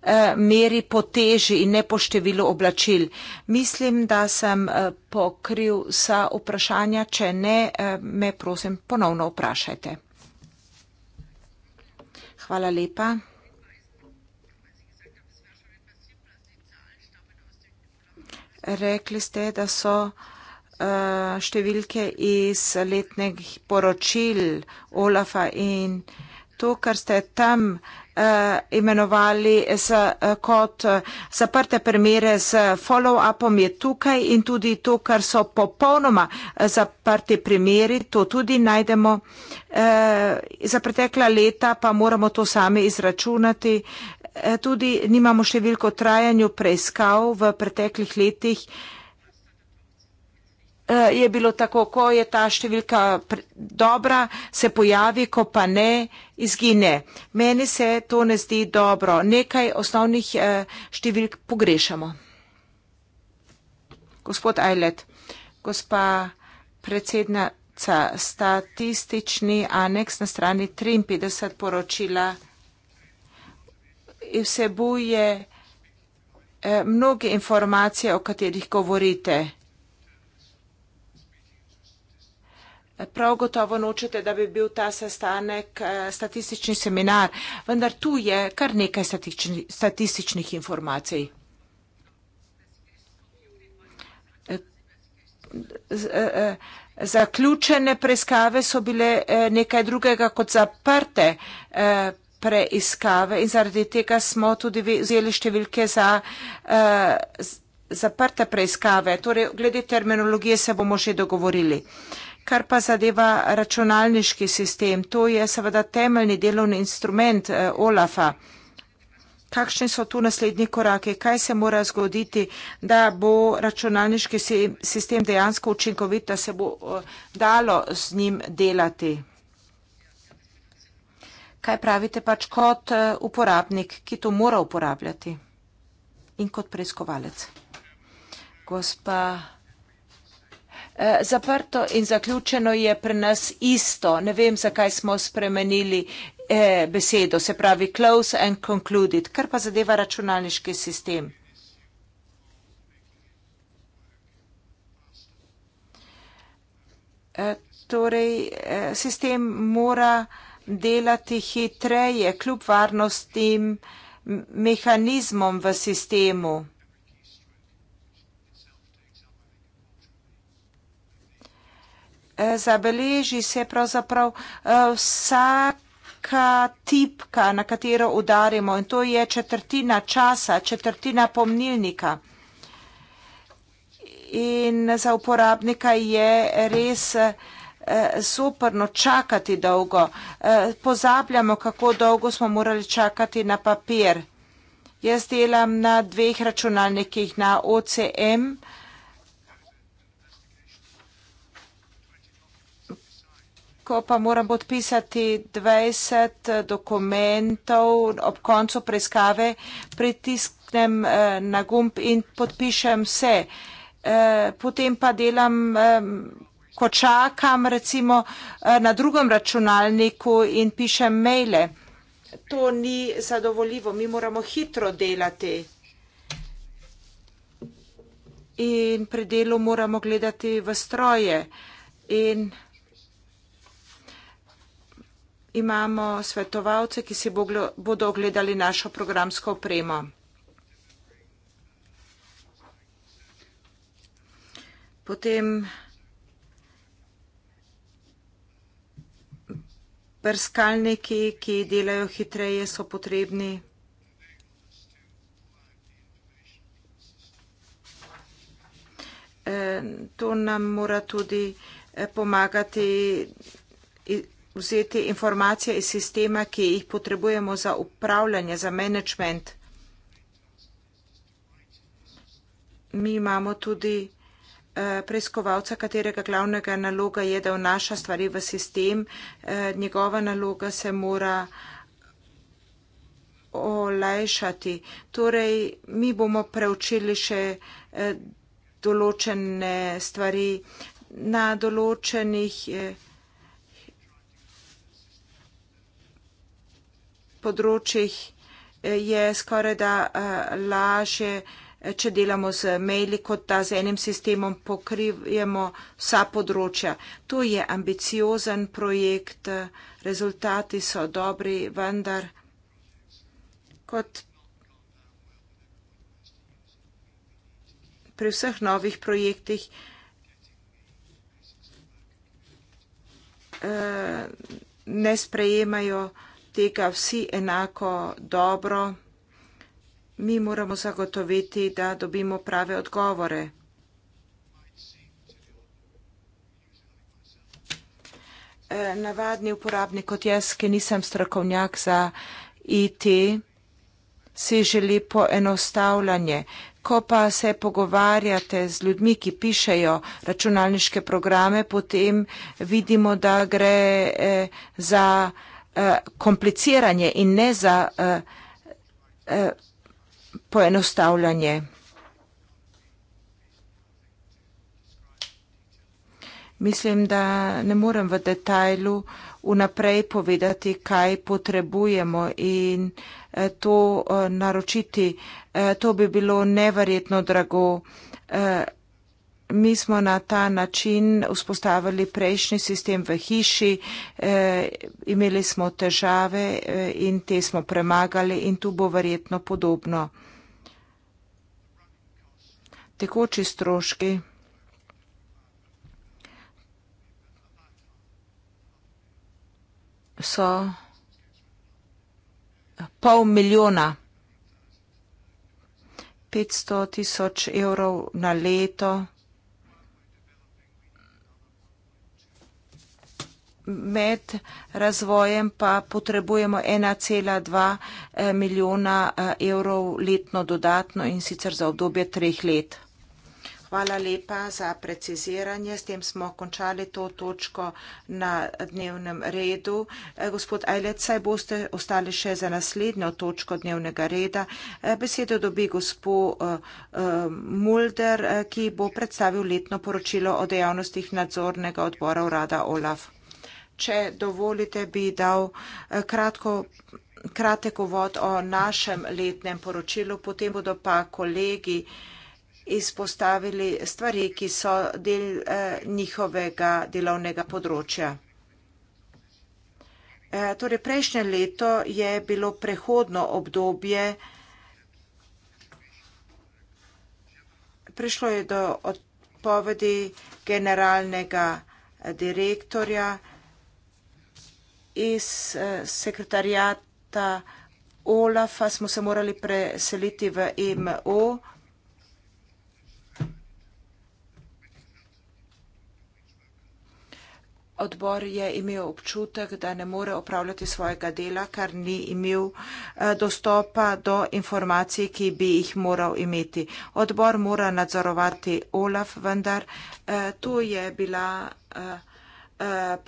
e, meri po teži in ne po številu oblačil. Mislim, da sem e, pokril vsa vprašanja. Če ne, e, me prosim ponovno vprašajte. Hvala lepa. rekli ste, da so uh, številke iz letnih poročil Olafa in to, kar ste tam uh, imenovali z, uh, eh, kot uh, zaprte primere z follow-upom, je tukaj in tudi to, kar so popolnoma zaprti primeri, to tudi najdemo. Uh, za pretekla leta pa moramo to sami izračunati. Uh, E, tudi nimamo številko trajanju preiskav v preteklih letih. E, je bilo tako, ko je ta številka dobra, se pojavi, ko pa ne, izgine. Meni se to ne zdi dobro. Nekaj osnovnih e, številk pogrešamo. Gospod Ajlet, gospa predsednica, statistični aneks na strani 53 poročila vsebuje eh, mnoge informacije, o katerih govorite. Prav gotovo nočete, da bi bil ta sestanek eh, statistični seminar, vendar tu je kar nekaj statični, statističnih informacij. Eh, zaključene preiskave so bile nekaj drugega kot zaprte preiskave in zaradi tega smo tudi vzeli številke za uh, zaprte preiskave. Torej, glede terminologije se bomo že dogovorili. Kar pa zadeva računalniški sistem, to je seveda temeljni delovni instrument uh, OLAFA. Kakšni so tu naslednji korake? Kaj se mora zgoditi, da bo računalniški sistem dejansko učinkovit, da se bo uh, dalo z njim delati? kaj pravite pač kot eh, uporabnik, ki to mora uporabljati in kot preiskovalec. Gospa, eh, zaprto in zaključeno je pri nas isto. Ne vem, zakaj smo spremenili eh, besedo, se pravi close and concluded, kar pa zadeva računalniški sistem. Torej, sistem mora delati hitreje kljub varnostnim mehanizmom v sistemu. Eh, zabeleži se pravzaprav eh, vsaka tipka, na katero udarimo in to je četrtina časa, četrtina pomnilnika. In za uporabnika je res eh, Eh, soprno čakati dolgo. Eh, pozabljamo, kako dolgo smo morali čakati na papir. Jaz delam na dveh računalnikih, na OCM. Ko pa moram podpisati 20 eh, dokumentov ob koncu preiskave, pritisknem na gumb in podpišem vse. Potem pa delam ko čakam recimo eh, na drugem računalniku in pišem maile. To ni zadovoljivo, mi moramo hitro delati. In pri delu moramo gledati v stroje. In imamo svetovalce, ki si bodo ogledali našo programsko opremo. Potem brskalniki, ki delajo hitreje, so potrebni. E, to nam mora tudi e, pomagati vzeti informacije iz sistema, ki jih potrebujemo za upravljanje, za management. Mi imamo tudi Eh, preiskovalca, katerega glavnega naloga je, da vnaša stvari v sistem, eh, njegova naloga se mora olajšati. Torej, mi bomo preučili še eh, določene stvari na določenih področjih je skoraj da lažje če delamo z maili, kot da z enim sistemom pokrijemo vsa področja. To je ambiciozen projekt, rezultati so dobri, vendar kot pri vseh novih projektih eh, ne sprejemajo tega vsi enako dobro mi moramo zagotoviti, da dobimo prave odgovore. E, navadni uporabnik kot jaz, ki nisem strokovnjak za IT, si želi poenostavljanje. Ko pa se pogovarjate z ljudmi, ki pišejo računalniške programe, potem vidimo, da gre e, za e, kompliciranje in ne za poenostavljanje. Mislim, da ne morem v detajlu vnaprej povedati, kaj potrebujemo in eh, to eh, naročiti. Eh, to bi bilo neverjetno drago. Mi smo na ta način vzpostavili prejšnji sistem v hiši, imeli smo težave in te smo premagali in tu bo verjetno podobno tekoči stroški. So pol milijona, petsto tisoč evrov na leto. Med razvojem pa potrebujemo 1,2 eh, milijona eh, evrov letno dodatno in sicer za obdobje treh let. Hvala lepa za preciziranje. S tem smo končali to točko na dnevnem redu. Eh, gospod Ajlet, saj boste ostali še za naslednjo točko dnevnega reda. Eh, besedo dobi gospod eh, Mulder, ki bo predstavil letno poročilo o dejavnostih nadzornega odbora urada OLAF. Če dovolite, bi dal kratko. Kratek uvod o našem letnem poročilu, potem bodo pa kolegi eh, izpostavili stvari, ki so del eh, njihovega delovnega področja. Eh, torej, prejšnje leto je bilo prehodno obdobje, prišlo je do odpovedi generalnega eh, direktorja iz sekretarijata OLAFA, smo se morali preseliti v EMO. odbor je imel občutek, da ne more opravljati svojega dela, ker ni imel eh, dostopa do informacij, ki bi jih moral imeti. Odbor mora nadzorovati OLAF, vendar eh, tu je bila eh,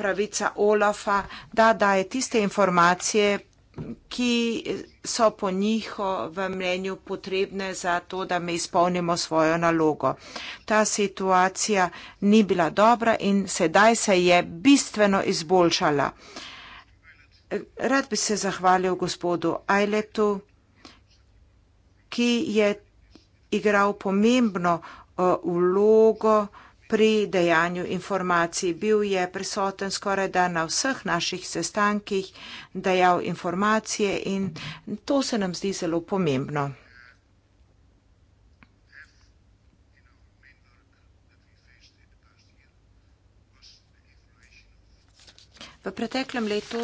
pravica OLAFA, da daje tiste informacije, ki so po njihovem mnenju potrebne za to, da mi izpolnimo svojo nalogo. Ta situacija ni bila dobra in sedaj se je bistveno izboljšala. Rad bi se zahvalil gospodu Ajletu, ki je igral pomembno uh, vlogo, pri dejanju informacij. Bil je prisoten skoraj da na vseh naših sestankih, dejal informacije in to se nam zdi zelo pomembno. V preteklem letu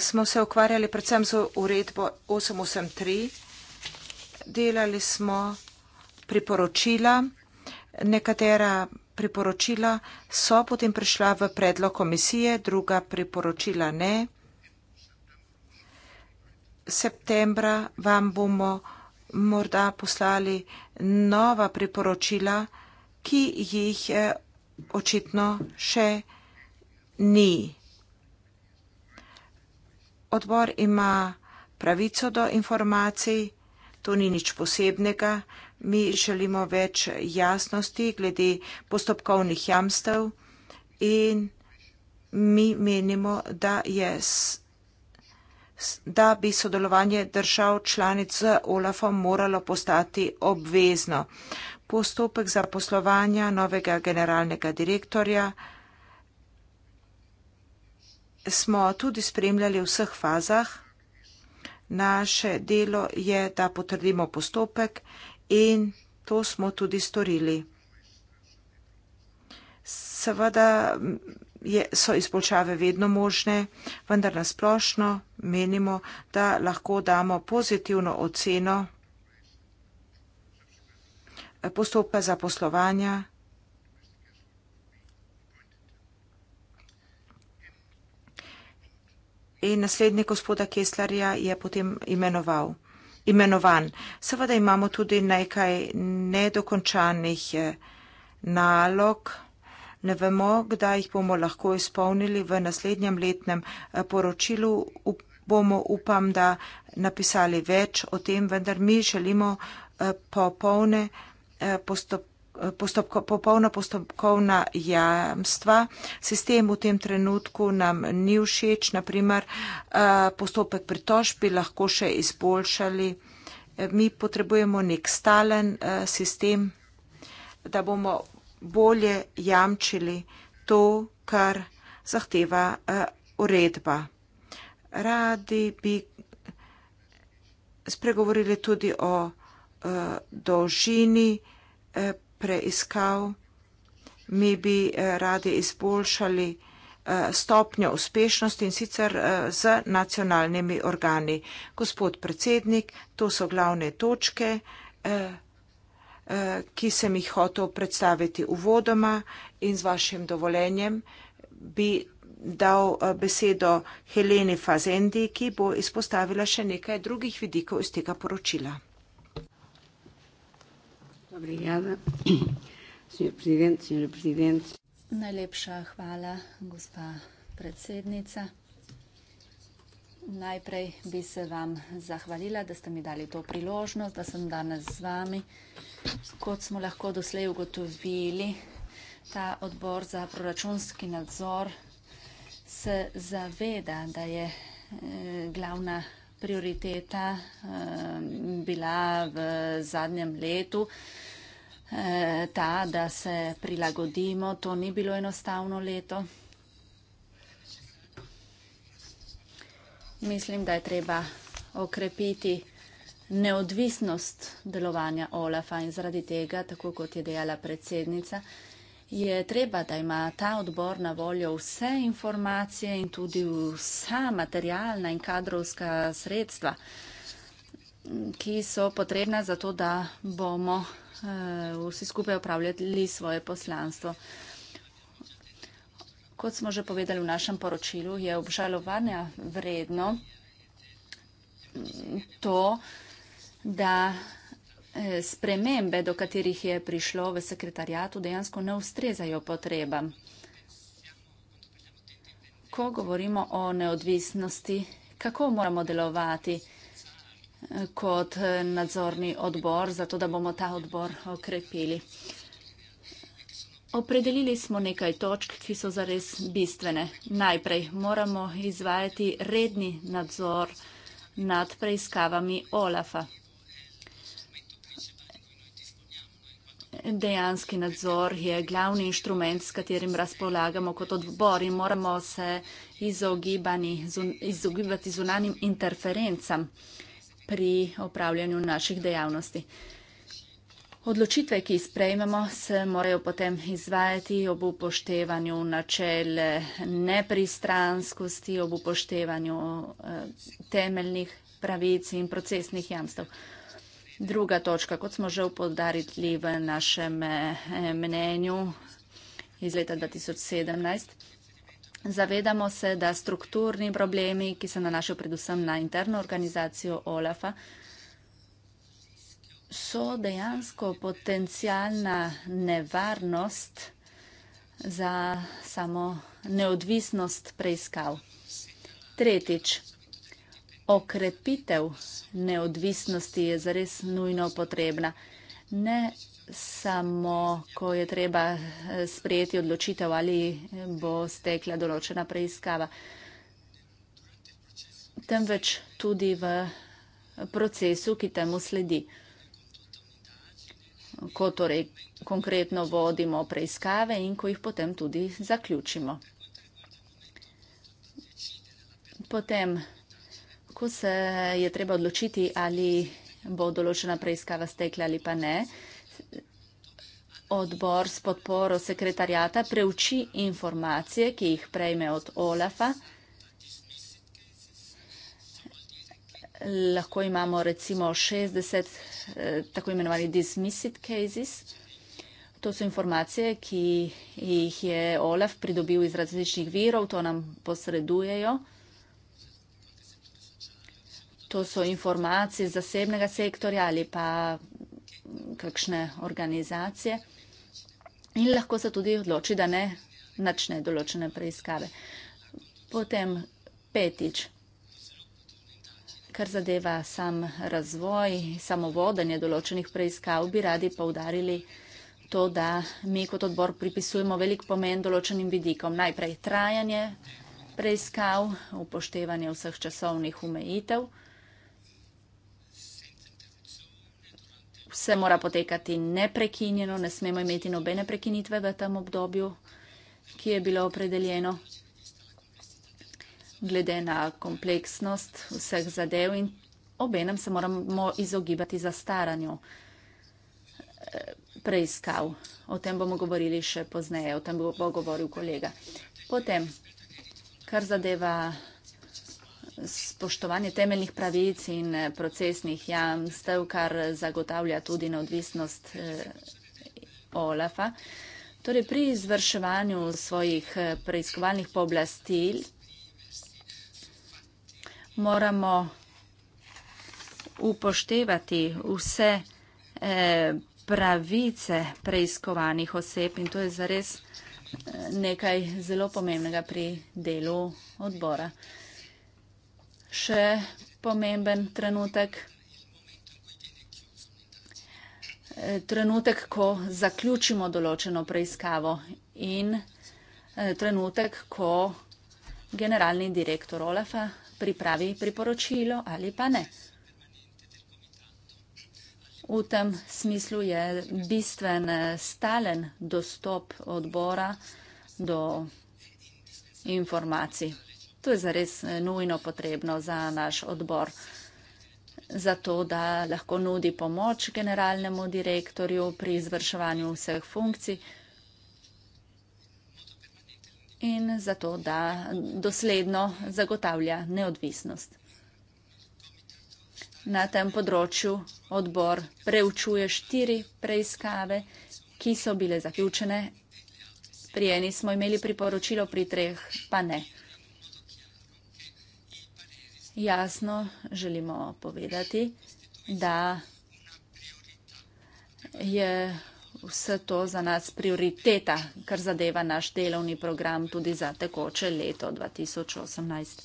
smo se ukvarjali predvsem z uredbo 883. Delali smo priporočila, nekatera priporočila so potem prišla v predlog komisije, druga priporočila ne. Septembra vam bomo morda poslali nova priporočila, ki jih eh, očitno še ni. Odbor ima pravico do informacij, to ni nič posebnega. Mi želimo več jasnosti glede postopkovnih jamstev in mi menimo, da, je, da bi sodelovanje držav članic z Olafom moralo postati obvezno. Postopek za poslovanja novega generalnega direktorja smo tudi spremljali v vseh fazah. Naše delo je, da potrdimo postopek in to smo tudi storili. Seveda je, so izboljšave vedno možne, vendar nasplošno menimo, da lahko damo pozitivno oceno postopka zaposlovanja. In naslednji gospoda Keslarja je potem imenoval imenovan. Seveda imamo tudi nekaj nedokončanih eh, nalog. Ne vemo, kdaj jih bomo lahko izpolnili v naslednjem letnem eh, poročilu. Bomo, upam, da napisali več o tem, vendar mi želimo eh, popolne postopke postopko, popolna postopkovna jamstva. Sistem v tem trenutku nam ni všeč, naprimer eh, postopek pritož bi lahko še izboljšali. Eh, mi potrebujemo nek stalen eh, sistem, da bomo bolje jamčili to, kar zahteva uredba. Radi bi spregovorili tudi o dolžini preiskav, mi bi eh, radi izboljšali eh, stopnjo uspešnosti in sicer eh, z nacionalnimi organi. Gospod predsednik, to so glavne točke, ki sem jih hotel predstaviti uvodoma in z vašim dovoljenjem bi dal besedo Heleni Fazendi, ki bo izpostavila še nekaj drugih vidikov iz tega poročila. Obrigada. <clears throat> Senhor Presidente, Senhora Presidente. Najlepša hvala, gospa predsednica. Najprej bi se vam zahvalila, da ste mi dali to priložnost, da sem danes z vami. Kot smo lahko doslej ugotovili, ta odbor za proračunski nadzor se zaveda, da je eh, glavna prioriteta eh, bila v zadnjem letu, Eh, ta, da se prilagodimo. To ni bilo enostavno leto. Mislim, da je treba okrepiti neodvisnost delovanja OLAFA in zaradi tega, tako kot je dejala predsednica, je treba, da ima ta odbor na voljo vse informacije in tudi vsa materialna in kadrovska sredstva, ki so potrebna za to, da bomo Eh, vsi skupaj upravljali svoje poslanstvo. Kot smo že povedali v našem poročilu, je obžalovanja vredno to, da eh, spremembe, do katerih je prišlo v sekretarijatu, dejansko ne ustrezajo potrebam. Ko govorimo o neodvisnosti, kako moramo delovati? kot eh, nadzorni odbor, zato da bomo ta odbor okrepili. Opredelili smo nekaj točk, ki so zares bistvene. Najprej moramo izvajati redni nadzor nad preiskavami OLAFA. Dejanski nadzor je glavni inštrument, s katerim razpolagamo kot odbor in moramo se izogibati zunanim interferencam pri opravljanju naših dejavnosti. Odločitve, ki jih sprejmemo, se morajo potem izvajati ob upoštevanju načel eh, nepristranskosti, ob upoštevanju eh, temeljnih pravic in procesnih jamstev. Druga točka, kot smo že upodarili v našem eh, mnenju iz leta 2017, Zavedamo se, da strukturni problemi, ki se nanašajo predvsem na interno organizacijo OLAF-a, so dejansko potencijalna nevarnost za samo neodvisnost preiskav. Tretjič, okrepitev neodvisnosti je zares nujno potrebna. Ne samo ko je treba eh, sprejeti odločitev, ali eh, bo stekla določena preiskava, temveč tudi v procesu, ki temu sledi. Ko torej konkretno vodimo preiskave in ko jih potem tudi zaključimo. Potem, ko se je treba odločiti, ali bo določena preiskava stekla ali pa ne, Odbor s podporo sekretarjata preuči informacije, ki jih prejme od OLAFA. Lahko imamo recimo 60 eh, tako imenovani dismissed cases. To so informacije, ki jih je OLAF pridobil iz različnih virov, to nam posredujejo. To so informacije zasebnega sektorja ali pa kakšne organizacije in lahko se tudi odloči, da ne načne določene preiskave. Potem petič, kar zadeva sam razvoj, samo vodenje določenih preiskav, bi radi poudarili to, da mi kot odbor pripisujemo velik pomen določenim vidikom. Najprej trajanje preiskav, upoštevanje vseh časovnih umejitev. vse mora potekati neprekinjeno, ne smemo imeti nobene prekinitve v tem obdobju, ki je bilo opredeljeno. Glede na kompleksnost vseh zadev in obenem se moramo izogibati zastaranju eh, preiskav. O tem bomo govorili še pozneje, o tem bo govoril kolega. Potem, kar zadeva spoštovanje temeljnih pravic in eh, procesnih jamstev, kar eh, zagotavlja tudi neodvisnost eh, Olafa. Torej, pri izvrševanju svojih preiskovalnih pooblastil moramo upoštevati vse pravice preiskovanih oseb in to je zares nekaj zelo pomembnega pri delu odbora še pomemben trenutek. E, trenutek, ko zaključimo določeno preiskavo in e, trenutek, ko generalni direktor Olafa pripravi priporočilo ali pa ne. V tem smislu je bistven e, stalen dostop odbora do informacij to je zares eh, nujno potrebno za naš odbor. Zato, da lahko nudi pomoč generalnemu direktorju pri izvrševanju vseh funkcij in zato, da dosledno zagotavlja neodvisnost. Na tem področju odbor preučuje štiri preiskave, ki so bile zaključene. Pri eni smo imeli priporočilo, pri treh pa ne jasno želimo povedati, da je vse to za nas prioriteta, kar zadeva naš delovni program tudi za tekoče leto 2018.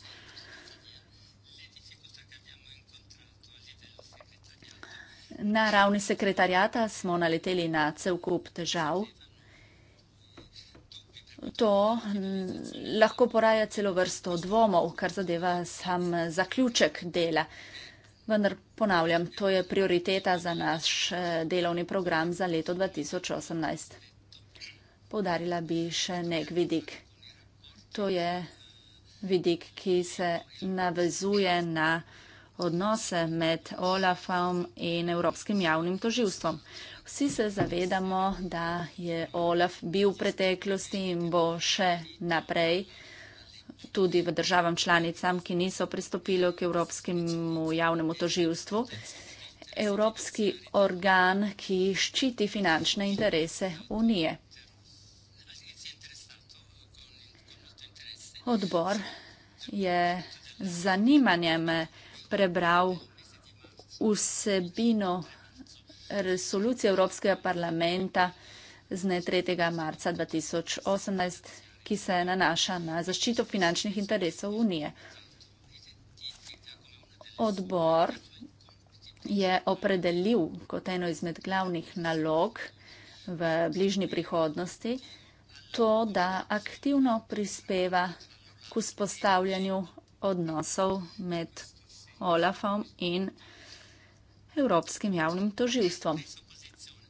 Na ravni sekretarjata smo naleteli na cel kup težav, To mm, lahko poraja celo vrsto dvomov, kar zadeva sam zaključek dela. Vendar ponavljam, to je prioriteta za naš eh, delovni program za leto 2018. Povdarila bi še nek vidik. To je vidik, ki se navezuje na odnose med OLAF-om in Evropskim javnim toživstvom. Vsi se zavedamo, da je OLAF bil v preteklosti in bo še naprej tudi v državam članicam, ki niso pristopili k Evropskemu javnemu toživstvu. Evropski organ, ki ščiti finančne interese Unije. Odbor je z zanimanjem prebral vsebino resolucije Evropskega parlamenta z dne 3. marca 2018, ki se nanaša na zaščito finančnih interesov Unije. Odbor je opredelil kot eno izmed glavnih nalog v bližnji prihodnosti to, da aktivno prispeva k vzpostavljanju odnosov med Olafom in Olafom. Evropskim javnim toživstvom.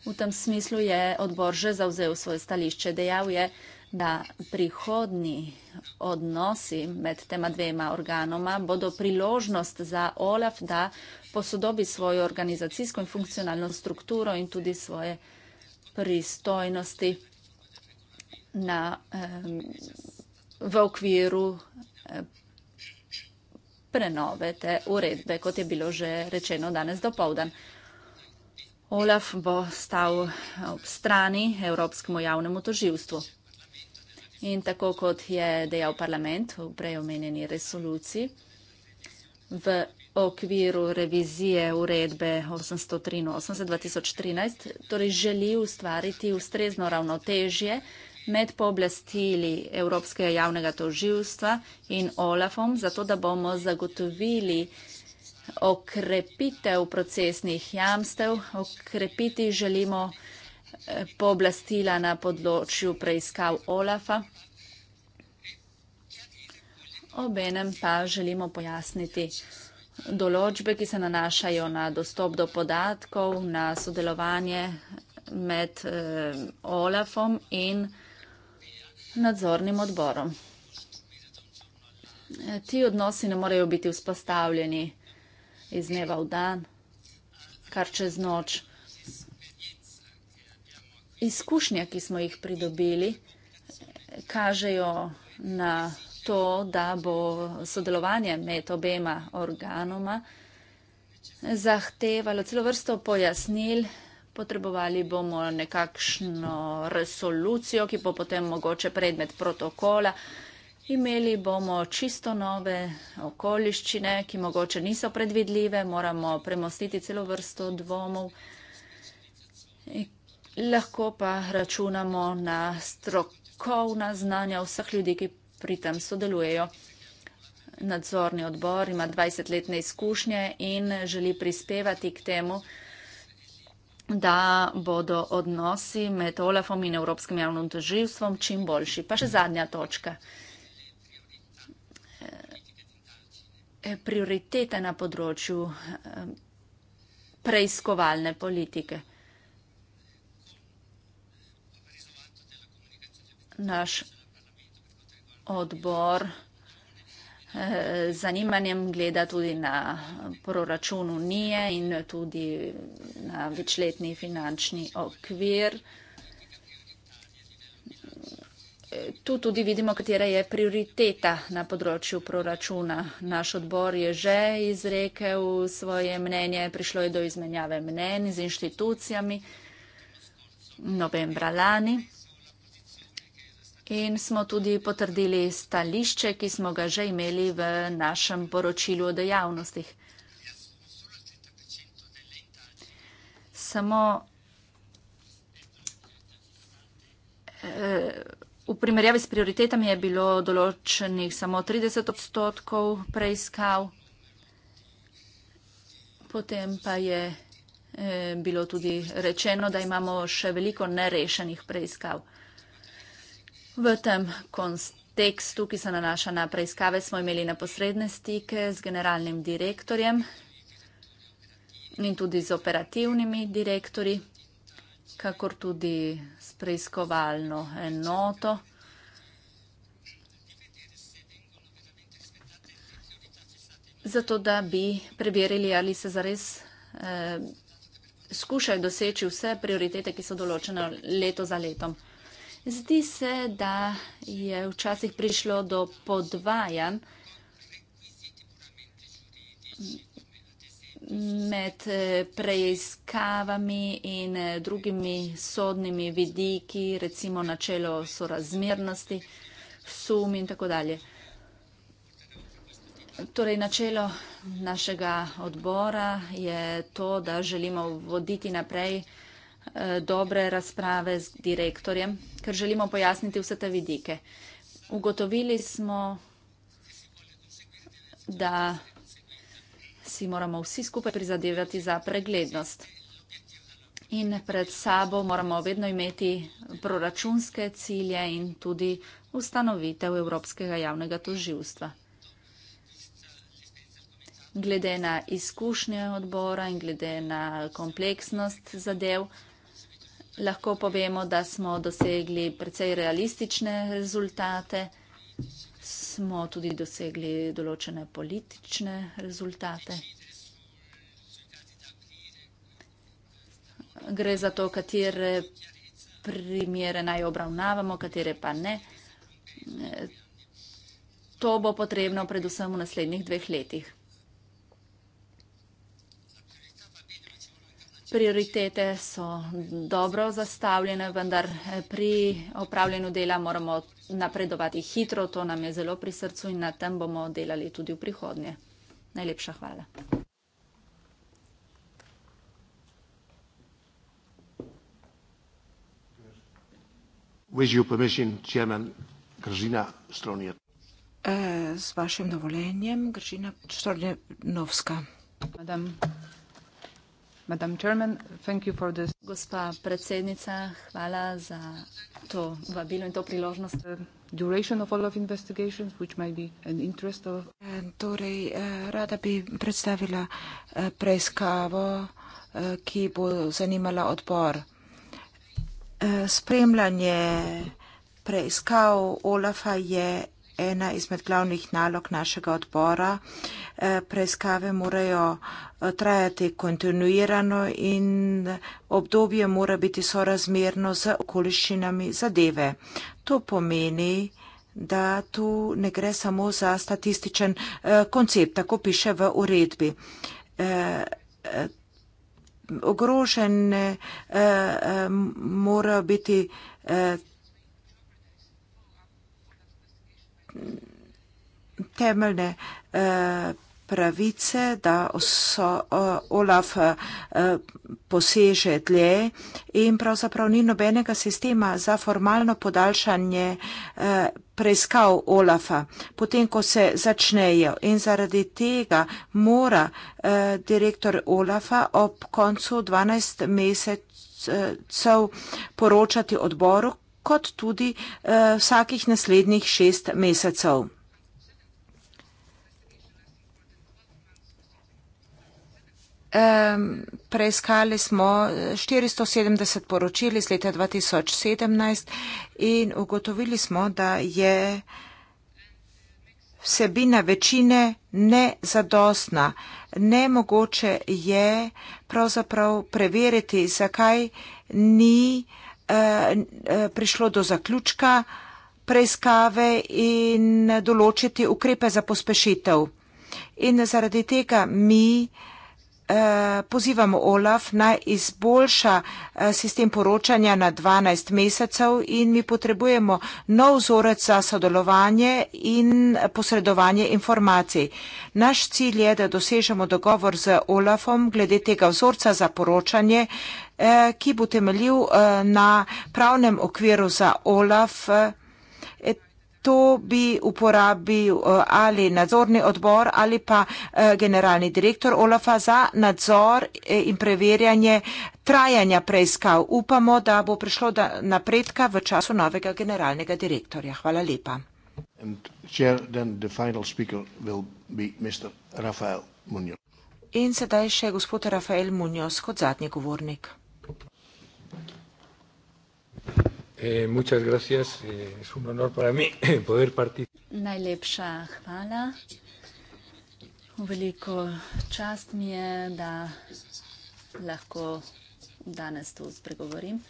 V tem smislu je odbor že zauzel svoje stališče. Dejal je, da prihodni odnosi med tema dvema organoma bodo priložnost za OLAF, da posodobi svojo organizacijsko in funkcionalno strukturo in tudi svoje pristojnosti na, eh, v okviru prenove te uredbe, kot je bilo že rečeno danes do povdan. Olaf bo stal ob strani Evropskemu javnemu toživstvu. In tako kot je dejal parlament v preomenjeni resoluciji, v okviru revizije uredbe 883-2013, torej želi ustvariti ustrezno ravnotežje med pooblastili Evropskega javnega toživstva in OLAFom, zato da bomo zagotovili okrepitev procesnih jamstev, okrepiti želimo eh, pooblastila na področju preiskav OLAFa. Obenem pa želimo pojasniti določbe, ki se nanašajo na dostop do podatkov, na sodelovanje med eh, OLAFom in OLAFom nadzornim odborom. E, ti odnosi ne morejo biti vzpostavljeni iz dneva v dan, kar čez noč. Izkušnja, ki smo jih pridobili, kažejo na to, da bo sodelovanje med obema organoma zahtevalo celo vrsto pojasnil, Potrebovali bomo nekakšno resolucijo, ki bo potem mogoče predmet protokola. Imeli bomo čisto nove okoliščine, ki mogoče niso predvidljive, moramo premostiti celo vrsto dvomov. Lahko pa računamo na strokovna znanja vseh ljudi, ki pri tem sodelujejo. Nadzorni odbor ima 20-letne izkušnje in želi prispevati k temu, da bodo odnosi med Olafom in Evropskim javnim toživstvom čim boljši. Pa še zadnja točka. E, Prioriteta na področju e, preiskovalne politike. Naš odbor Eh, zanimanjem gleda tudi na proračun unije in tudi na večletni finančni okvir. Tu tudi vidimo, katera je prioriteta na področju proračuna. Naš odbor je že izrekel svoje mnenje, prišlo je do izmenjave mnen z inštitucijami novembra lani in smo tudi potrdili stališče, ki smo ga že imeli v našem poročilu o dejavnostih. Samo eh, v primerjavi s prioritetami je bilo določenih samo 30 odstotkov preiskav, potem pa je eh, bilo tudi rečeno, da imamo še veliko nerešenih preiskav. V tem kontekstu, ki se nanaša na preiskave, smo imeli neposredne stike z generalnim direktorjem in tudi z operativnimi direktori, kakor tudi s preiskovalno enoto. Zato, da bi preverili, ali se zares eh, skušajo doseči vse prioritete, ki so določene leto za letom. Zdi se, da je včasih prišlo do podvajanj med eh, preiskavami in eh, drugimi sodnimi vidiki, recimo načelo sorazmernosti, sum in tako dalje. Torej, načelo našega odbora je to, da želimo voditi naprej vsega, Eh, dobre razprave z direktorjem, ker želimo pojasniti vse te vidike. Ugotovili smo, da si moramo vsi skupaj prizadevati za preglednost. In pred sabo moramo vedno imeti proračunske cilje in tudi ustanovitev Evropskega javnega toživstva. Glede na izkušnje odbora in glede na kompleksnost zadev, lahko povemo, da smo dosegli precej realistične rezultate, smo tudi dosegli določene politične rezultate. Gre za to, katere primere naj obravnavamo, katere pa ne. To bo potrebno predvsem v naslednjih dveh letih. Prioritete so dobro zastavljene, vendar pri opravljanju dela moramo napredovati hitro. To nam je zelo pri srcu in na tem bomo delali tudi v prihodnje. Najlepša hvala. Eh, z vašim dovoljenjem, Gržina Štornjevska. Madam. Gospa predsednica, hvala za to vabilo in to priložnost. Eh, torej, eh, rada bi predstavila eh, preiskavo, ki bo zanimala odbor. Spremljanje preiskav Olafa je ena izmed glavnih nalog našega odbora. Eh, preiskave morajo eh, trajati kontinuirano in obdobje mora biti sorazmerno z okoliščinami zadeve. To pomeni, da tu ne gre samo za statističen eh, koncept, tako piše v uredbi. Ogrožene morajo biti temeljne eh, pravice, da so eh, Olaf eh, poseže dlje in pravzaprav ni nobenega sistema za formalno podaljšanje preiskav Olafa, potem ko se začnejo in zaradi tega mora direktor Olafa ob koncu 12 mesecev poročati odboru, kot tudi uh, vsakih naslednjih šest mesecev. Um, preiskali smo 470 eh, poročil iz leta 2017 in ugotovili smo, da je vsebina večine nezadostna. Nemogoče je pravzaprav preveriti, zakaj ni uh, Eh, prišlo do zaključka preiskave in določiti ukrepe za pospešitev. In zaradi tega mi eh, pozivamo OLAF naj izboljša eh, sistem poročanja na 12 mesecev in mi potrebujemo nov vzorec za sodelovanje in posredovanje informacij. Naš cilj je, da dosežemo dogovor z OLAFom glede tega vzorca za poročanje, Eh, ki bo temeljil eh, na pravnem okviru za OLAF. Eh, to bi uporabil ali nadzorni odbor ali pa generalni direktor OLAFA za nadzor in preverjanje trajanja preiskav. Upamo, da bo prišlo do napredka v času novega generalnega direktorja. Hvala lepa. Chair, In sedaj še gospod Rafael Munoz kot zadnji govornik. Eh, gracias. Eh, es un honor para mi <laughs> poder Najlepša hvala. V veliko čast mi je, da lahko danes tu spregovorim.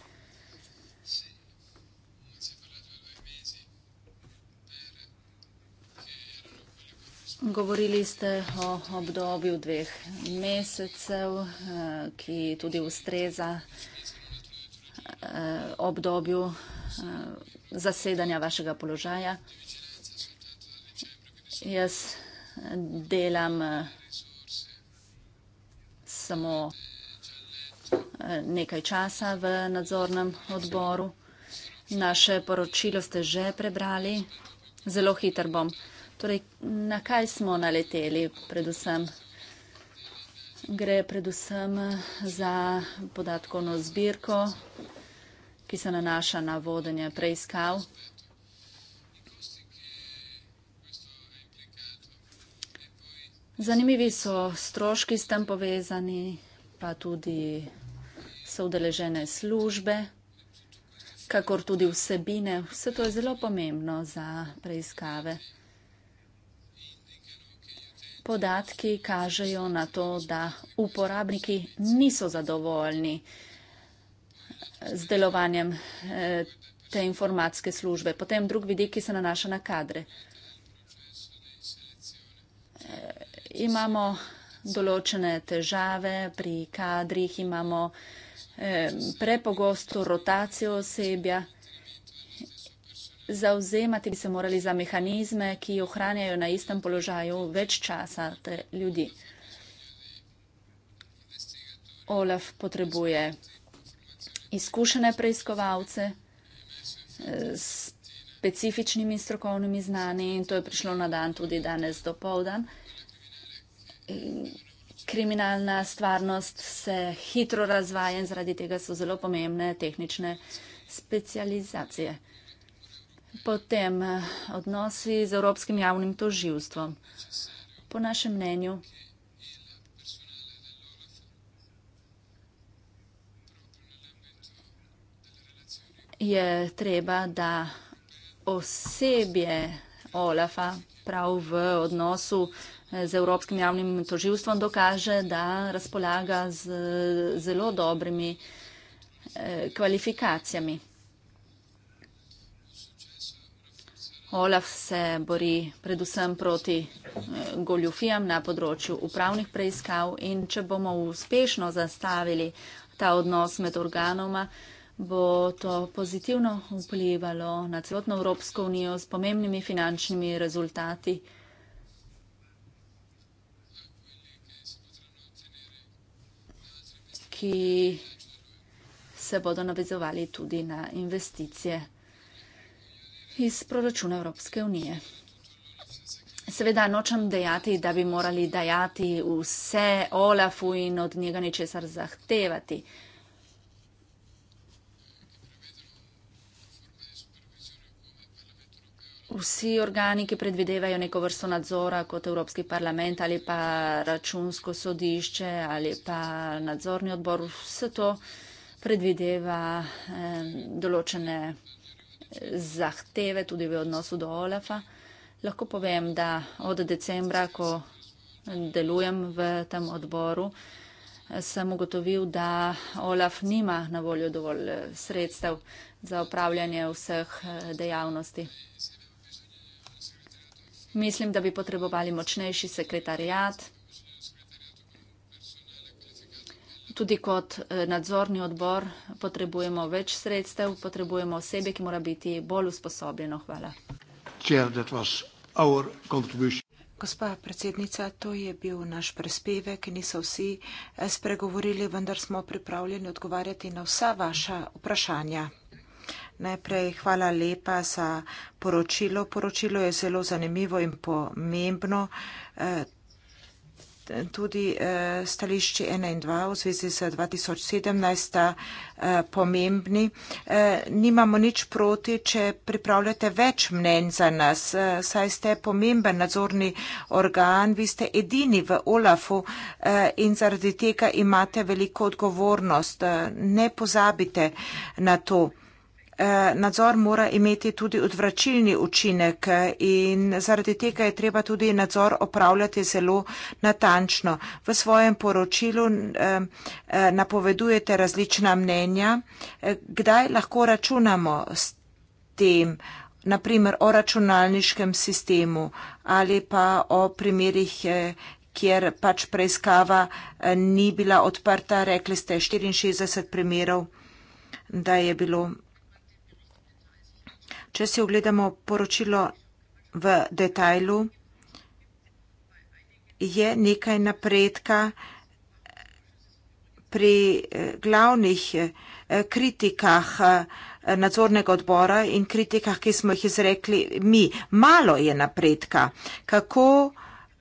Govorili ste o obdobju dveh mesecev, eh, ki tudi ustreza. Eh, obdobju eh, zasedanja vašega položaja. Jaz delam eh, samo nekaj časa v nadzornem odboru. Naše poročilo ste že prebrali. Zelo hitro bom. Torej, na kaj smo naleteli predvsem? gre predvsem za podatkovno zbirko, ki se nanaša na vodenje preiskav. Zanimivi so stroški s tem povezani, pa tudi so udeležene službe, kakor tudi vsebine. Vse to je zelo pomembno za preiskave podatki kažejo na to, da uporabniki niso zadovoljni z delovanjem eh, te informatske službe. Potem drug vidik, ki se nanaša na kadre. Eh, imamo določene težave pri kadrih, imamo eh, prepogosto rotacijo osebja, zauzemati bi se morali za mehanizme, ki ohranjajo na istem položaju več časa te ljudi. OLAF potrebuje izkušene preiskovalce eh, s specifičnimi strokovnimi znani in to je prišlo na dan tudi danes do povdan. Kriminalna stvarnost se hitro razvaja in zaradi tega so zelo pomembne tehnične specializacije. Potem eh, odnosi z Evropskim javnim toživstvom. Po našem mnenju je treba, da osebje Olafa prav v odnosu eh, z Evropskim javnim toživstvom dokaže, da razpolaga z zelo dobrimi eh, kvalifikacijami. Olaf se bori predvsem proti eh, goljufijam na področju upravnih preiskav in če bomo uspešno zastavili ta odnos med organoma, bo to pozitivno vplivalo na celotno Evropsko unijo s pomembnimi finančnimi rezultati. ki se bodo navezovali tudi na investicije iz proračuna Evropske unije. Seveda nočem dejati, da bi morali dajati vse Olafu in od njega nečesar zahtevati. Vsi organi, ki predvidevajo neko vrsto nadzora kot Evropski parlament ali pa računsko sodišče ali pa nadzorni odbor, vse to predvideva eh, določene zahteve tudi v odnosu do OLAF-a. Lahko povem, da od decembra, ko delujem v tem odboru, sem ugotovil, da OLAF nima na voljo dovolj eh, sredstev za upravljanje vseh eh, dejavnosti. Mislim, da bi potrebovali močnejši sekretarijat. tudi kot eh, nadzorni odbor potrebujemo več sredstev, potrebujemo osebe, ki mora biti bolj usposobljeno. Hvala. Gospa predsednica, to je bil naš prispevek, niso vsi eh, spregovorili, vendar smo pripravljeni odgovarjati na vsa vaša vprašanja. Najprej hvala lepa za poročilo. Poročilo je zelo zanimivo in pomembno. Eh, tudi eh, stališči 1 in 2 v zvezi z 2017 eh, pomembni. Eh, nimamo nič proti, če pripravljate več mnen za nas, eh, saj ste pomemben nadzorni organ, vi ste edini v OLAF-u eh, in zaradi tega imate veliko odgovornost. Eh, ne pozabite na to. Eh, nadzor mora imeti tudi odvračilni učinek in zaradi tega je treba tudi nadzor opravljati zelo natančno. V svojem poročilu eh, eh, napovedujete različna mnenja, kdaj lahko računamo s tem, naprimer o računalniškem sistemu ali pa o primerih, kjer pač preiskava ni bila odprta, rekli ste 64 primerov, da je bilo Če si ogledamo poročilo v detajlu, je nekaj napredka pri eh, glavnih eh, kritikah eh, nadzornega odbora in kritikah, ki smo jih izrekli mi. Malo je napredka. Kako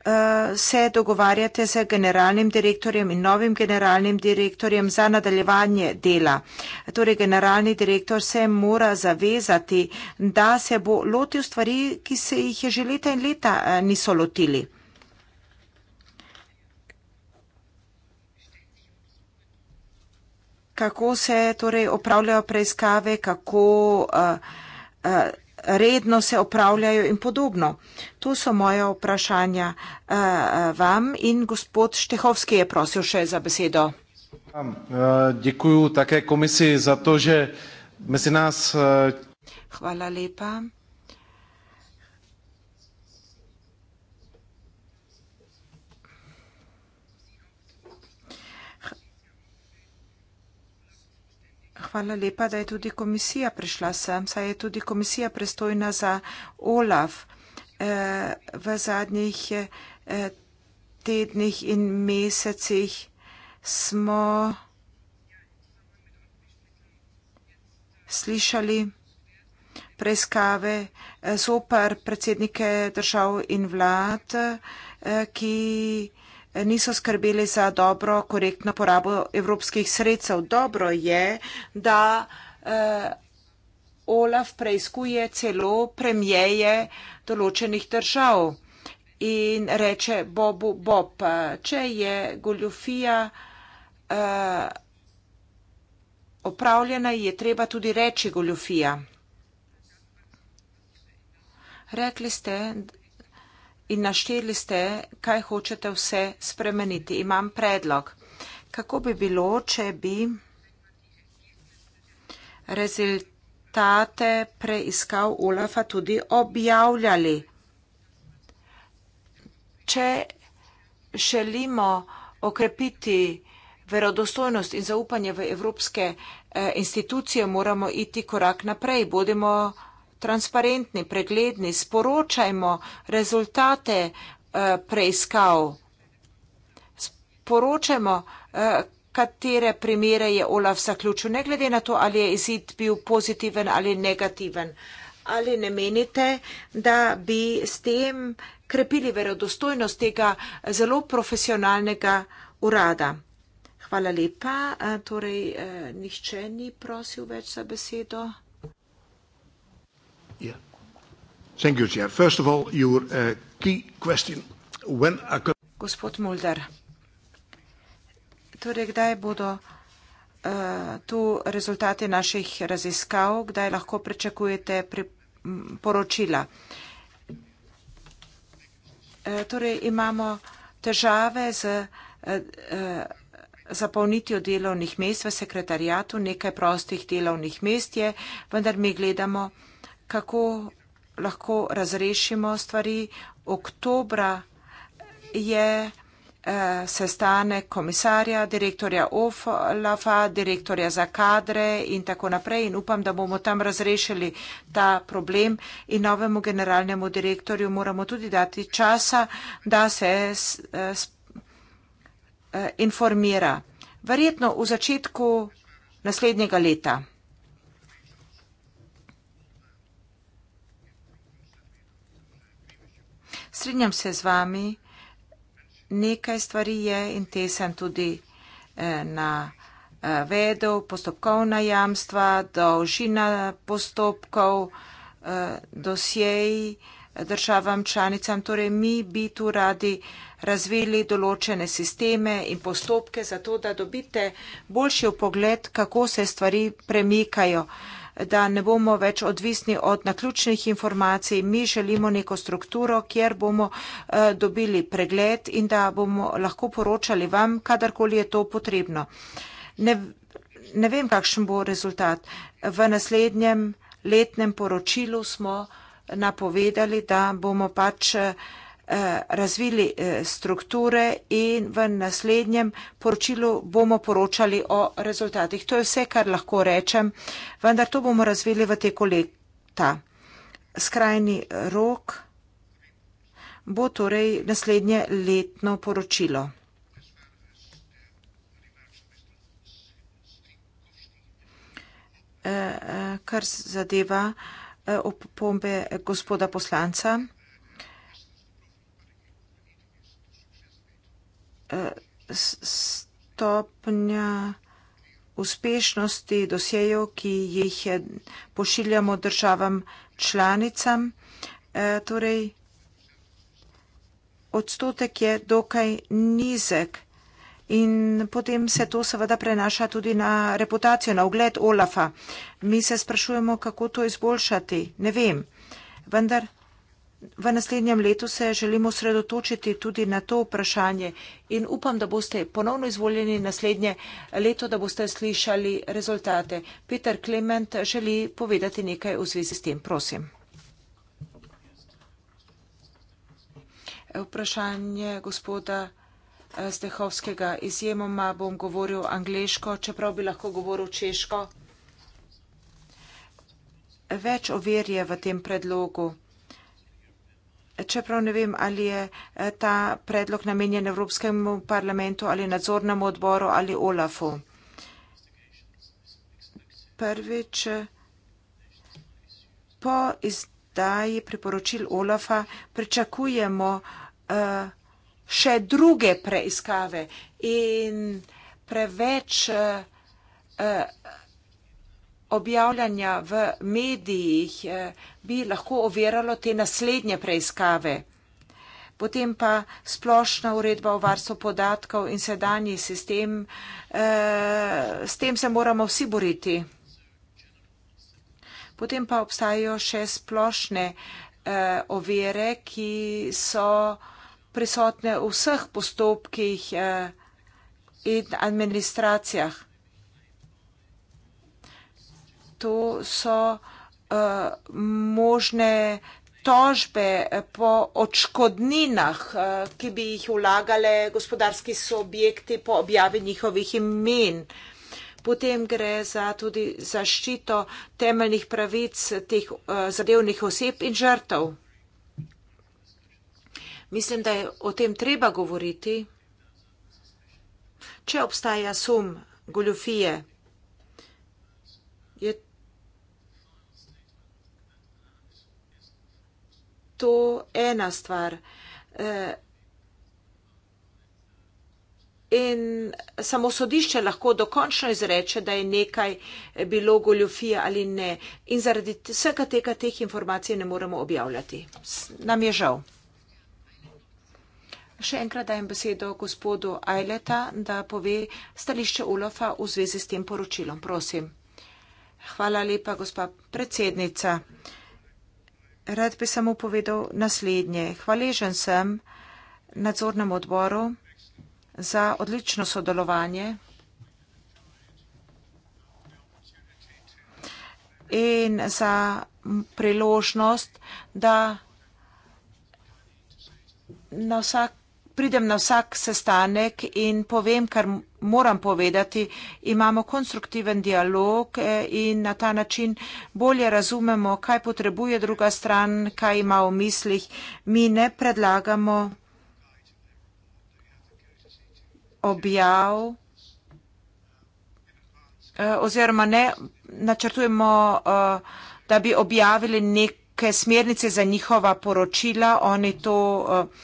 Eh, se dogovarjate z generalnim direktorjem in novim generalnim direktorjem za nadaljevanje dela. Torej, generalni direktor se mora zavezati, da se bo lotil stvari, ki se jih je že leta in leta eh, niso lotili. Kako se torej opravljajo preiskave, kako uh, uh, redno se opravljajo in podobno. To so moja vprašanja uh, vam in gospod Štehovski je prosil še za besedo. Uh, eh, Dziękuję také komisiji za to, že mezi nás. Uh... Hvala lepa. hvala lepa, da je tudi komisija prišla sem, saj je tudi komisija prestojna za OLAF eh, v zadnjih eh, tednih in mesecih smo slišali preiskave eh, zoper predsednike držav in vlad, ki niso skrbeli za dobro, korektno porabo evropskih sredstev. Dobro je, da eh, Olaf preizkuje celo premjeje določenih držav in reče Bobu Bob, če je goljofija eh, opravljena, je treba tudi reči goljofija. Rekli ste, in našteli ste, kaj hočete vse spremeniti. Imam predlog. Kako bi bilo, če bi rezultate preiskav Olafa tudi objavljali? Če želimo okrepiti verodostojnost in zaupanje v evropske eh, institucije, moramo iti korak naprej. Bodimo transparentni, pregledni, sporočajmo rezultate eh, preiskav, sporočajmo, eh, katere primere je Olaf zaključil, ne glede na to, ali je izid bil pozitiven ali negativen. Ali ne menite, da bi s tem krepili verodostojnost tega zelo profesionalnega urada? Hvala lepa. Torej, eh, nihče ni prosil več za besedo. Thank you, Chair. First of all, your uh, key question. Gospod Mulder, torej kdaj bodo uh, tu rezultati naših raziskav, kdaj lahko pričakujete poročila? Uh, torej imamo težave z zapolnitijo delovnih mest v sekretariatu, nekaj prostih delovnih mest je, vendar mi gledamo, kako lahko razrešimo stvari. Oktobra je eh, sestanek komisarja, direktorja OFLAFA, direktorja za kadre in tako naprej in upam, da bomo tam razrešili ta problem in novemu generalnemu direktorju moramo tudi dati časa, da se s, eh, s, eh, informira. Verjetno v začetku naslednjega leta. Strinjam se z vami, nekaj stvari je in te sem tudi eh, navedel, eh, postopkovna jamstva, dolžina postopkov, eh, dosjeji eh, državam članicam. Torej, mi bi tu radi razvili določene sisteme in postopke, zato da dobite boljši upogled, kako se stvari premikajo. Eh, da ne bomo več odvisni od naključnih informacij. Mi želimo neko strukturo, kjer bomo eh, dobili pregled in da bomo lahko poročali vam, kadarkoli je to potrebno. Ne, ne vem, kakšen bo rezultat. V naslednjem letnem poročilu smo napovedali, da bomo pač. Uh, Eh, razvili eh, strukture in v naslednjem poročilu bomo poročali o rezultatih. To je vse, kar lahko rečem, vendar to bomo razvili v teku leta. Skrajni rok bo torej naslednje letno poročilo. Eh, kar zadeva opombe gospoda poslanca. stopnja uspešnosti dosjejev, ki jih pošiljamo državam članicam. E, torej, odstotek je dokaj nizek in potem se to seveda prenaša tudi na reputacijo, na ugled Olafa. Mi se sprašujemo, kako to izboljšati. Ne vem. Vendar V naslednjem letu se želimo sredotočiti tudi na to vprašanje in upam, da boste ponovno izvoljeni naslednje leto, da boste slišali rezultate. Peter Klement želi povedati nekaj v zvezi s tem. Prosim. Vprašanje gospoda eh, Stehovskega. Izjemoma bom govoril angliško, čeprav bi lahko govoril češko. Več ovir je v tem predlogu čeprav ne vem, ali je eh, ta predlog namenjen Evropskemu parlamentu ali nadzornemu odboru ali OLAFu. Prvič, po izdaji priporočil OLAFa pričakujemo eh, še druge preiskave in preveč eh, objavljanja v medijih eh, bi lahko oviralo te naslednje preiskave. Potem pa splošna uredba o varstvu podatkov in sedanji sistem, eh, s tem se moramo vsi boriti. Potem pa obstajajo še splošne eh, ovire, ki so prisotne v vseh postopkih in administracijah to so uh, možne tožbe po očkodninah, uh, eh, ki bi jih vlagale gospodarski subjekti po objavi njihovih imen. Potem gre za tudi zaščito temeljnih pravic teh uh, zadevnih oseb in žrtev. Mislim, da je o tem treba govoriti, če obstaja sum goljofije. to ena stvar. Eh, in samo sodišče lahko dokončno izreče, da je nekaj bilo goljofija ali ne. In zaradi vsega tega teh informacij ne moremo objavljati. Nam je žal. Še enkrat dajem besedo gospodu Ajleta, da pove stališče Olofa v zvezi s tem poročilom. Prosim. Hvala lepa, gospa predsednica rad bi samo povedal naslednje. Hvaležen sem nadzornemu odboru za odlično sodelovanje in za priložnost, da na vsak pridem na vsak sestanek in povem, kar moram povedati. Imamo konstruktiven dialog eh, in na ta način bolje razumemo, kaj potrebuje druga stran, kaj ima v mislih. Mi ne predlagamo objav eh, oziroma ne načrtujemo, eh, da bi objavili neke smernice za njihova poročila. Oni to uh,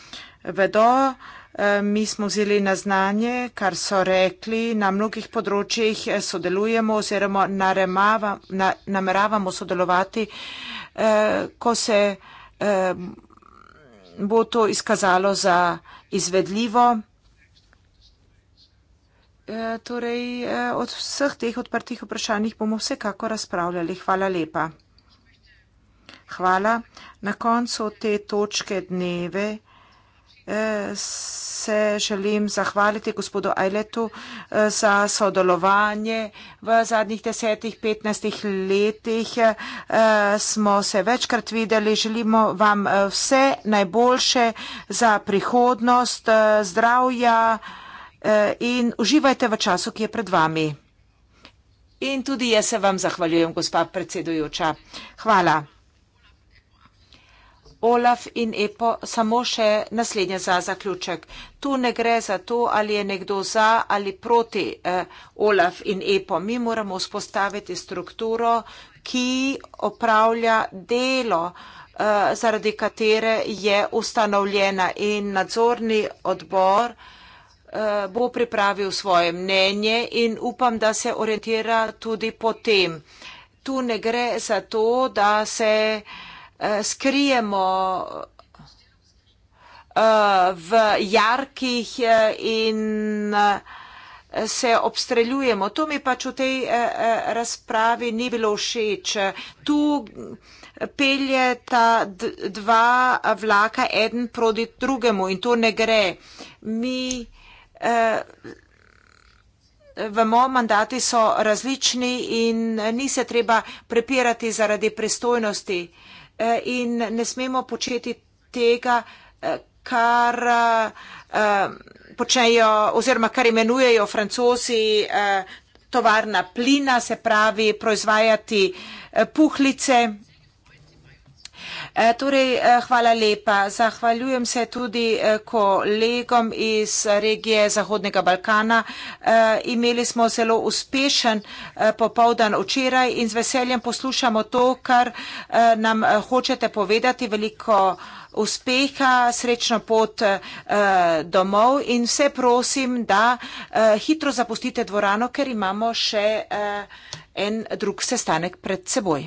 vedo, eh, mi smo vzeli na znanje, kar so rekli, na mnogih področjih eh, sodelujemo oziroma naremava, na, nameravamo sodelovati, eh, ko se bo to izkazalo za izvedljivo. Torej, od vseh teh odprtih vprašanjih bomo vsekako razpravljali. Hvala lepa. Hvala. Na koncu te točke dneve se želim zahvaliti gospodu Ajletu eh, za sodelovanje. V zadnjih desetih, petnajstih letih eh, smo se večkrat videli. Želimo vam eh, vse najboljše za prihodnost, zdravja in uživajte v času, ki je pred vami. In tudi jaz se vam zahvaljujem, gospod predsedujoča. Hvala. Olaf in Epo, samo še naslednje za zaključek. Tu ne gre za to, ali je nekdo za ali proti eh, Olaf in Epo. Mi moramo vzpostaviti strukturo, ki opravlja delo, eh, zaradi katere je ustanovljena in nadzorni odbor eh, bo pripravil svoje mnenje in upam, da se orientira tudi potem. Tu ne gre za to, da se eh, Eh, skrijemo eh, v jarkih eh, in se obstreljujemo. To mi pač v tej razpravi ni bilo všeč. Tu pelje ta dva vlaka eden proti drugemu in to ne gre. Mi v mojem mandati so različni in ni se treba prepirati zaradi pristojnosti. Eh, in ne smemo početi tega, eh, kar eh, počnejo oziroma kar imenujejo francosi tovarna plina, se pravi proizvajati puhlice E, torej, e, hvala lepa. Zahvaljujem se tudi e, kolegom iz regije Zahodnega Balkana. Imeli smo zelo uspešen popovdan včeraj in z veseljem poslušamo to, kar nam hočete povedati. Veliko uspeha, srečno pot domov in vse prosim, da hitro zapustite dvorano, ker imamo še en drug sestanek pred seboj.